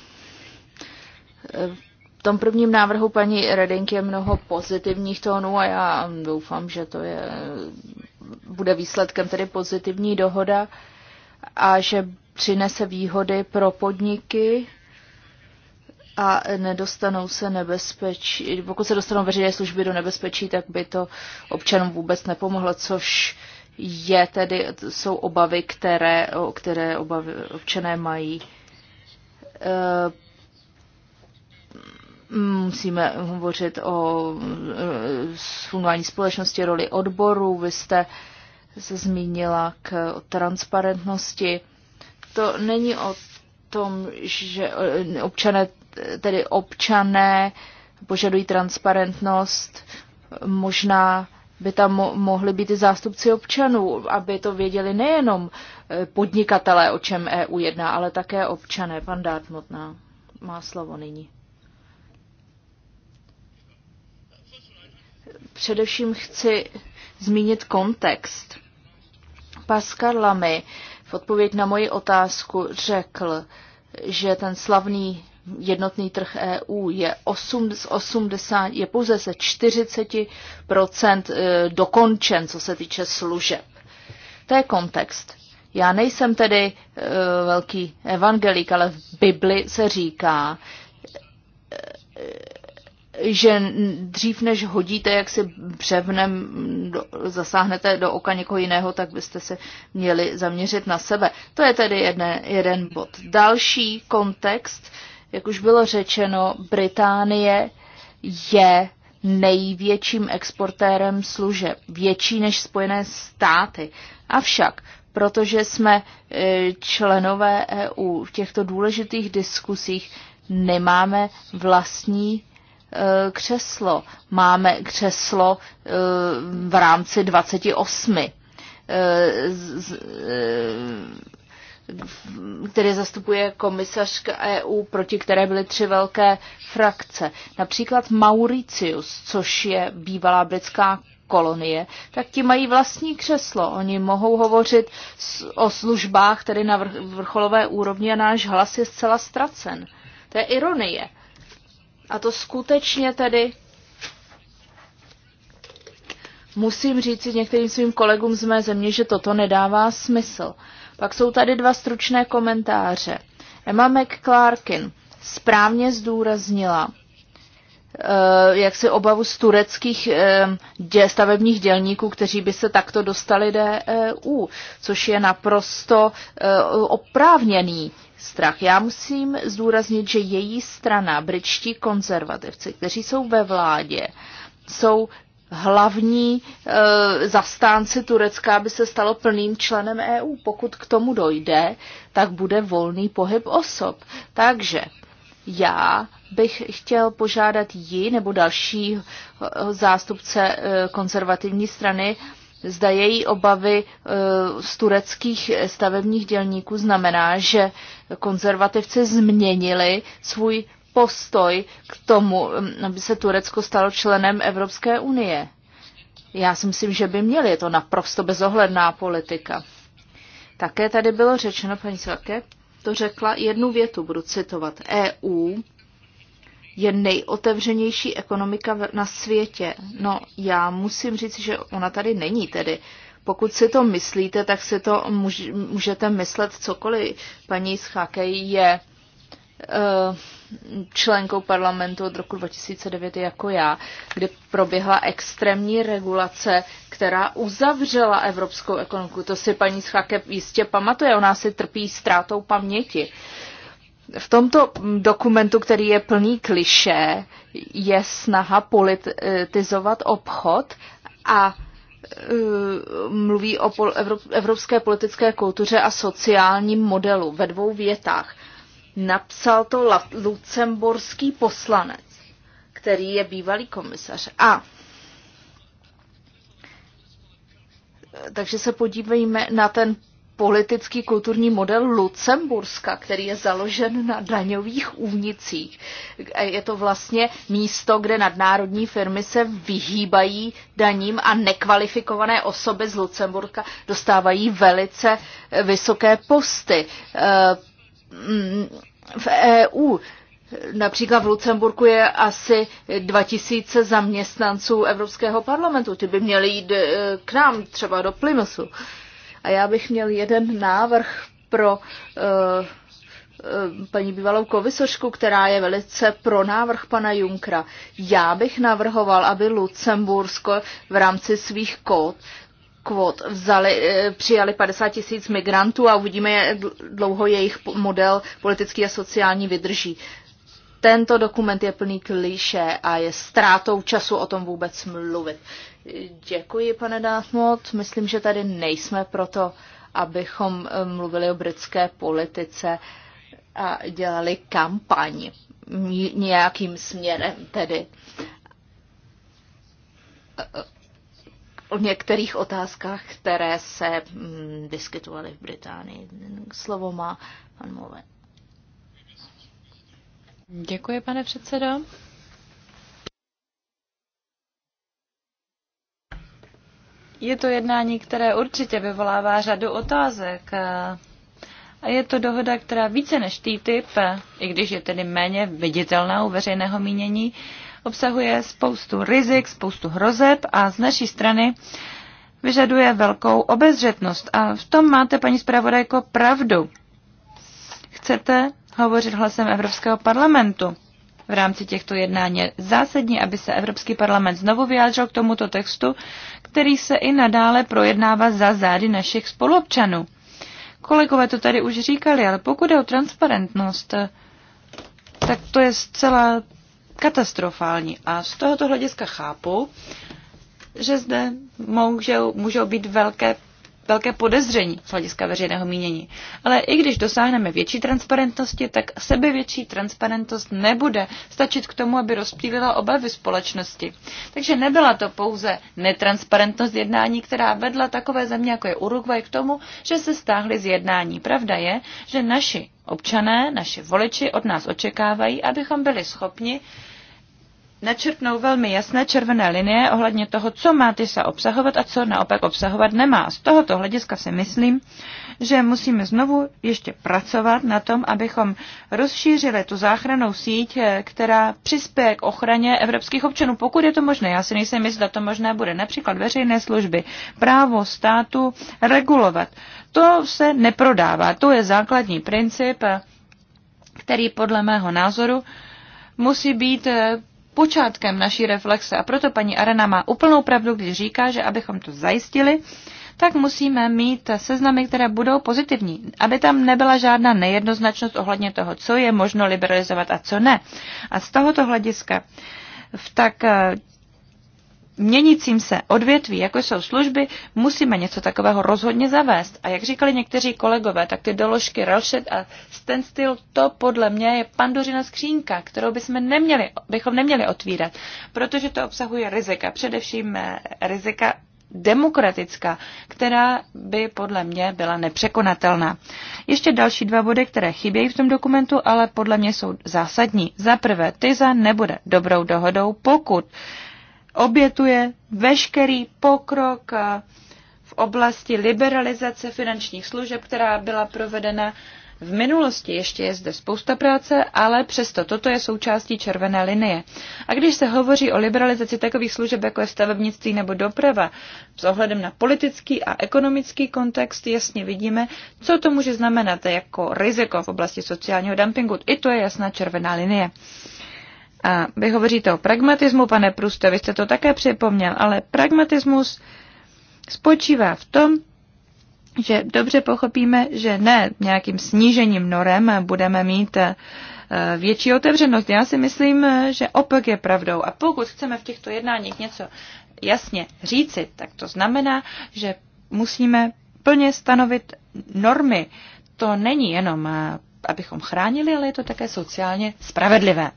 v tom prvním návrhu paní Redink je mnoho pozitivních tónů a já doufám, že to je, bude výsledkem tedy pozitivní dohoda a že přinese výhody pro podniky a nedostanou se nebezpečí. Pokud se dostanou veřejné služby do nebezpečí, tak by to občanům vůbec nepomohlo, což je tedy, jsou obavy, které, které obavy občané mají. Eh, musíme hovořit o eh, fungování společnosti, roli odborů. Vy jste se zmínila k transparentnosti. To není o tom, že eh, občané, tedy občané požadují transparentnost, možná by tam mo- mohli být i zástupci občanů, aby to věděli nejenom e, podnikatelé, o čem EU jedná, ale také občané. Pan Dátmotná má slovo nyní. Především chci zmínit kontext. Pascal Lamy v odpověď na moji otázku řekl, že ten slavný jednotný trh EU je, 8, 80, je pouze ze 40% e, dokončen, co se týče služeb. To je kontext. Já nejsem tedy e, velký evangelik, ale v Bibli se říká, e, že dřív než hodíte jak si břevnem do, zasáhnete do oka někoho jiného, tak byste se měli zaměřit na sebe. To je tedy jedne, jeden bod. Další kontext jak už bylo řečeno, Británie je největším exportérem služeb, větší než Spojené státy. Avšak, protože jsme e, členové EU v těchto důležitých diskusích, nemáme vlastní e, křeslo. Máme křeslo e, v rámci 28 které zastupuje komisařka EU, proti které byly tři velké frakce. Například Mauricius, což je bývalá britská kolonie, tak ti mají vlastní křeslo. Oni mohou hovořit o službách tedy na vrcholové úrovni a náš hlas je zcela ztracen. To je ironie. A to skutečně tedy musím říct některým svým kolegům z mé země, že toto nedává smysl. Uh, pak jsou tady dva stručné komentáře. Emma McClarkin správně zdůraznila, eh, jak si obavu z tureckých eh, stavebních dělníků, kteří by se takto dostali do EU, což je naprosto eh, oprávněný strach. Já musím zdůraznit, že její strana, britští konzervativci, kteří jsou ve vládě, jsou hlavní e, zastánci Turecka, aby se stalo plným členem EU. Pokud k tomu dojde, tak bude volný pohyb osob. Takže já bych chtěl požádat ji nebo další eh, zástupce eh, konzervativní strany, zda její obavy z tureckých stavebních dělníků znamená, že konzervativci změnili svůj postoj k tomu, mm, aby se Turecko stalo členem Evropské unie. Já si myslím, že by měli. Je to naprosto bezohledná politika. Také tady bylo řečeno, paní Svaké, to řekla jednu větu, budu citovat. EU je nejotevřenější ekonomika na světě. No, já musím říct, že ona tady není tedy. Pokud si to myslíte, tak si to můžete myslet cokoliv. Paní Schakej je Eh, členkou parlamentu od roku 2009 jako já, kdy proběhla extrémní regulace, která uzavřela evropskou ekonomiku. To si paní Schake jistě pamatuje, ona si trpí ztrátou paměti. V tomto dokumentu, který je plný kliše, je snaha politizovat obchod a eh, mluví o evropské politické kultuře a sociálním modelu ve dvou větách Napsal to lucemburský poslanec, který je bývalý komisař. A takže se podívejme na ten politický kulturní model Lucemburska, který je založen na daňových únicích. Je to vlastně místo, kde nadnárodní firmy se vyhýbají daním a nekvalifikované osoby z Lucemburka dostávají velice eh, vysoké posty. Eh, v EU. Například v Lucemburku je asi 2000 zaměstnanců Evropského parlamentu. Ty by měli jít e, k nám, třeba do Plymouthu. A já bych měl jeden návrh pro uh, paní bývalou kovisošku, která je velice pro návrh pana Junkra. Já bych navrhoval, aby Lucembursko v rámci svých kód kvot vzali, eh, přijali 50 tisíc migrantů a uvidíme, jak dlouho jejich model politický a sociální vydrží. Tento dokument je plný kliše a je ztrátou času o tom vůbec mluvit. Děkuji, pane Dátmot. Myslím, že tady nejsme proto, abychom eh, mluvili o britské politice a dělali kampaň nějakým směrem tedy eh, o některých otázkách, které se mm, diskutovaly v Británii. Slovo má pan Mové. Děkuji, pane předsedo. Je to jednání, které určitě vyvolává řadu otázek. A je to dohoda, která více než TTIP, i když je tedy méně viditelná u veřejného mínění, obsahuje spoustu rizik, spoustu hrozeb a z naší strany vyžaduje velkou obezřetnost. A v tom máte, paní zpravodajko, pravdu. Chcete hovořit hlasem Evropského parlamentu v rámci těchto jednání. Je zásadní, aby se Evropský parlament znovu vyjádřil k tomuto textu, který se i nadále projednává za zády našich spolupčanů. Kolegové to tady už říkali, ale pokud je o transparentnost, tak to je zcela katastrofální. A z tohoto hlediska chápu, že zde můžou, můžou být velké velké podezření z hlediska veřejného mínění. Ale i když dosáhneme větší transparentnosti, tak sebevětší transparentnost nebude stačit k tomu, aby rozptýlila obavy společnosti. Takže nebyla to pouze netransparentnost jednání, která vedla takové země, jako je Uruguay, k tomu, že se stáhly z jednání. Pravda je, že naši občané, naši voliči od nás očekávají, abychom byli schopni načrtnou velmi jasné červené linie ohledně toho, co má se obsahovat a co naopak obsahovat nemá. Z tohoto hlediska si myslím, že musíme znovu ještě pracovat na tom, abychom rozšířili tu záchranou síť, eh, která přispěje k ochraně evropských občanů, pokud je to možné. Já si nejsem zda to možné bude. Například veřejné služby, právo státu regulovat. To se neprodává. To je základní princip, eh, který podle mého názoru musí být eh, počátkem naší reflexe. A proto paní Arena má úplnou pravdu, když říká, že abychom to zajistili, tak musíme mít seznamy, které budou pozitivní, aby tam nebyla žádná nejednoznačnost ohledně toho, co je možno liberalizovat a co ne. A z tohoto hlediska v tak eh, měnícím se odvětví, jako jsou služby, musíme něco takového rozhodně zavést. A jak říkali někteří kolegové, tak ty doložky Relshed a Standstill, to podle mě je pandořina skřínka, kterou bychom neměli, bychom neměli otvírat, protože to obsahuje rizika, především eh, rizika demokratická, která by podle mě byla nepřekonatelná. Ještě další dva body, které chybějí v tom dokumentu, ale podle mě jsou zásadní. Za prvé, Tyza nebude dobrou dohodou, pokud obětuje veškerý pokrok eh, v oblasti liberalizace finančních služeb, která byla provedena v minulosti, ještě je zde spousta práce, ale přesto toto je součástí červené linie. A když se hovoří o liberalizaci takových služeb, jako je stavebnictví nebo doprava, s ohledem na politický a ekonomický kontext jasně vidíme, co to může znamenat jako riziko v oblasti sociálního dumpingu. I to je jasná červená linie. A vy hovoříte o pragmatismu, pane Pruste, vy jste to také připomněl, ale pragmatismus spočívá v tom, že dobře pochopíme, že ne nějakým snížením norem budeme mít eh, větší otevřenost. Já si myslím, že opak je pravdou. A pokud chceme v těchto jednáních něco jasně říci, tak to znamená, že musíme plně stanovit normy. To není jenom, eh, abychom chránili, ale je to také sociálně spravedlivé.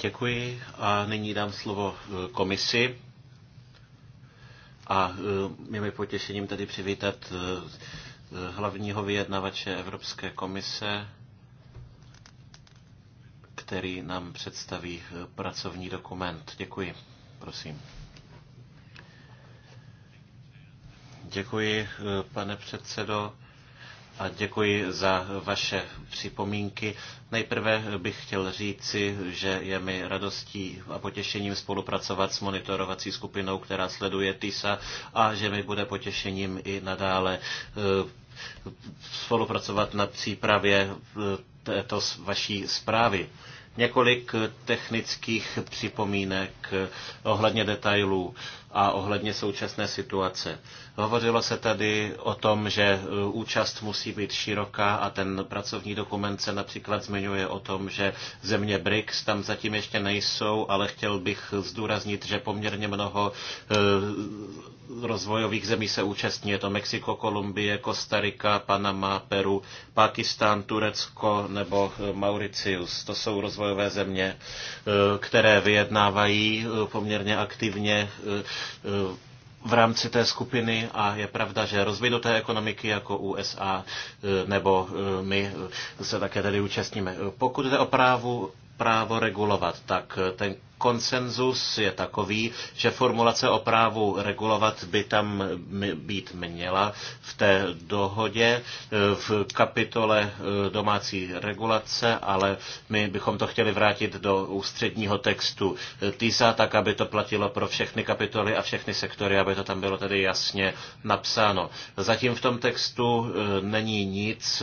Děkuji a nyní dám slovo eh, komisi. A e, je mi potěšením tady přivítat e, e, hlavního vyjednavače Evropské komise, který nám představí pracovní dokument. Děkuji. Prosím. Děkuji, pane předsedo a děkuji za vaše připomínky. Nejprve bych chtěl říci, že je mi radostí a potěšením spolupracovat s monitorovací skupinou, která sleduje TISA a že mi bude potěšením i nadále eh, spolupracovat na přípravě eh, této vaší zprávy. Několik technických připomínek ohledně detailů a ohledně současné situace. Hovořilo se tady o tom, že e, účast musí být široká a ten pracovní dokument se například zmiňuje o tom, že země BRICS tam zatím ještě nejsou, ale chtěl bych zdůraznit, že poměrně mnoho e, rozvojových zemí se účastní. Je to Mexiko, Kolumbie, Kostarika, Panama, Peru, Pakistán, Turecko nebo eh, Mauricius. To jsou rozvojové země, eh, které vyjednávají eh, poměrně aktivně v rámci té skupiny a je pravda, že rozvinuté ekonomiky jako USA nebo my se také tady účastníme. Pokud jde o právu právo regulovat, tak ten konsenzus je takový, že formulace o právu regulovat by tam být měla v té dohodě e, v kapitole e, domácí regulace, ale my bychom to chtěli vrátit do ústředního textu TISA, tak aby to platilo pro všechny kapitoly a všechny sektory, aby to tam bylo tedy jasně napsáno. Zatím v tom textu e, není nic,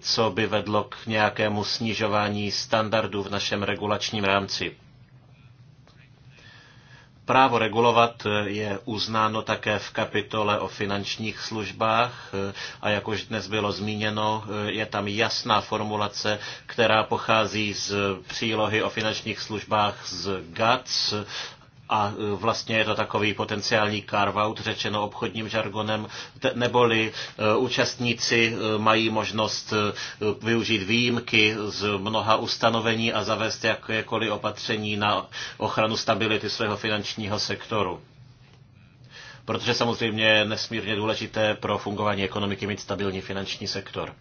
co by vedlo k nějakému snižování standardů v našem regulačním rámci. Právo regulovat eh, je uznáno také v kapitole o finančních službách eh, a jak už dnes bylo zmíněno, eh, je tam jasná formulace, která pochází z přílohy o finančních službách z GATS a e, vlastně je to takový potenciální carve-out, řečeno obchodním žargonem, neboli e, účastníci e, mají možnost využít výjimky z mnoha ustanovení a zavést jakékoliv opatření na ochranu stability svého finančního sektoru. Protože samozřejmě je nesmírně důležité pro fungování ekonomiky mít stabilní finanční sektor.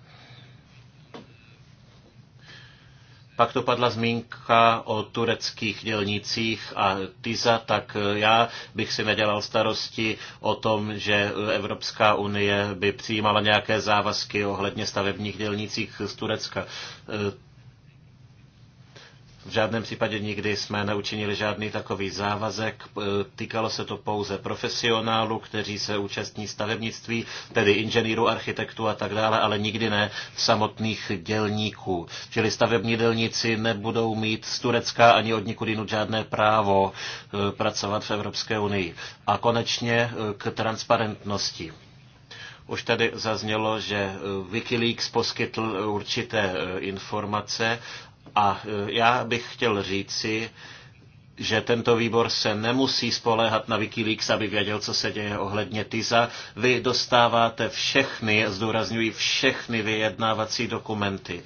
Pak to padla zmínka o tureckých dělnicích a TISA, tak já bych si nedělal starosti o tom, že Evropská unie by přijímala nějaké závazky ohledně stavebních dělnicích z Turecka. V žádném případě nikdy jsme neučinili žádný takový závazek. E, Týkalo se to pouze profesionálů, kteří se účastní stavebnictví, tedy inženýrů, architektů a tak dále, ale nikdy ne samotných dělníků. Čili stavební dělníci nebudou mít z Turecka ani od nikud jinut žádné právo e, pracovat v Evropské unii. A konečně e, k transparentnosti. Už tady zaznělo, že Wikileaks poskytl určité informace a e, já bych chtěl říci, že tento výbor se nemusí spoléhat na Wikileaks, aby věděl, co se děje ohledně TISA. Vy dostáváte všechny, zdůrazňuji všechny vyjednávací dokumenty.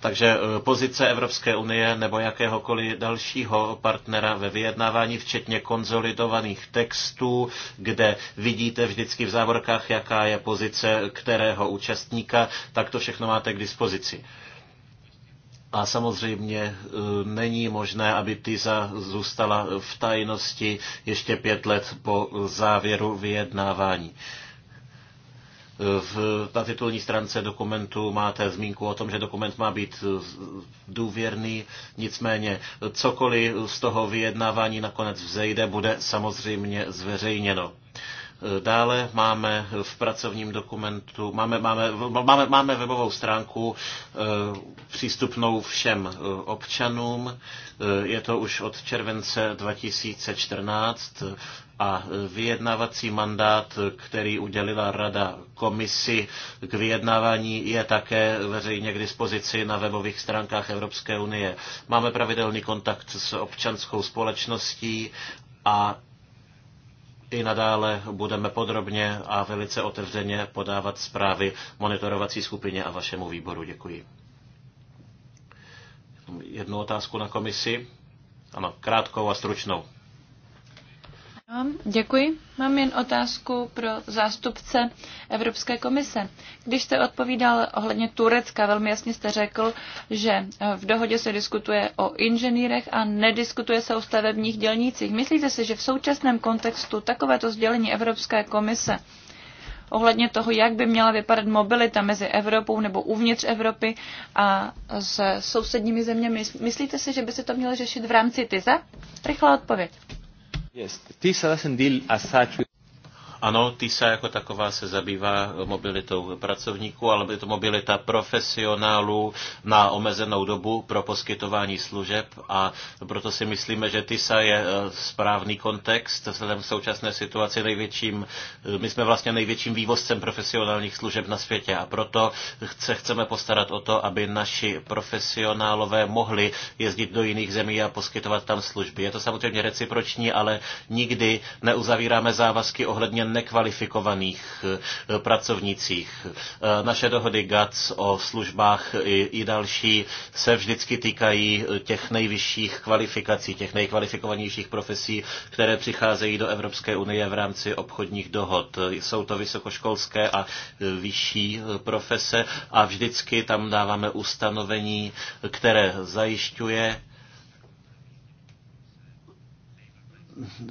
Takže e, pozice Evropské unie nebo jakéhokoliv dalšího partnera ve vyjednávání, včetně konzolidovaných textů, kde vidíte vždycky v závorkách, jaká je pozice kterého účastníka, tak to všechno máte k dispozici. A samozřejmě e, není možné, aby TISA zůstala v tajnosti ještě pět let po závěru vyjednávání. E, v, na titulní stránce dokumentu máte zmínku o tom, že dokument má být e, důvěrný, nicméně cokoliv z toho vyjednávání nakonec vzejde, bude samozřejmě zveřejněno. Dále máme v pracovním dokumentu, máme, máme, máme, máme webovou stránku eh, přístupnou všem eh, občanům. Eh, je to už od července 2014 a vyjednávací mandát, který udělila Rada komisi k vyjednávání, je také veřejně k dispozici na webových stránkách Evropské unie. Máme pravidelný kontakt s občanskou společností a i nadále budeme podrobně a velice otevřeně podávat zprávy monitorovací skupině a vašemu výboru. Děkuji. Jednu otázku na komisi. Ano, krátkou a stručnou. Děkuji. Mám jen otázku pro zástupce Evropské komise. Když jste odpovídal ohledně Turecka, velmi jasně jste řekl, že v dohodě se diskutuje o inženýrech a nediskutuje se o stavebních dělnících. Myslíte si, že v současném kontextu takovéto sdělení Evropské komise ohledně toho, jak by měla vypadat mobilita mezi Evropou nebo uvnitř Evropy a s sousedními zeměmi. Myslíte si, že by se to mělo řešit v rámci TISA? Rychlá odpověď. Yes, this doesn't deal as such ano, TISA jako taková se zabývá mobilitou pracovníků, ale je to mobilita profesionálů na omezenou dobu pro poskytování služeb a proto si myslíme, že TISA je eh, správný kontext vzhledem k současné situaci největším, eh, my jsme vlastně největším vývozcem profesionálních služeb na světě a proto se chceme postarat o to, aby naši profesionálové mohli jezdit do jiných zemí a poskytovat tam služby. Je to samozřejmě reciproční, ale nikdy neuzavíráme závazky ohledně nekvalifikovaných eh, pracovnicích. Eh, naše dohody GATS o službách i, i další se vždycky týkají eh, těch nejvyšších kvalifikací, těch nejkvalifikovanějších profesí, které přicházejí do Evropské unie v rámci obchodních dohod. Jsou to vysokoškolské a vyšší profese a vždycky tam dáváme ustanovení, které zajišťuje,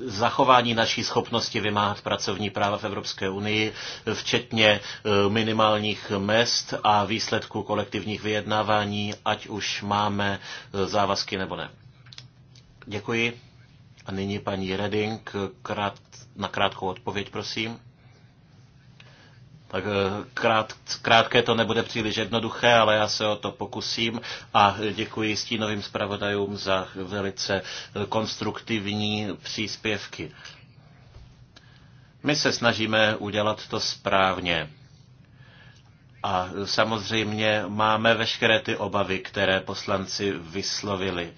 zachování naší schopnosti vymáhat pracovní práva v Evropské unii, včetně e, minimálních mest a výsledků kolektivních vyjednávání, ať už máme e, závazky nebo ne. Děkuji. A nyní paní Reding, krát, na krátkou odpověď, prosím. Tak eh, krát, krátké to nebude příliš jednoduché, ale já se o to pokusím a děkuji stínovým zpravodajům za velice eh, konstruktivní příspěvky. My se snažíme udělat to správně. A samozřejmě máme veškeré ty obavy, které poslanci vyslovili.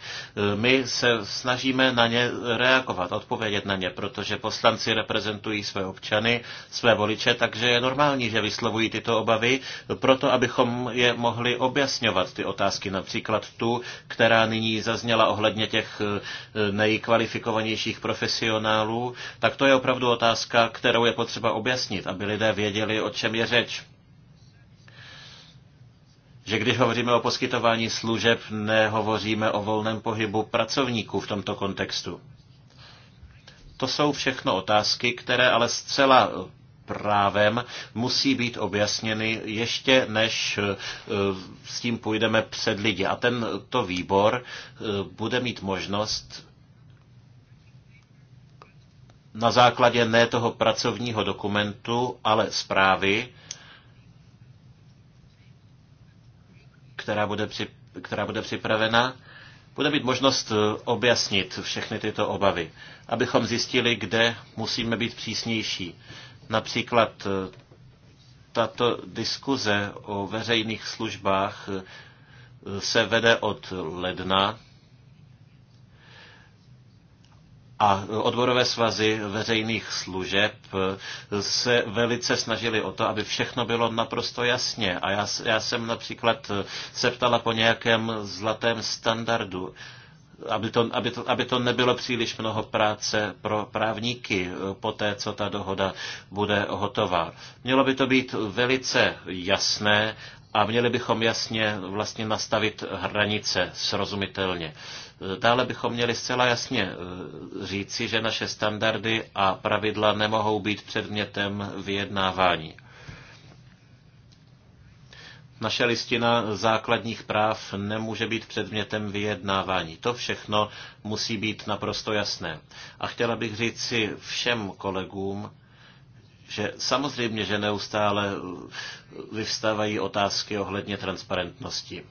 My se snažíme na ně reagovat, odpovědět na ně, protože poslanci reprezentují své občany, své voliče, takže je normální, že vyslovují tyto obavy, proto abychom je mohli objasňovat, ty otázky, například tu, která nyní zazněla ohledně těch eh, nejkvalifikovanějších profesionálů, tak to je opravdu otázka, kterou je potřeba objasnit, aby lidé věděli, o čem je řeč že když hovoříme o poskytování služeb, nehovoříme o volném pohybu pracovníků v tomto kontextu. To jsou všechno otázky, které ale zcela právem musí být objasněny ještě než eh, s tím půjdeme před lidi. A tento výbor eh, bude mít možnost na základě ne toho pracovního dokumentu, ale zprávy, která bude, při, která bude připravena, bude mít možnost eh, objasnit všechny tyto obavy, abychom zjistili, kde musíme být přísnější. Například eh, tato diskuze o veřejných službách eh, se vede od ledna a odborové svazy veřejných služeb se velice snažili o to, aby všechno bylo naprosto jasně. A já, já jsem například se ptala po nějakém zlatém standardu aby to, aby, to, aby to nebylo příliš mnoho práce pro právníky po té, co ta dohoda bude hotová. Mělo by to být velice jasné a měli bychom jasně vlastně nastavit hranice srozumitelně. Dále bychom měli zcela jasně eh, říci, že naše standardy a pravidla nemohou být předmětem vyjednávání. Naše listina základních práv nemůže být předmětem vyjednávání. To všechno musí být naprosto jasné. A chtěla bych říct si všem kolegům, že samozřejmě, že neustále vyvstávají otázky ohledně transparentnosti.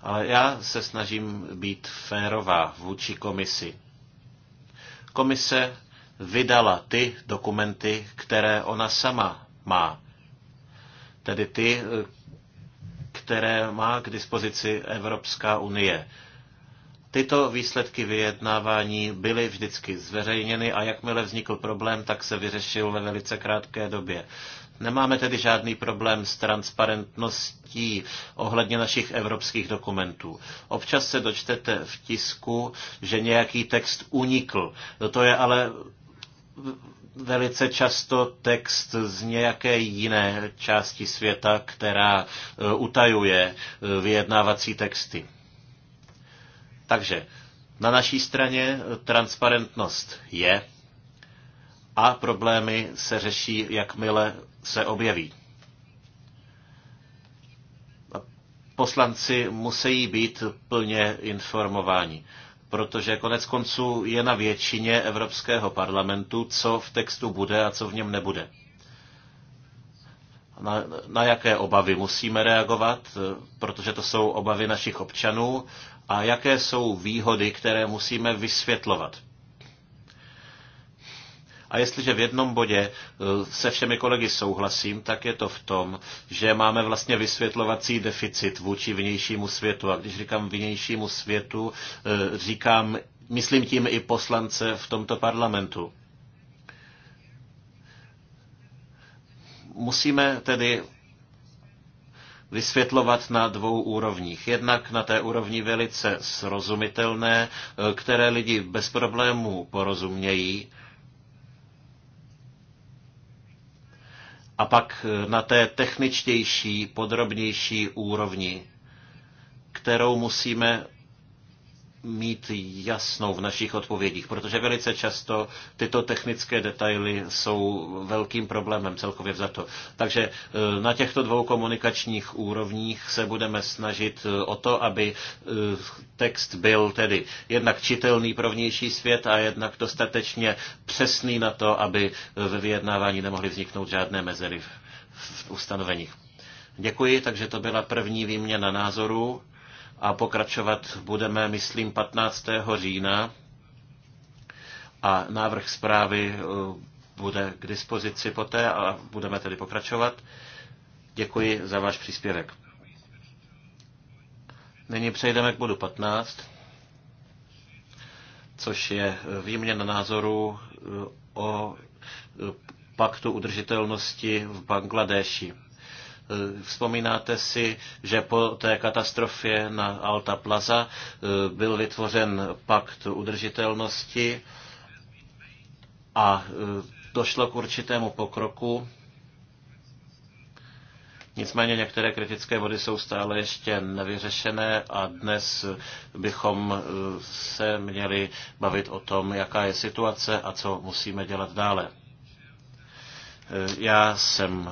Ale já se snažím být férová vůči komisi. Komise vydala ty dokumenty, které ona sama má. Tedy ty, které má k dispozici Evropská unie. Tyto výsledky vyjednávání byly vždycky zveřejněny a jakmile vznikl problém, tak se vyřešil ve velice krátké době. Nemáme tedy žádný problém s transparentností ohledně našich evropských dokumentů. Občas se dočtete v tisku, že nějaký text unikl. To je ale velice často text z nějaké jiné části světa, která eh, utajuje eh, vyjednávací texty. Takže na naší straně eh, transparentnost je a problémy se řeší, jakmile se objeví. Poslanci musí být plně informováni, protože konec konců je na většině Evropského parlamentu, co v textu bude a co v něm nebude. Na, na jaké obavy musíme reagovat, eh, protože to jsou obavy našich občanů a jaké jsou výhody, které musíme vysvětlovat. A jestliže v jednom bodě e, se všemi kolegy souhlasím, tak je to v tom, že máme vlastně vysvětlovací deficit vůči vnějšímu světu. A když říkám vnějšímu světu, e, říkám, myslím tím i poslance v tomto parlamentu. Musíme tedy vysvětlovat na dvou úrovních. Jednak na té úrovni velice srozumitelné, eh, které lidi bez problémů porozumějí, a pak eh, na té techničtější, podrobnější úrovni, kterou musíme mít jasnou v našich odpovědích, protože velice často tyto technické detaily jsou velkým problémem celkově to. Takže e, na těchto dvou komunikačních úrovních se budeme snažit e, o to, aby e, text byl tedy jednak čitelný pro vnější svět a jednak dostatečně přesný na to, aby ve vyjednávání nemohly vzniknout žádné mezery v ustanoveních. Děkuji, takže to byla první výměna názorů a pokračovat budeme, myslím, 15. října a návrh zprávy eh, bude k dispozici poté a budeme tedy pokračovat. Děkuji za váš příspěvek. Nyní přejdeme k bodu 15, což je eh, výměna názoru eh, o paktu udržitelnosti v Bangladeši. Eh, vzpomínáte si, že po té katastrofě na Alta Plaza eh, byl vytvořen pakt udržitelnosti a eh, došlo k určitému pokroku. Nicméně některé kritické vody jsou stále ještě nevyřešené a dnes bychom se měli bavit o tom, jaká je situace a co musíme dělat dále. Já jsem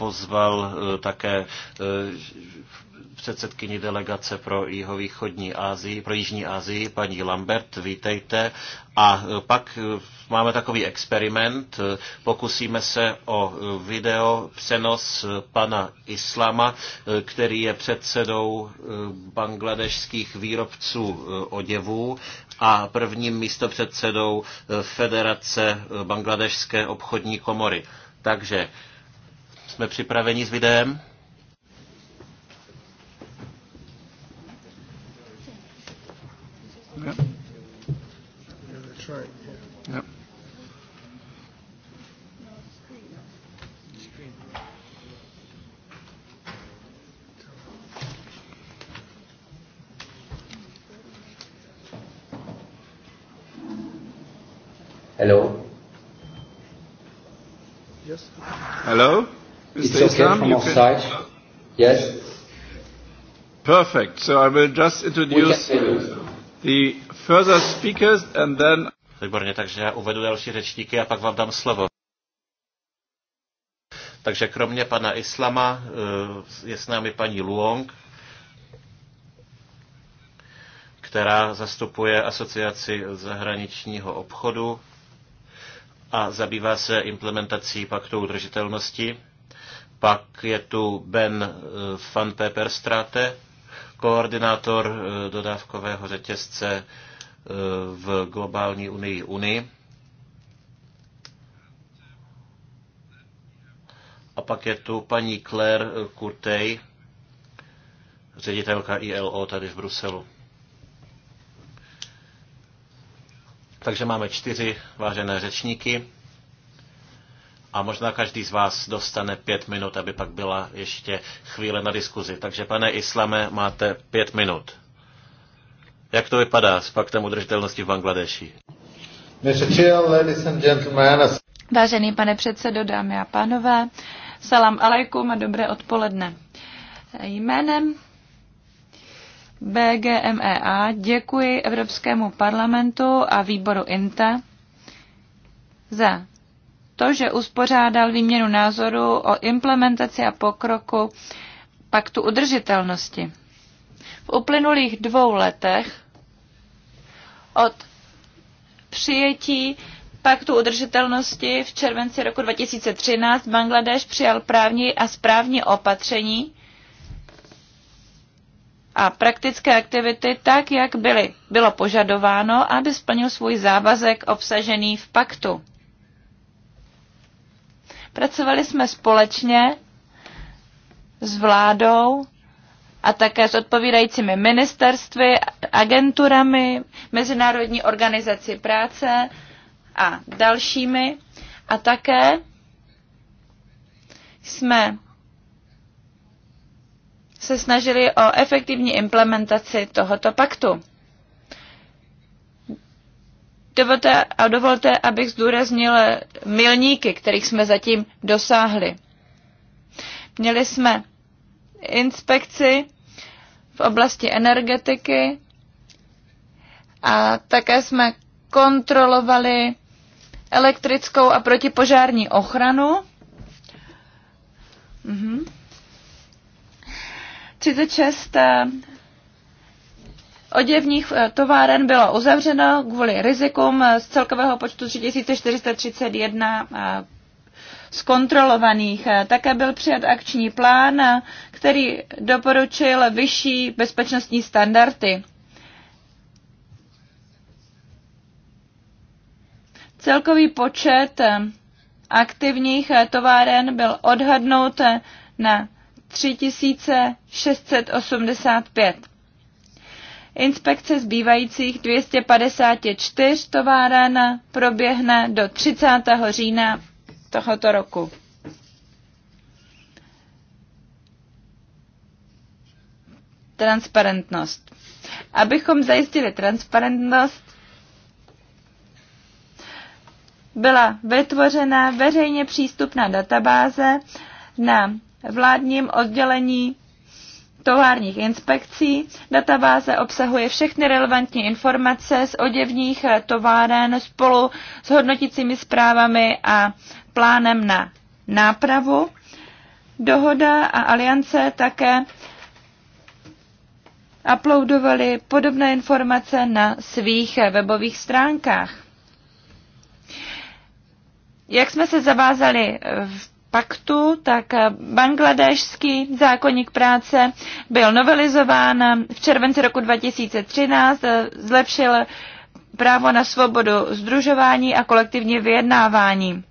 pozval eh, také eh, předsedkyni delegace pro jihovýchodní Asii, pro Jižní Asii, paní Lambert, vítejte. A eh, pak máme takový experiment, pokusíme se o video přenos pana Islama, který je předsedou bangladešských výrobců oděvů a prvním místopředsedou Federace Bangladešské obchodní komory. Takže jsme připraveni s videem? Yeah. No. It's okay come? from side. Yes. Perfect. So I will just introduce the further speakers and then... Výborně, takže já uvedu další řečníky a pak vám dám slovo. Takže kromě pana Islama eh, je s námi paní Luong, která zastupuje asociaci zahraničního obchodu a zabývá se implementací paktu udržitelnosti. Pak je tu Ben eh, van Peperstrate, koordinátor eh, dodávkového řetězce eh, v globální unii Unii. A pak je tu paní Claire Kurtej, ředitelka ILO tady v Bruselu. Takže máme čtyři vážené řečníky a možná každý z vás dostane pět minut, aby pak byla ještě chvíle na diskuzi. Takže, pane Islame, máte pět minut. Jak to vypadá s faktem udržitelnosti v Bangladeši? Vážený pane předsedo, dámy a pánové, salam alaikum a dobré odpoledne. Jménem BGMEA děkuji Evropskému parlamentu a výboru INTA za to, že uspořádal výměnu názoru o implementaci a pokroku paktu udržitelnosti. V uplynulých dvou letech od přijetí paktu udržitelnosti v červenci roku 2013 Bangladeš přijal právní a správní opatření a praktické aktivity tak, jak byly. Bylo požadováno, aby splnil svůj závazek obsažený v paktu. Pracovali jsme společně s vládou a také s odpovídajícími ministerstvy, agenturami, Mezinárodní organizaci práce a dalšími. A také jsme se snažili o efektivní implementaci tohoto paktu. Dovolte, a dovolte, abych zdůraznil milníky, kterých jsme zatím dosáhli. Měli jsme inspekci v oblasti energetiky a také jsme kontrolovali elektrickou a protipožární ochranu. Mhm. 36 oděvních eh, továren bylo uzavřeno kvůli rizikům eh, z celkového počtu 3431 eh, zkontrolovaných. Také byl přijat akční plán, který doporučil vyšší bezpečnostní standardy. Celkový počet aktivních továren byl odhadnut na 3685. Inspekce zbývajících 254 továren proběhne do 30. října tohoto roku. Transparentnost. Abychom zajistili transparentnost, byla vytvořena veřejně přístupná databáze na vládním oddělení továrních inspekcí. Databáze obsahuje všechny relevantní informace z oděvních eh, továren spolu s hodnotícími zprávami a plánem na nápravu. Dohoda a aliance také uploadovali podobné informace na svých eh, webových stránkách. Jak jsme se zavázali v paktu, tak eh, bangladešský zákonník práce byl novelizován v červenci roku 2013, eh, zlepšil právo na svobodu združování a kolektivní vyjednávání.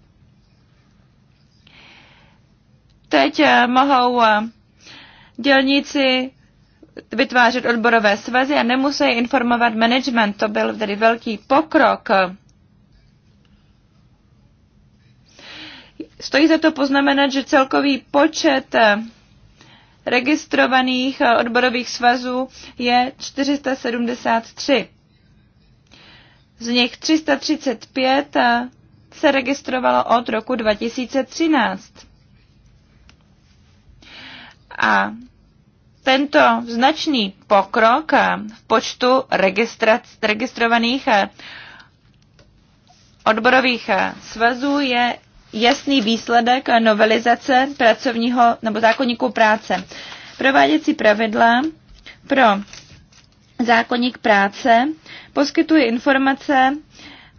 Teď eh, mohou dělníci vytvářet odborové svazy a nemusí informovat management. To byl tedy velký pokrok Stojí za to poznamenat, že celkový počet eh, registrovaných eh, odborových svazů je 473. Z nich 335 eh, se registrovalo od roku 2013. A tento značný pokrok v počtu registrovaných odborových svazů je jasný výsledek novelizace pracovního nebo zákonníku práce. Prováděcí pravidla pro zákonník práce poskytuje informace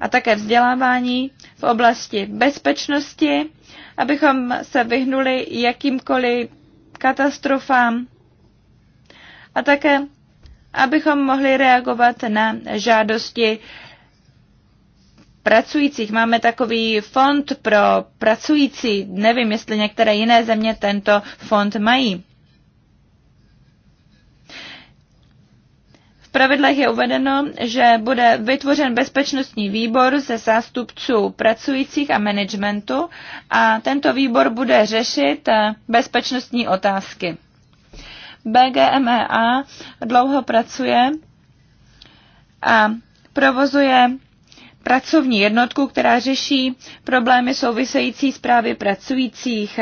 a také vzdělávání v oblasti bezpečnosti, abychom se vyhnuli jakýmkoliv katastrofám a také abychom mohli reagovat na žádosti pracujících. Máme takový fond pro pracující. Nevím, jestli některé jiné země tento fond mají. V pravidlech je uvedeno, že bude vytvořen bezpečnostní výbor ze zástupců pracujících a managementu a tento výbor bude řešit eh, bezpečnostní otázky. BGMEA dlouho pracuje a provozuje pracovní jednotku, která řeší problémy související s právě pracujících.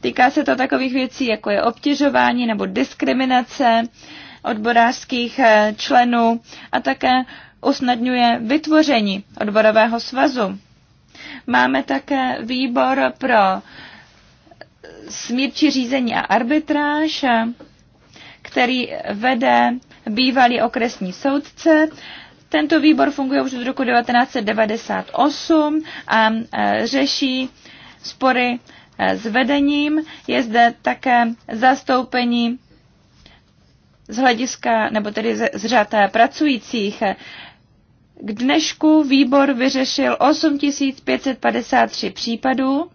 Týká se to takových věcí, jako je obtěžování nebo diskriminace odborářských eh, členů a také usnadňuje vytvoření odborového svazu. Máme také výbor pro smírčí řízení a arbitráž, eh, který vede bývalý okresní soudce tento výbor funguje už od roku 1998 a e, řeší spory e, s vedením. Je zde také zastoupení z hlediska, nebo tedy z řad e, pracujících. K dnešku výbor vyřešil 8553 případů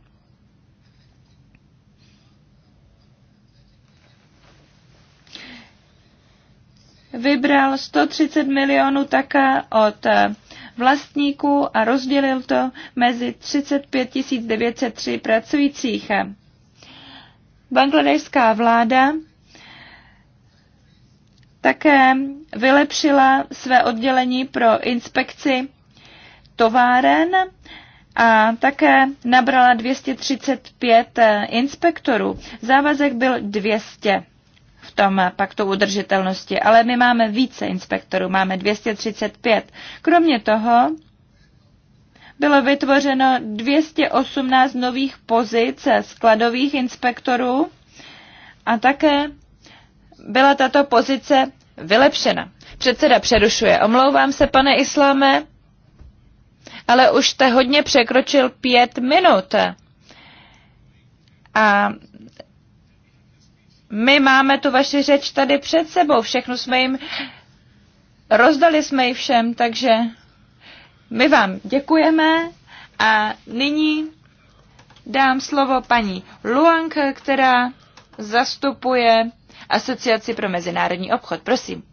vybral 130 milionů také od eh, vlastníků a rozdělil to mezi 35 903 pracujících. Bangladešská vláda také vylepšila své oddělení pro inspekci továren a také nabrala 235 eh, inspektorů. Závazek byl 200 tom paktu udržitelnosti, ale my máme více inspektorů, máme 235. Kromě toho bylo vytvořeno 218 nových pozic skladových inspektorů a také byla tato pozice vylepšena. Předseda přerušuje. Omlouvám se, pane Islame, ale už jste hodně překročil pět minut. A my máme tu vaši řeč tady před sebou, všechno jsme jim, rozdali jsme ji všem, takže my vám děkujeme a nyní dám slovo paní Luang, která zastupuje Asociaci pro mezinárodní obchod. Prosím.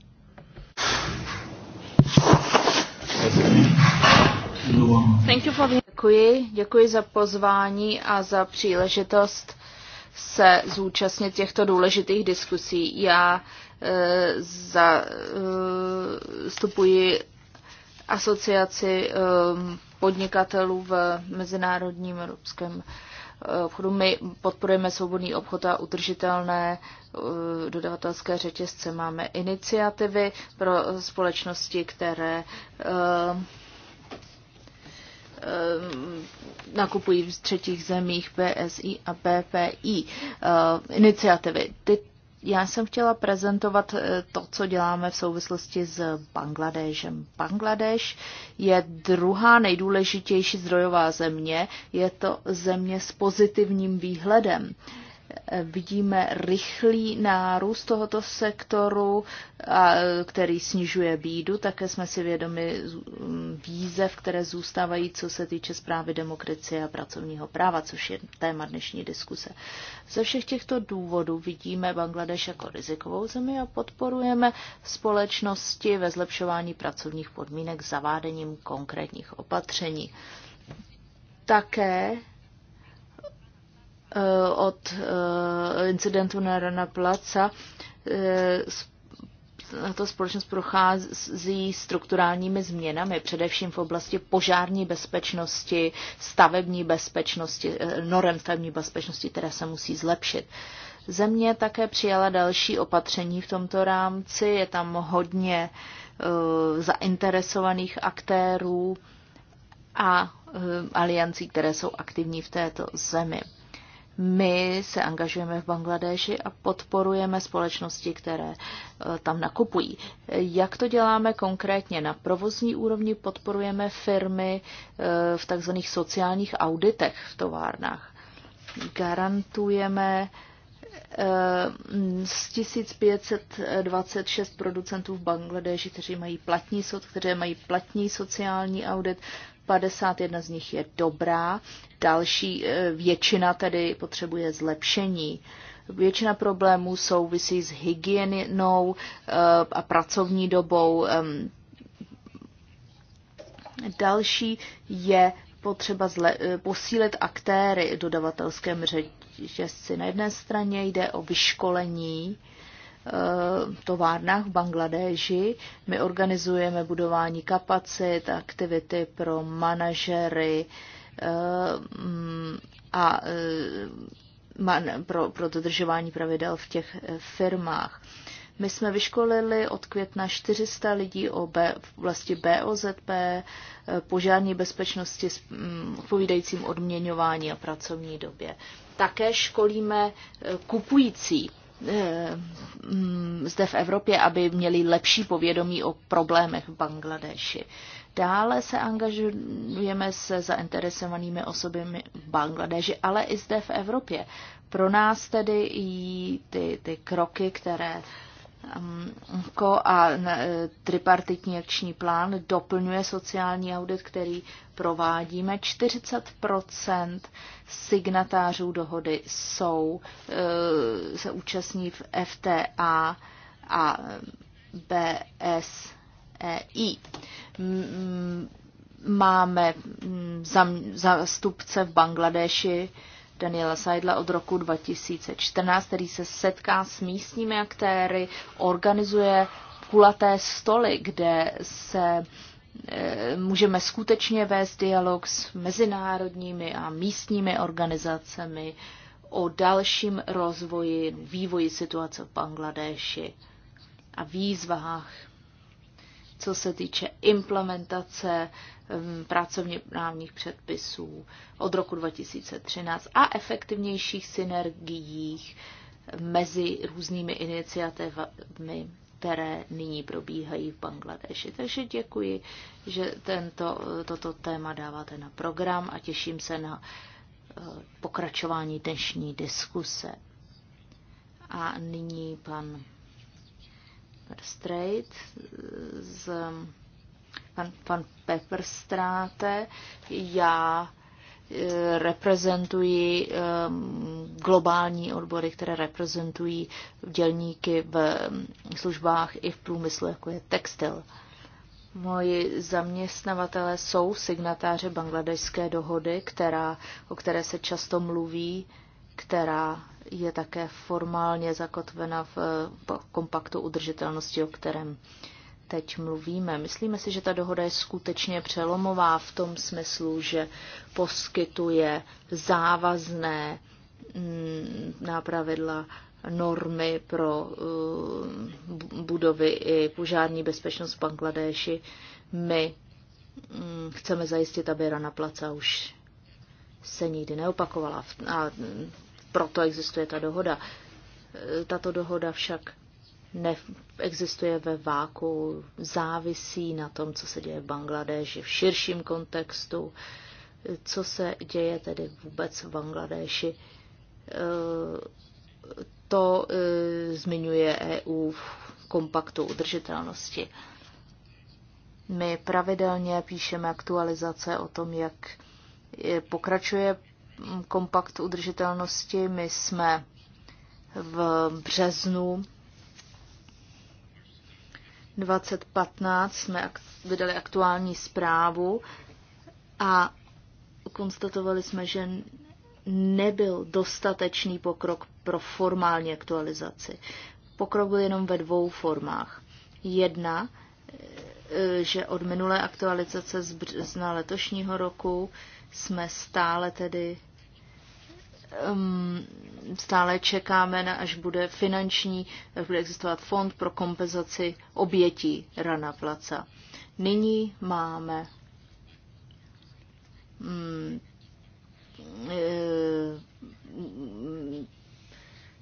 Děkuji, děkuji za pozvání a za příležitost se zúčastnit těchto důležitých diskusí. Já e, za, e, asociaci e, podnikatelů v mezinárodním evropském e, obchodu. My podporujeme svobodný obchod a udržitelné e, dodavatelské řetězce. Máme iniciativy pro společnosti, které e, Ehm, nakupují v třetích zemích BSI a PPI ehm, iniciativy. já jsem chtěla prezentovat eh, to, co děláme v souvislosti s Bangladéšem. Bangladéš je druhá nejdůležitější zdrojová země. Je to země s pozitivním výhledem. Uh, Vidíme rychlý nárůst tohoto sektoru, který snižuje bídu. Také jsme si vědomi mm, výzev, které zůstávají, co se týče zprávy demokracie a pracovního práva, což je téma dnešní diskuse. Ze všech těchto důvodů vidíme Bangladeš jako rizikovou zemi a podporujeme společnosti ve zlepšování pracovních podmínek zaváděním konkrétních opatření. Také Eh, od eh, incidentu na Rana Placa eh, to společnost prochází strukturálními změnami, především v oblasti požární bezpečnosti, stavební bezpečnosti, norem stavební bezpečnosti, které se musí zlepšit. Země také přijala další opatření v tomto rámci, je tam hodně uh, zainteresovaných aktérů a uh, aliancí, které jsou aktivní v této zemi. My se angažujeme v Bangladeši a podporujeme společnosti, které eh, tam nakupují. Jak to děláme konkrétně? Na provozní úrovni podporujeme firmy eh, v takzvaných sociálních auditech v továrnách. Garantujeme eh, z 1526 producentů v Bangladeši, kteří mají platní, kteří mají platní sociální audit, 51 z nich je dobrá, další e, většina tedy potřebuje zlepšení. Většina problémů souvisí s hygienou e, a pracovní dobou. Další je potřeba zle- e, posílit aktéry dodavatelském řetězci. Na jedné straně jde o vyškolení, Eh, továrnách v Bangladeži. My organizujeme budování kapacit, aktivity pro manažery eh, a eh, pro, dodržování pravidel v těch firmách. My jsme vyškolili od května 400 lidí o B, vlasti BOZP, požární bezpečnosti s mm, odpovídajícím odměňování a pracovní době. Také školíme kupující Eh, zde v Evropě, aby měli lepší povědomí o problémech v Bangladeši. Dále se angažujeme se zainteresovanými osobami v Bangladeši, ale i zde v Evropě. Pro nás tedy i ty, ty kroky, které Ko a tripartitní akční plán doplňuje sociální audit, který provádíme. 40 signatářů dohody jsou, eh, se účastní v FTA a BSEI. Máme mm, zastupce v Bangladeši, Daniela Seidla od roku 2014, který se setká s místními aktéry, organizuje kulaté stoly, kde se eh, můžeme skutečně vést dialog s mezinárodními a místními organizacemi o dalším rozvoji, vývoji situace v Bangladeši a výzvách, co se týče implementace pracovně právních předpisů od roku 2013 a efektivnějších synergiích mezi různými iniciativami, které nyní probíhají v Bangladeši. Takže děkuji, že tento, toto téma dáváte na program a těším se na eh, pokračování dnešní diskuse. A nyní pan Straight z pan, pan Pepperstráte. Já e, reprezentují globální odbory, které reprezentují dělníky v službách i v průmyslu, jako je textil. Moji zaměstnavatele jsou signatáři bangladežské dohody, která, o které se často mluví, která je také formálně zakotvena v e, kompaktu udržitelnosti, o kterém teď mluvíme. Myslíme si, že ta dohoda je skutečně přelomová v tom smyslu, že poskytuje závazné mm, nápravidla normy pro uh, budovy i požární bezpečnost v Bangladeši. My mm, chceme zajistit, aby Rana Placa už se nikdy neopakovala. A mm, proto existuje ta dohoda. Tato dohoda však neexistuje ve váku, závisí na tom, co se děje v Bangladeši v širším kontextu, co se děje tedy vůbec v Bangladeši. Eh, to eh, zmiňuje EU v kompaktu udržitelnosti. My pravidelně píšeme aktualizace o tom, jak pokračuje kompakt udržitelnosti. My jsme v březnu 2015 jsme vydali aktuální zprávu a konstatovali jsme, že nebyl dostatečný pokrok pro formální aktualizaci. Pokrok byl jenom ve dvou formách. Jedna, e, že od minulé aktualizace z na letošního roku jsme stále tedy um, stále čekáme, na, až bude finanční, až bude existovat fond pro kompenzaci obětí rana placa. Nyní máme um,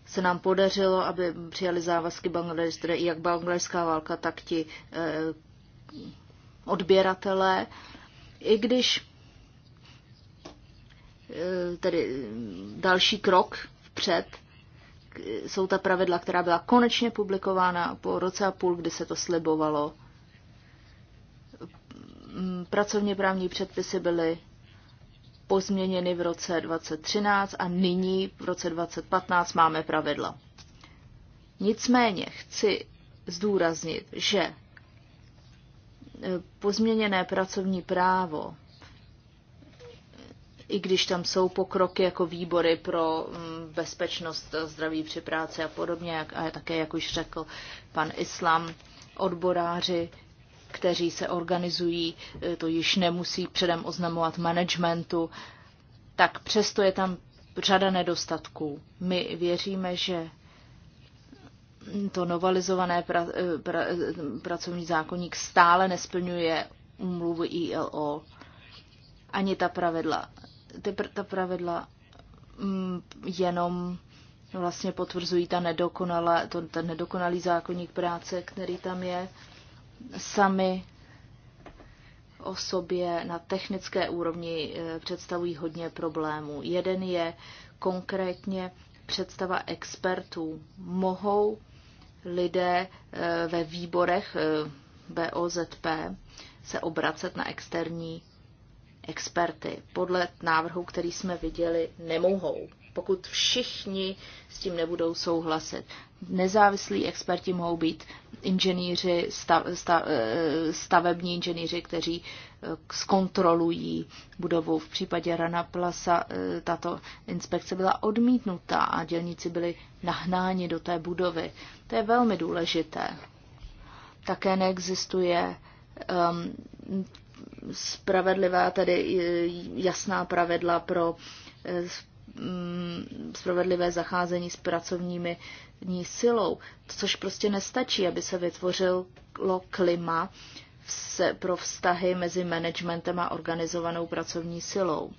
se nám podařilo, aby přijali závazky Bangladeš, tedy jak bangladeská válka, tak ti eh, odběratelé. I když Eh, tedy mm, další krok vpřed. Jsou ta pravidla, která byla konečně publikována po roce a půl, kdy se to slibovalo. Mm, pracovně právní předpisy byly pozměněny v roce 2013 a nyní v roce 2015 máme pravidla. Nicméně chci zdůraznit, že eh, pozměněné pracovní právo i když tam jsou pokroky jako výbory pro mm, bezpečnost, zdraví při práci a podobně, jak, a také, jak už řekl pan Islam, odboráři, kteří se organizují, e, to již nemusí předem oznamovat managementu, tak přesto je tam řada nedostatků. My věříme, že to novalizované pra, e, pra, e, pracovní zákonník stále nesplňuje umluvu ILO. Ani ta pravidla ty, ta pravidla mm, jenom vlastně potvrzují ta nedokonalá, to, ten nedokonalý zákonník práce, který tam je. Sami o sobě na technické úrovni e, představují hodně problémů. Jeden je konkrétně představa expertů. Mohou lidé e, ve výborech e, BOZP se obracet na externí experty podle návrhu, který jsme viděli, nemohou, pokud všichni s tím nebudou souhlasit. Nezávislí experti mohou být inženýři, stav, stav, eh, stavební inženýři, kteří eh, zkontrolují budovu. V případě Rana Plasa eh, tato inspekce byla odmítnutá a dělníci byli nahnáni do té budovy. To je velmi důležité. Také neexistuje um, spravedlivá, tedy jasná pravidla pro eh, mm, spravedlivé zacházení s pracovními ní silou, což prostě nestačí, aby se vytvořilo klima pro vztahy mezi managementem a organizovanou pracovní silou.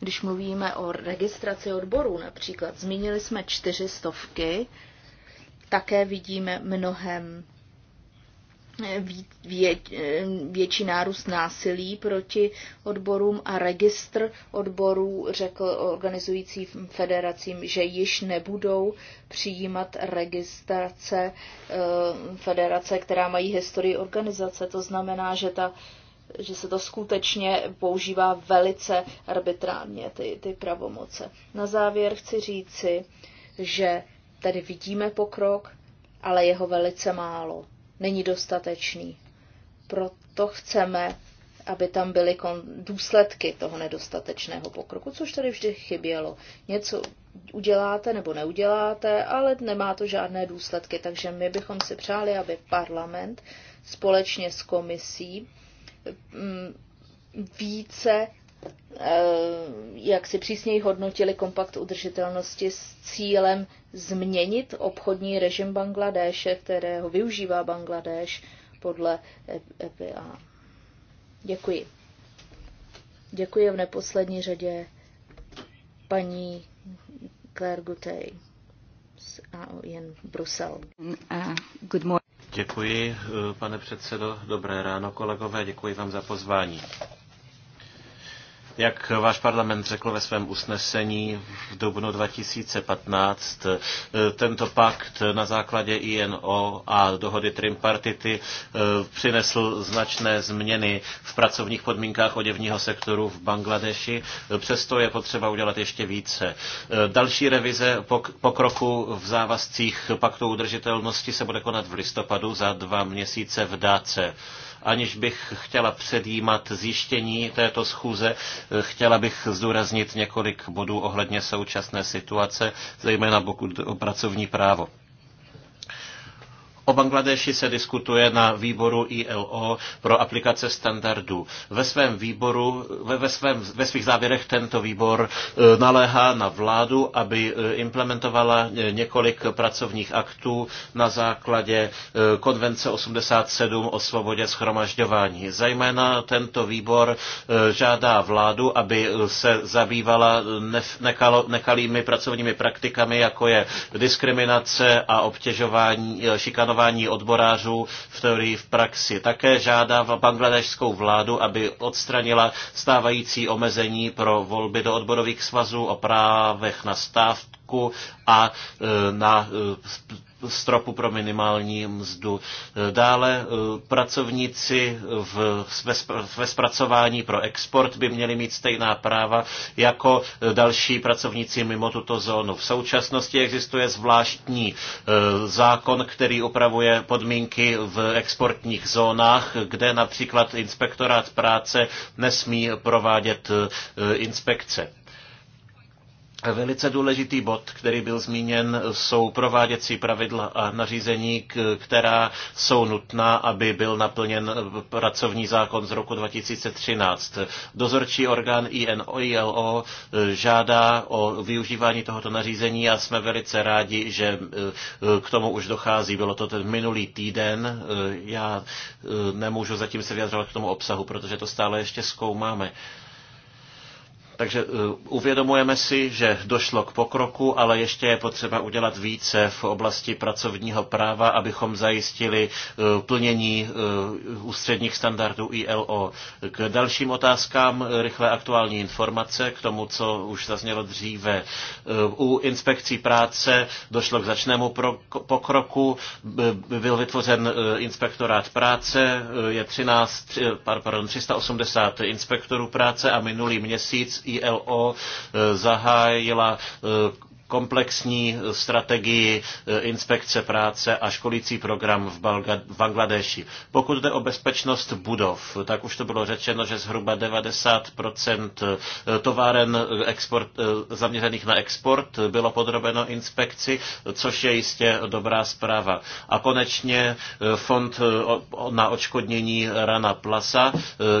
Když mluvíme o registraci odborů například, zmínili jsme čtyři stovky, také vidíme mnohem Eh, větší nárůst násilí proti odborům a registr odborů řekl organizující federacím, že již nebudou přijímat registrace eh, federace, která mají historii organizace. To znamená, že ta že se to skutečně používá velice arbitrárně, ty, ty pravomoce. Na závěr chci říci, že tady vidíme pokrok, ale jeho velice málo není dostatečný. Proto chceme, aby tam byly důsledky toho nedostatečného pokroku, což tady vždy chybělo. Něco uděláte nebo neuděláte, ale nemá to žádné důsledky, takže my bychom si přáli, aby parlament společně s komisí mm, více Eh, jak si přísněji hodnotili kompakt udržitelnosti s cílem změnit obchodní režim Bangladéše, kterého využívá Bangladéš podle EPA. Děkuji. Děkuji v neposlední řadě paní Claire Gutej z AON Brusel. Děkuji, eh, pane předsedo. Dobré ráno, kolegové. Děkuji vám za pozvání. Jak váš parlament řekl ve svém usnesení v dubnu 2015, tento pakt na základě INO a dohody Trimpartity eh, přinesl značné změny v pracovních podmínkách oděvního sektoru v Bangladeši. Přesto je potřeba udělat ještě více. Eh, další revize pokroku v závazcích paktu udržitelnosti se bude konat v listopadu za dva měsíce v dáce. Aniž bych chtěla předjímat zjištění této schůze, chtěla bych zdůraznit několik bodů ohledně současné situace, zejména pokud o pracovní právo. O Bangladeši se diskutuje na výboru ILO pro aplikace standardů. Ve svém výboru, ve, ve, svém, ve svých závěrech tento výbor e, naléhá na vládu, aby e, implementovala e, několik pracovních aktů na základě konvence 87 o svobodě schromažďování. Zajména tento výbor žádá vládu, aby se zabývala nekalo, nekalými pracovními praktikami, jako je diskriminace a obtěžování šikanování jmenování odborářů v teorii v praxi. Také žádá v bangladešskou vládu, aby odstranila stávající omezení pro volby do odborových svazů o právech na stávku a e, na e, stropu pro minimální mzdu. Dále eh, pracovníci v, ve, ve zpracování pro export by měli mít stejná práva jako eh, další pracovníci mimo tuto zónu. V současnosti existuje zvláštní eh, zákon, který upravuje podmínky v exportních zónách, kde například inspektorát práce nesmí provádět inspekce. Velice důležitý bod, který byl zmíněn, jsou prováděcí pravidla a nařízení, která jsou nutná, aby byl naplněn pracovní zákon z roku 2013. Dozorčí orgán INOILO eh, žádá o využívání tohoto nařízení a jsme velice rádi, že eh, k tomu už dochází. Bylo to ten minulý týden. Eh, já nemůžu zatím se vyjadřovat k tomu obsahu, protože to stále ještě zkoumáme. Takže eh, uvědomujeme si, že došlo k pokroku, ale ještě je potřeba udělat více v oblasti pracovního práva, abychom zajistili eh, plnění eh, ústředních standardů ILO. K dalším otázkám rychle aktuální informace k tomu, co už zaznělo dříve. U inspekcí práce došlo k začnému pokroku, byl vytvořen inspektorát práce, je 13, pardon, 380 inspektorů práce a minulý měsíc ILO eh, zahájila eh, komplexní eh, strategii eh, inspekce práce a školící program v, Balga- v Bangladeši. Pokud jde o bezpečnost budov, tak už to bylo řečeno, že zhruba 90% eh, továren export, zaměřených na export bylo podrobeno inspekci, což je jistě dobrá zpráva. A konečně fond na očkodnění Rana Plasa,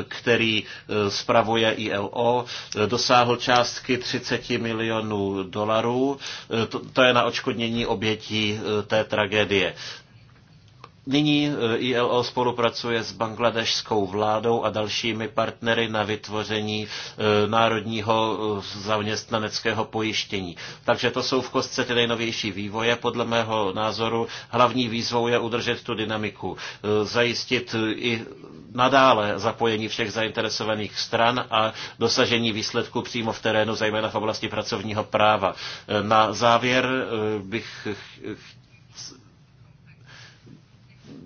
který spravuje ILO, dosáhl částky 30 milionů dolarů Eh, to, to je na očkodnění obětí eh, té tragédie. Nyní eh, ILO spolupracuje s bangladešskou vládou a dalšími partnery na vytvoření eh, národního eh, zaměstnaneckého pojištění. Takže to jsou v kostce ty nejnovější vývoje. Podle mého názoru hlavní výzvou je udržet tu dynamiku, zajistit i nadále zapojení všech zainteresovaných stran a dosažení výsledků přímo v terénu, zejména v oblasti pracovního práva. Na závěr bych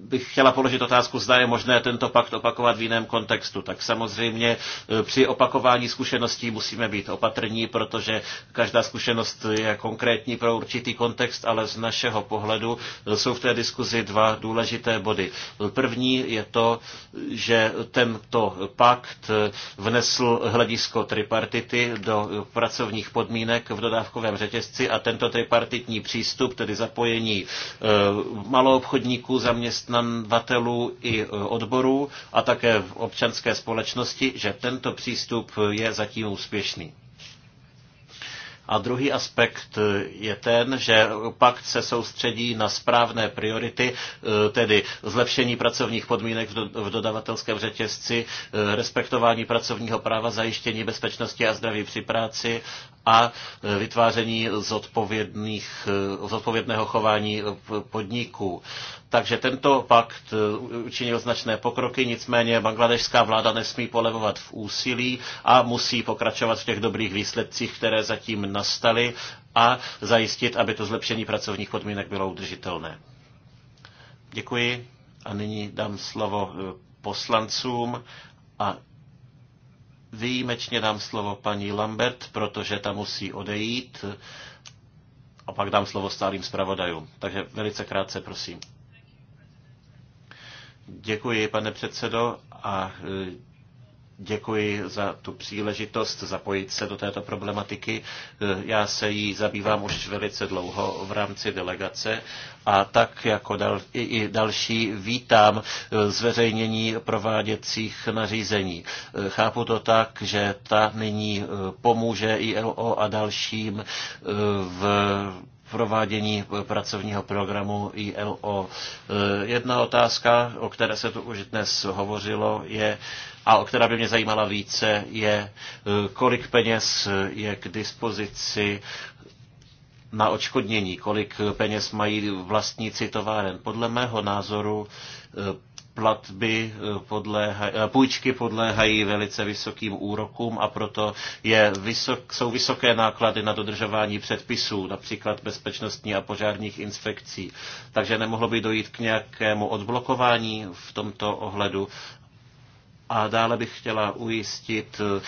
bych chtěla položit otázku, zda je možné tento pakt opakovat v jiném kontextu. Tak samozřejmě e, při opakování zkušeností musíme být opatrní, protože každá zkušenost je konkrétní pro určitý kontext, ale z našeho pohledu e, jsou v té diskuzi dva důležité body. První je to, že tento pakt e, vnesl hledisko tripartity do pracovních podmínek v dodávkovém řetězci a tento tripartitní přístup, tedy zapojení maloobchodníků, zaměstnanců, zaměstnavatelů i e, odborů a také v občanské společnosti, že tento přístup je zatím úspěšný. A druhý aspekt e, je ten, že pakt se soustředí na správné priority, e, tedy zlepšení pracovních podmínek v dodavatelském řetězci, respektování pracovního práva, zajištění bezpečnosti a zdraví při práci a e, vytváření zodpovědných, e, zodpovědného chování e, podniků. Takže tento pakt učinil značné pokroky, nicméně bangladešská vláda nesmí polevovat v úsilí a musí pokračovat v těch dobrých výsledcích, které zatím nastaly a zajistit, aby to zlepšení pracovních podmínek bylo udržitelné. Děkuji a nyní dám slovo poslancům a Výjimečně dám slovo paní Lambert, protože ta musí odejít a pak dám slovo stálým zpravodajům. Takže velice krátce, prosím. Děkuji, pane předsedo, a e, Děkuji za tu příležitost zapojit se do této problematiky. Já se jí zabývám už velice dlouho v rámci delegace a tak jako dal, i, i další vítám eh, zveřejnění prováděcích nařízení. Eh, chápu to tak, že ta nyní eh, pomůže ILO a dalším v provádění pracovního programu ILO. Jedna otázka, o které se tu už dnes hovořilo, je, a o která by mě zajímala více, je, eh, kolik peněz je k dispozici na očkodnění, kolik eh, peněz mají vlastníci továren. Podle mého názoru eh, platby podléha, půjčky podléhají velice vysokým úrokům a proto je vysok, jsou vysoké náklady na dodržování předpisů, například bezpečnostní a požárních inspekcí. Takže nemohlo by dojít k nějakému odblokování v tomto ohledu a dále bych chtěla ujistit eh,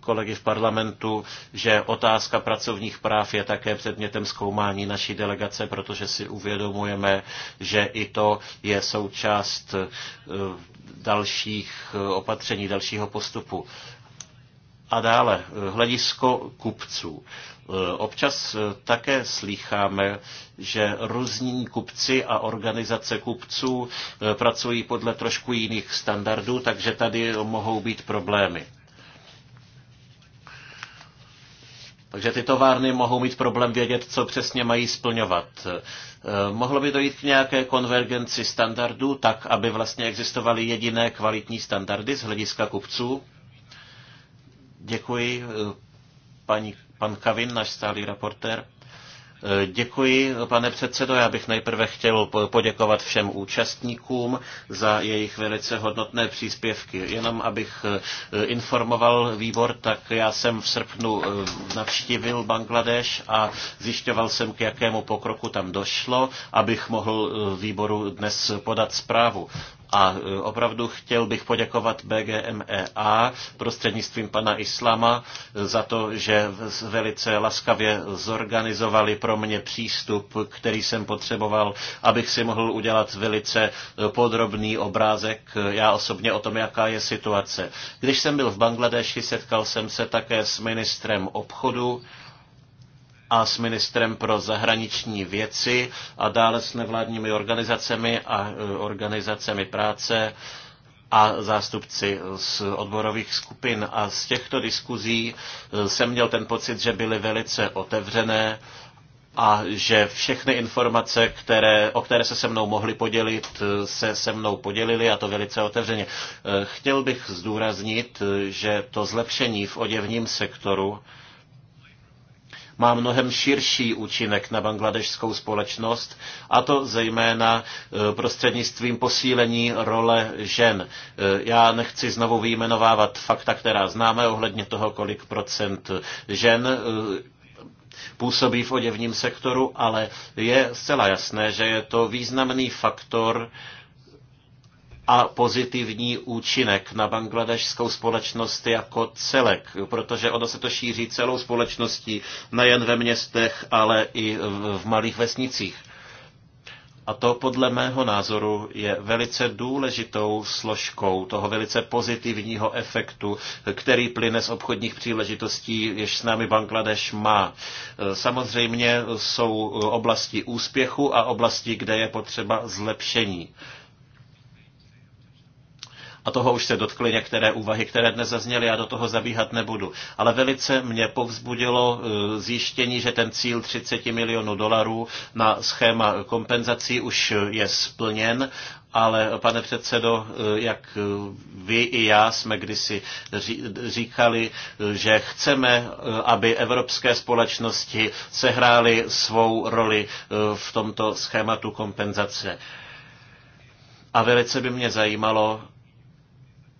kolegy v parlamentu, že otázka pracovních práv je také předmětem zkoumání naší delegace, protože si uvědomujeme, že i to je součást eh, dalších eh, opatření, dalšího postupu. A dále hledisko kupců. Eh, občas eh, také slýcháme, že různí kupci a organizace kupců eh, pracují podle trošku jiných standardů, takže tady mohou být problémy. Takže ty továrny mohou mít problém vědět, co přesně mají splňovat. Mohlo by dojít k nějaké konvergenci standardů, tak aby vlastně existovaly jediné kvalitní standardy z hlediska kupců? Děkuji, paní Pan Kavin, náš stálý reportér. Eh, děkuji, pane předsedo. Já bych nejprve chtěl poděkovat všem účastníkům za jejich velice hodnotné příspěvky. Jenom abych eh, informoval výbor, tak já jsem v srpnu eh, navštívil Bangladeš a zjišťoval jsem, k jakému pokroku tam došlo, abych mohl výboru dnes podat zprávu. A e, opravdu chtěl bych poděkovat BGMEA prostřednictvím pana Islama e, za to, že velice laskavě zorganizovali pro mě přístup, který jsem potřeboval, abych si mohl udělat velice e, podrobný obrázek já osobně o tom, jaká je situace. Když jsem byl v Bangladeši, setkal jsem se také s ministrem obchodu, a s ministrem pro zahraniční věci a dále s nevládními organizacemi a e, organizacemi práce a zástupci z odborových skupin. A z těchto diskuzí e, jsem měl ten pocit, že byly velice otevřené a že všechny informace, které, o které se se mnou mohli podělit, e, se se mnou podělili a to velice otevřeně. Chtěl bych zdůraznit, že to zlepšení v oděvním sektoru má mnohem širší účinek na bangladešskou společnost, a to zejména e, prostřednictvím posílení role žen. E, já nechci znovu vyjmenovávat fakta, která známe ohledně toho, kolik procent žen e, působí v oděvním sektoru, ale je zcela jasné, že je to významný faktor, a pozitivní účinek na bangladešskou společnost jako celek, protože ono se to šíří celou společností, nejen ve městech, ale i v malých vesnicích. A to podle mého názoru je velice důležitou složkou toho velice pozitivního efektu, který plyne z obchodních příležitostí, jež s námi Bangladeš má. Samozřejmě jsou oblasti úspěchu a oblasti, kde je potřeba zlepšení toho už se dotkly některé úvahy, které dnes zazněly, já do toho zabíhat nebudu. Ale velice mě povzbudilo eh, zjištění, že ten cíl 30 milionů dolarů na schéma kompenzací už eh, je splněn ale pane předsedo, eh, jak vy i já jsme kdysi říkali, že chceme, aby evropské společnosti sehrály svou roli v tomto schématu kompenzace. A velice by mě zajímalo,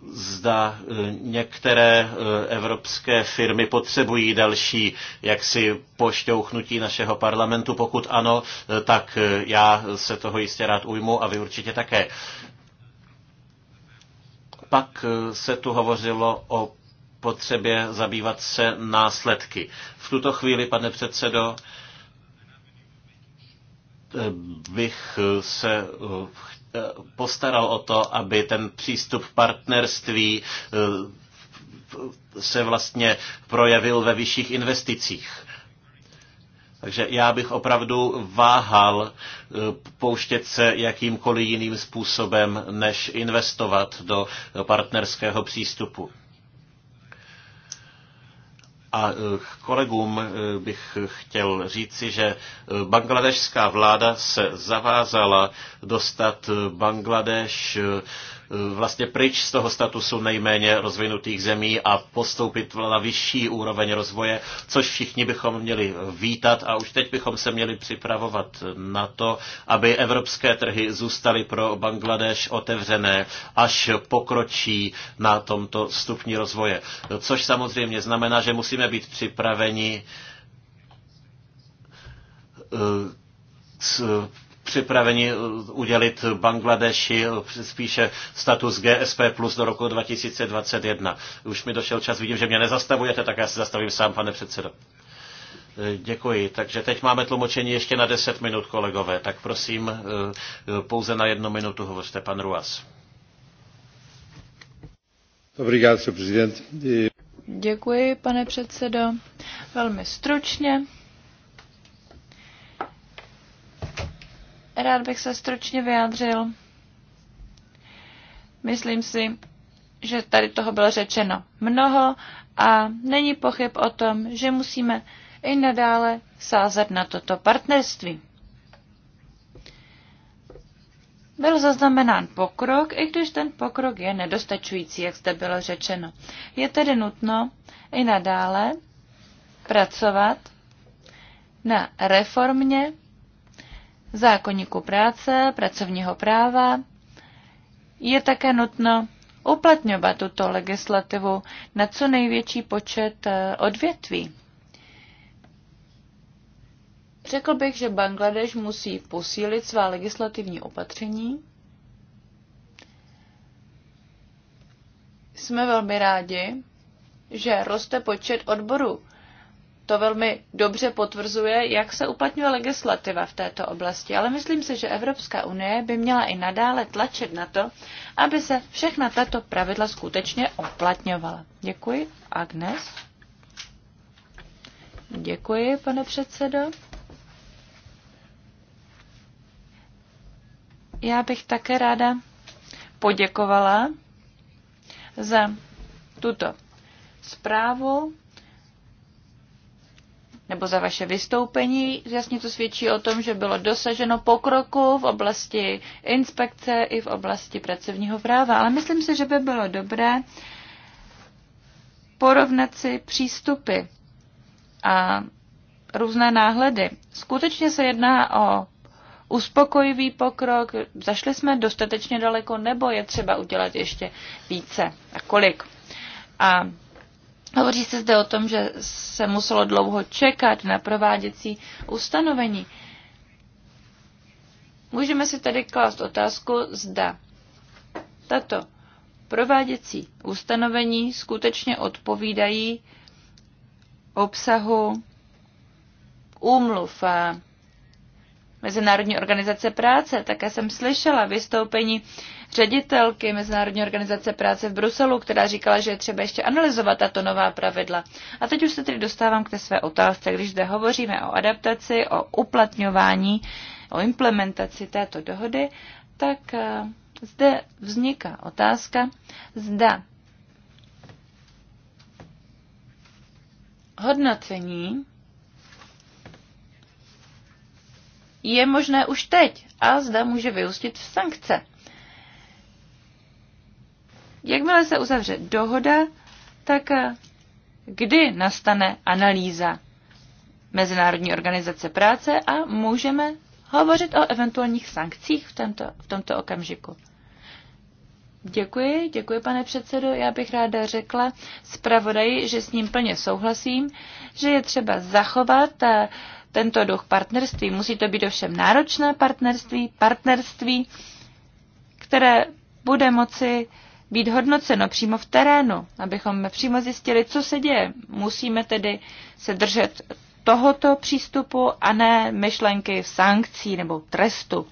zda e, některé e, evropské firmy potřebují další jaksi pošťouchnutí našeho parlamentu. Pokud ano, e, tak já se toho jistě rád ujmu a vy určitě také. Pak se tu hovořilo o potřebě zabývat se následky. V tuto chvíli, pane předsedo, bych se Eh, postaral o to, aby ten přístup partnerství eh, se vlastně projevil ve vyšších investicích. Takže já bych opravdu váhal eh, pouštět se jakýmkoliv jiným způsobem, než investovat do partnerského přístupu. A eh, kolegům eh, bych chtěl říci, že eh, bangladešská vláda se zavázala dostat Bangladeš Eh, vlastně pryč z toho statusu nejméně rozvinutých zemí a postoupit na vyšší úroveň rozvoje, což všichni bychom měli vítat a už teď bychom se měli připravovat na to, aby evropské trhy zůstaly pro Bangladeš otevřené, až pokročí na tomto stupni rozvoje. Což samozřejmě znamená, že musíme být připraveni eh, připraveni eh, udělit Bangladeši eh, spíše status GSP plus do roku 2021. Už mi došel čas, vidím, že mě nezastavujete, tak já se zastavím sám, pane předsedo. Eh, děkuji. Takže teď máme tlumočení ještě na 10 minut, kolegové. Tak prosím, pouze na jednu minutu hovořte, pan Ruas. Dobrý den, Děkuji, pane předsedo. Velmi stručně. Rád bych se stručně vyjádřil. Myslím si, že tady toho bylo řečeno mnoho a není pochyb o tom, že musíme i nadále sázet na toto partnerství. Byl zaznamenán pokrok, i když ten pokrok je nedostačující, jak zde bylo řečeno. Je tedy nutno i nadále pracovat na reformě zákonníku práce, pracovního práva, je také nutno uplatňovat tuto legislativu na co největší počet eh, odvětví. Řekl bych, že Bangladeš musí posílit svá legislativní opatření. Jsme velmi rádi, že roste počet odborů, to velmi dobře potvrzuje, jak se uplatňuje legislativa v této oblasti. Ale myslím si, že Evropská unie by měla i nadále tlačit na to, aby se všechna tato pravidla skutečně uplatňovala. Děkuji. Agnes? Děkuji, pane předsedo. Já bych také ráda poděkovala za tuto zprávu nebo za vaše vystoupení. Jasně to svědčí o tom, že bylo dosaženo pokroku v oblasti inspekce i v oblasti pracovního práva. Ale myslím si, že by bylo dobré porovnat si přístupy a různé náhledy. Skutečně se jedná o uspokojivý pokrok, zašli jsme dostatečně daleko, nebo je třeba udělat ještě více a kolik. A Hovoří se zde o tom, že se muselo dlouho čekat na prováděcí ustanovení. Můžeme si tedy klást otázku, zda tato prováděcí ustanovení skutečně odpovídají obsahu úmluv eh, Mezinárodní organizace práce. Také jsem slyšela vystoupení ředitelky Mezinárodní organizace práce v Bruselu, která říkala, že je třeba ještě analyzovat tato nová pravidla. A teď už se tedy dostávám k té své otázce, když zde hovoříme o adaptaci, o uplatňování, o implementaci této dohody, tak eh, zde vzniká otázka, zda hodnocení je možné už teď a zda může vyústit v sankce. Jakmile se uzavře dohoda, tak eh, kdy nastane analýza Mezinárodní organizace práce a můžeme hovořit o eventuálních sankcích v tomto, v tomto okamžiku. Děkuji, děkuji pane předsedo. Já bych ráda řekla zpravodaji, že s ním plně souhlasím, že je třeba zachovat eh, tento duch partnerství. Musí to být ovšem náročné partnerství, partnerství, které bude moci uh, být hodnoceno přímo v terénu, abychom přímo zjistili, co se děje. Musíme tedy se držet tohoto přístupu a ne myšlenky sankcí nebo trestu.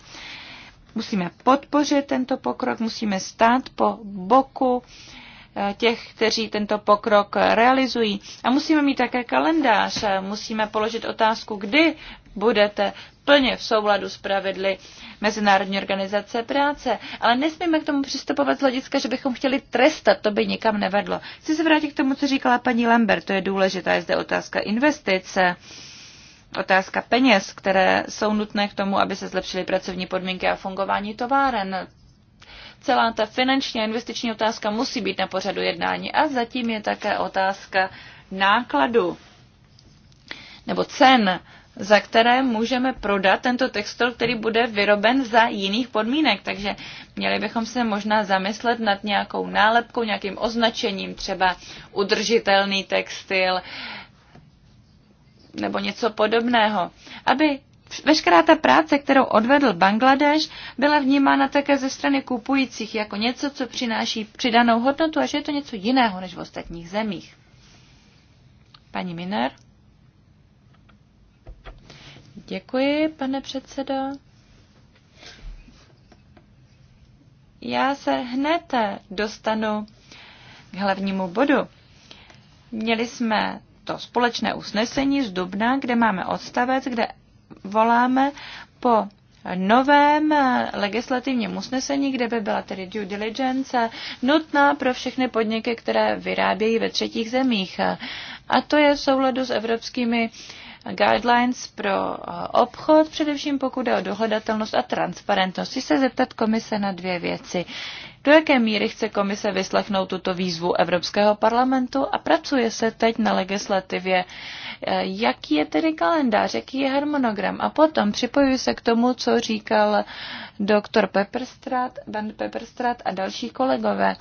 Musíme podpořit tento pokrok, musíme stát po boku uh, těch, kteří tento pokrok realizují. A musíme mít také kalendář, musíme položit otázku, kdy budete plně v souladu s pravidly Mezinárodní organizace práce. Ale nesmíme k tomu přistupovat z hlediska, že bychom chtěli trestat, to by nikam nevedlo. Chci se vrátit k tomu, co říkala paní Lambert, to je důležitá, je zde otázka investice otázka peněz, které jsou nutné k tomu, aby se zlepšily pracovní podmínky a fungování továren celá ta finanční a investiční otázka musí být na pořadu jednání. A zatím je také otázka nákladu nebo cen, za které můžeme prodat tento textil, který bude vyroben za jiných podmínek. Takže měli bychom se možná zamyslet nad nějakou nálepkou, nějakým označením, třeba udržitelný textil, nebo něco podobného, aby Veškerá ta práce, kterou odvedl Bangladeš, byla vnímána také ze strany kupujících jako něco, co přináší přidanou hodnotu a že je to něco jiného než v ostatních zemích. Paní Miner. Děkuji, pane předsedo. Já se hned dostanu k hlavnímu bodu. Měli jsme to společné usnesení z Dubna, kde máme odstavec, kde voláme po novém legislativním usnesení, kde by byla tedy due diligence nutná pro všechny podniky, které vyrábějí ve třetích zemích. A to je v souladu s evropskými uh, guidelines pro eh, obchod, především pokud je o dohledatelnost a transparentnost. Chci se zeptat komise na dvě věci. Do jaké míry chce komise vyslechnout tuto výzvu Evropského parlamentu a pracuje se teď na legislativě? Eh, jaký je tedy kalendář, jaký je harmonogram? A potom připojuji se k tomu, co říkal doktor Pepperstrat, Dan Pepperstrat a další kolegové.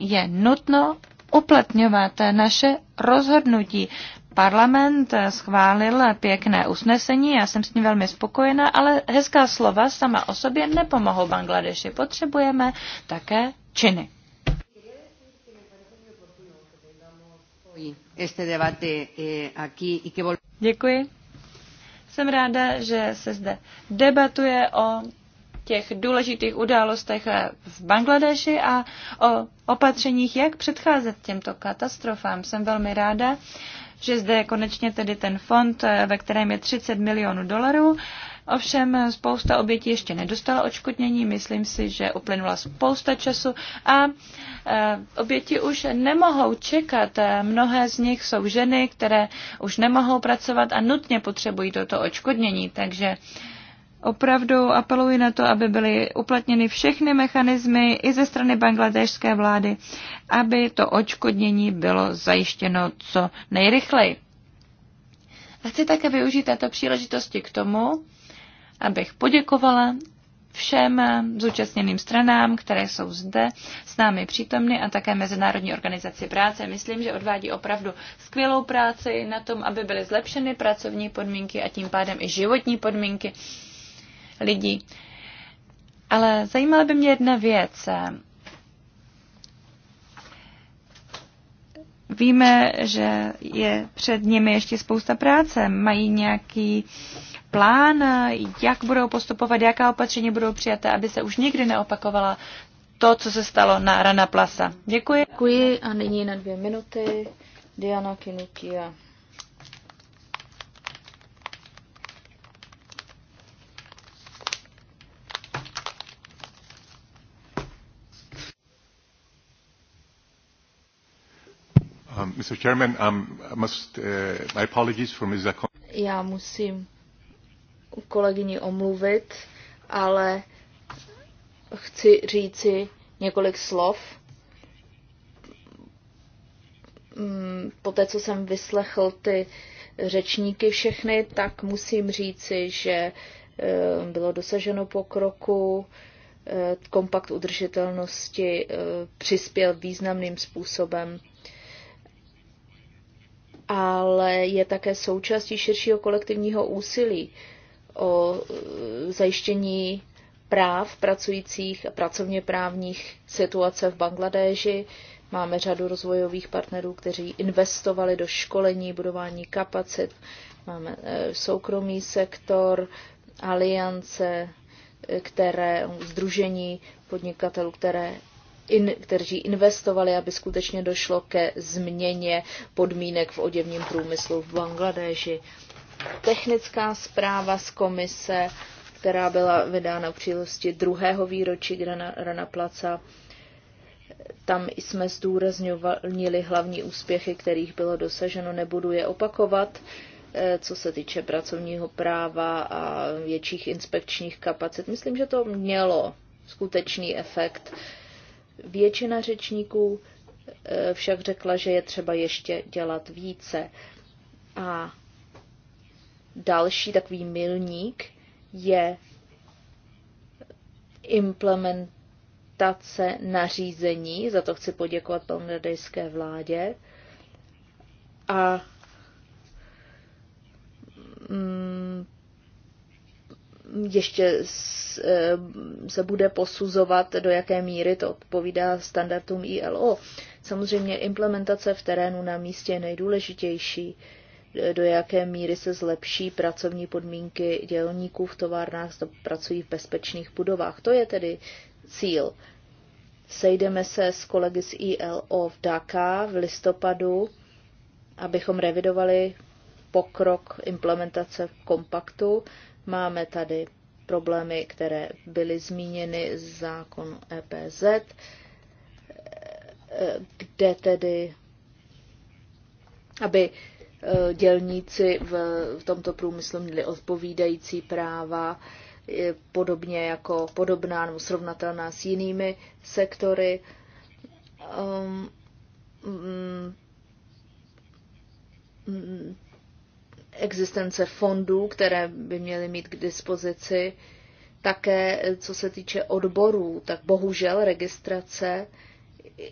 Je nutno uplatňovat naše rozhodnutí. Parlament schválil pěkné usnesení, já jsem s ním velmi spokojená, ale hezká slova sama o sobě nepomohou Bangladeši. Potřebujeme také činy. Eh, Děkuji. Jsem ráda, že se zde debatuje o těch důležitých událostech v Bangladeši a o opatřeních, jak předcházet těmto katastrofám. Jsem velmi ráda, že zde je konečně tedy ten fond, eh, ve kterém je 30 milionů dolarů. Ovšem eh, spousta obětí ještě nedostala očkodnění, myslím si, že uplynula spousta času a eh, oběti už nemohou čekat. Mnohé z nich jsou ženy, které už nemohou pracovat a nutně potřebují toto očkodnění, takže opravdu apeluji na to, aby byly uplatněny všechny mechanismy i ze strany bangladéšské vlády, aby to očkodnění bylo zajištěno co nejrychleji. A chci také využít této příležitosti k tomu, abych poděkovala všem zúčastněným stranám, které jsou zde s námi přítomny a také Mezinárodní organizaci práce. Myslím, že odvádí opravdu skvělou práci na tom, aby byly zlepšeny pracovní podmínky a tím pádem i životní podmínky lidí. Ale zajímala by mě jedna věc. Víme, že je před nimi ještě spousta práce. Mají nějaký plán, jak budou postupovat, jaká opatření budou přijaté, aby se už nikdy neopakovala to, co se stalo na Rana Plasa. Děkuji. Děkuji a nyní na dvě minuty Diana Kinukia. Mr. Um, Chairman, um, must, uh, my apologies for Ms. Já musím kolegyni omluvit, ale chci říci několik slov. Mm, po té, co jsem vyslechl ty řečníky všechny, tak musím říci, že eh, bylo dosaženo pokroku, eh, kompakt udržitelnosti eh, přispěl významným způsobem ale je také součástí širšího kolektivního úsilí o e, zajištění práv pracujících a pracovně právních situace v Bangladéži. Máme řadu rozvojových partnerů, kteří investovali do školení, budování kapacit. Máme e, soukromý sektor, aliance, e, které, združení podnikatelů, které in, kteří investovali, aby skutečně došlo ke změně podmínek v oděvním průmyslu v Bangladeži. Technická zpráva z komise, která byla vydána v příležitosti druhého výročí Rana, Rana Placa, tam jsme zdůrazňovali hlavní úspěchy, kterých bylo dosaženo. Nebudu je opakovat, eh, co se týče pracovního práva a větších inspekčních kapacit. Myslím, že to mělo skutečný efekt. Většina řečníků eh, však řekla, že je třeba ještě dělat více. A další takový milník je implementace nařízení, za to chci poděkovat bangladejské vládě. A mm, ještě eh, se bude posuzovat, do jaké míry to odpovídá standardům ILO. Samozřejmě implementace v terénu na místě je nejdůležitější, eh, do jaké míry se zlepší pracovní podmínky dělníků v továrnách, to pracují v bezpečných budovách. To je tedy cíl. Sejdeme se s kolegy z ILO v DAKA v listopadu, abychom revidovali pokrok implementace kompaktu Máme tady problémy, které byly zmíněny e z zákonu eh, EPZ, kde tedy, aby eh, dělníci v tomto průmyslu měli odpovídající práva, podobně jako podobná nebo srovnatelná s jinými sektory. Um, um, existence fondů, které by měly mít k dispozici, také co se týče odborů, tak bohužel registrace,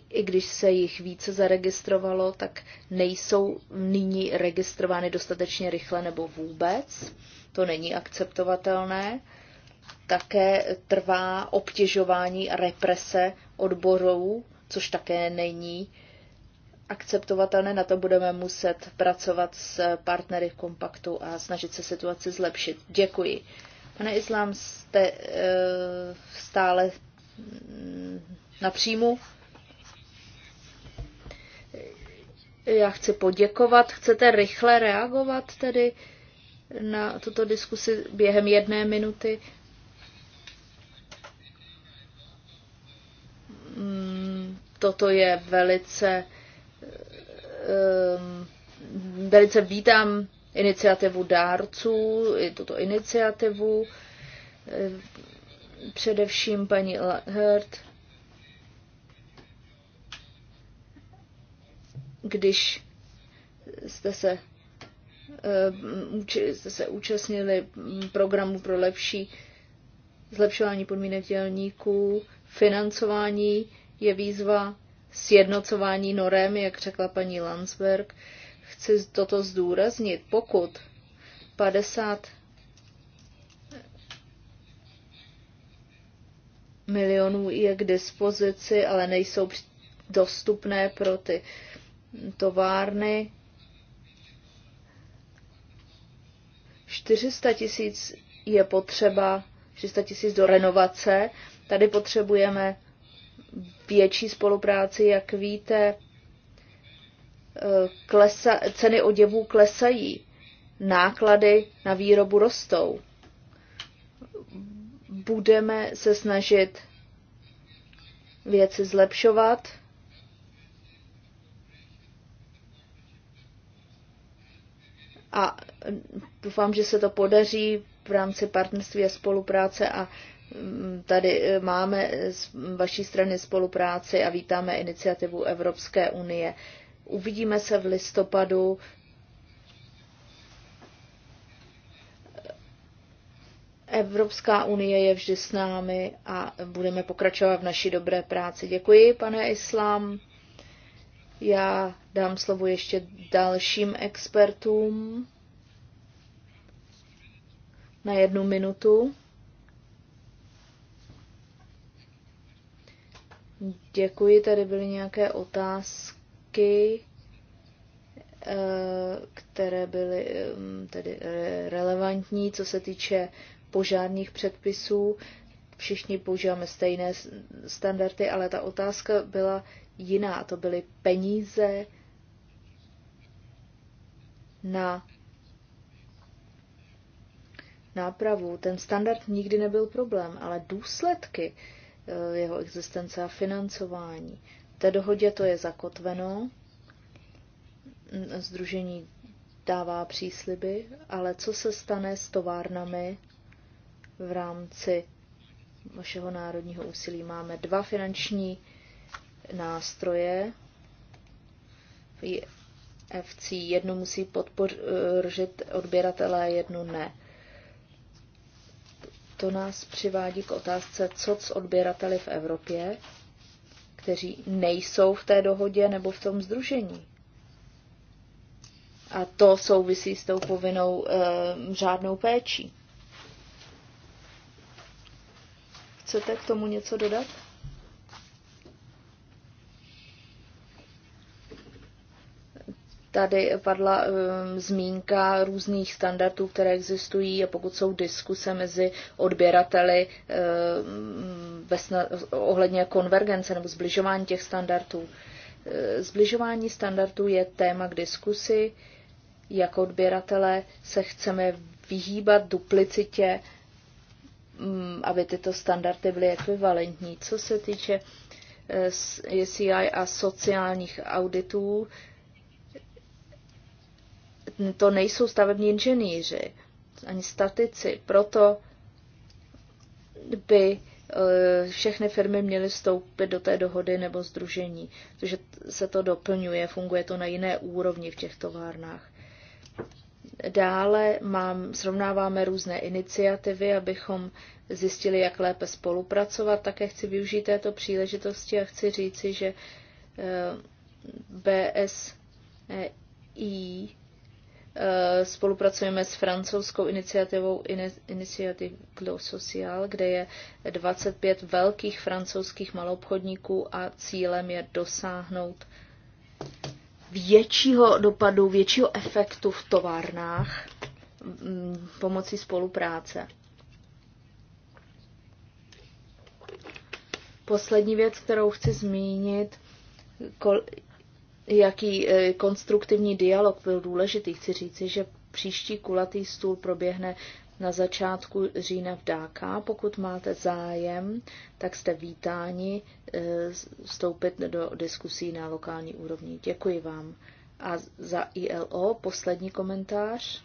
i když se jich více zaregistrovalo, tak nejsou nyní registrovány dostatečně rychle nebo vůbec. To není akceptovatelné. Také trvá obtěžování a represe odborů, což také není akceptovatelné, na to budeme muset pracovat s partnery v kompaktu a snažit se situaci zlepšit. Děkuji. Pane Islám, jste eh, stále mm, na příjmu? Já chci poděkovat. Chcete rychle reagovat tedy na tuto diskusi během jedné minuty? Mm, toto je velice Ehm, velice vítám iniciativu dárců, i tuto iniciativu, ehm, především paní Hurt, když jste se, ehm, jste se účastnili programu pro lepší zlepšování podmínek dělníků, financování je výzva sjednocování norem, jak řekla paní Landsberg. Chci toto zdůraznit. Pokud 50 milionů je k dispozici, ale nejsou dostupné pro ty továrny. 400 tisíc je potřeba, 400 tisíc do renovace. Tady potřebujeme větší spolupráci, jak víte, e, klesa, ceny oděvů klesají, náklady na výrobu rostou. Budeme se snažit věci zlepšovat. A doufám, že se to podaří v rámci partnerství a spolupráce a Tady eh, máme z vaší strany spolupráci a vítáme iniciativu Evropské unie. Uvidíme se v listopadu. Evropská unie je vždy s námi a budeme pokračovat v naší dobré práci. Děkuji, pane Islám. Já dám slovo ještě dalším expertům na jednu minutu. Děkuji, tady byly nějaké otázky, eh, které byly mm, tedy relevantní, co se týče požádných předpisů. Všichni používáme stejné standardy, ale ta otázka byla jiná. To byly peníze na nápravu. Ten standard nikdy nebyl problém, ale důsledky Eh, jeho existence a financování. V té dohodě to je zakotveno, Združení dává přísliby, ale co se stane s továrnami v rámci vašeho národního úsilí? Máme dva finanční nástroje. FC jednu musí podpořit eh, odběratele a jednu ne to nás přivádí k otázce, co s odběrateli v Evropě, kteří nejsou v té dohodě nebo v tom združení. A to souvisí s tou povinnou e, řádnou péčí. Chcete k tomu něco dodat? Tady padla um, zmínka různých standardů, které existují a pokud jsou diskuse mezi odběrateli um, bez, ohledně konvergence nebo zbližování těch standardů. Uh, zbližování standardů je téma k diskusi. Jako odběratele se chceme vyhýbat duplicitě, um, aby tyto standardy byly ekvivalentní. Co se týče uh, SCI a sociálních auditů, uh, to nejsou stavební inženýři, ani statici. Proto by eh, všechny firmy měly vstoupit do té dohody nebo združení, protože se to doplňuje, funguje to na jiné úrovni v těch továrnách. Dále mám, srovnáváme různé iniciativy, abychom zjistili, jak lépe spolupracovat. Také chci využít této příležitosti a chci říci, že eh, BSI e Eh, spolupracujeme s francouzskou iniciativou Initiative Glo Social, kde je 25 velkých francouzských maloobchodníků a cílem je dosáhnout většího dopadu, většího efektu v továrnách mm, pomocí spolupráce. Poslední věc, kterou chci zmínit, jaký eh, konstruktivní dialog byl důležitý. Chci říci, že příští kulatý stůl proběhne na začátku října v Dáka. Pokud máte zájem, tak jste vítáni eh, vstoupit do diskusí na lokální úrovni. Děkuji vám. A za ILO poslední komentář.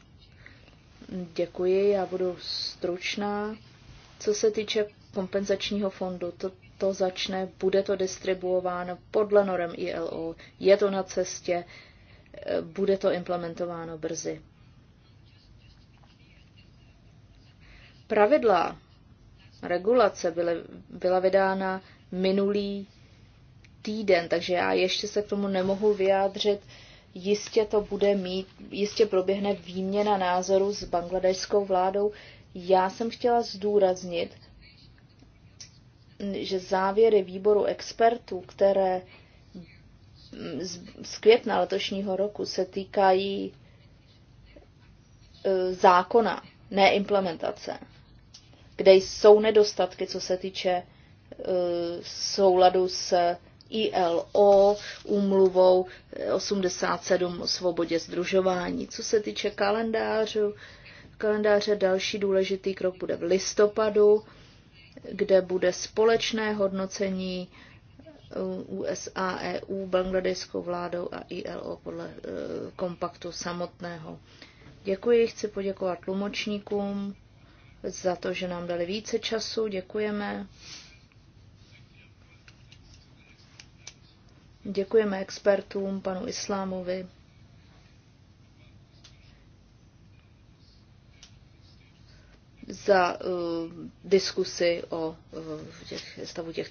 Děkuji, já budu stručná. Co se týče kompenzačního fondu, to to začne, bude to distribuováno podle norem ILO, je to na cestě, eh, bude to implementováno brzy. Pravidla regulace byly, byla vydána minulý týden, takže já ještě se k tomu nemohu vyjádřit. Jistě to bude mít, jistě proběhne výměna názorů s bangladešskou vládou. Já jsem chtěla zdůraznit, že závěry výboru expertů, které z května letošního roku se týkají e, zákona, ne implementace, kde jsou nedostatky, co se týče e, souladu s ILO, úmluvou 87 o svobodě združování. Co se týče kalendářů, kalendáře další důležitý krok bude v listopadu kde bude společné hodnocení eh, USA, EU, bangladeskou vládou a ILO podle eh, kompaktu samotného. Děkuji, chci poděkovat tlumočníkům za to, že nám dali více času. Děkujeme. Děkujeme expertům, panu Islámovi. za uh, eh, diskusy o uh, těch, stavu těch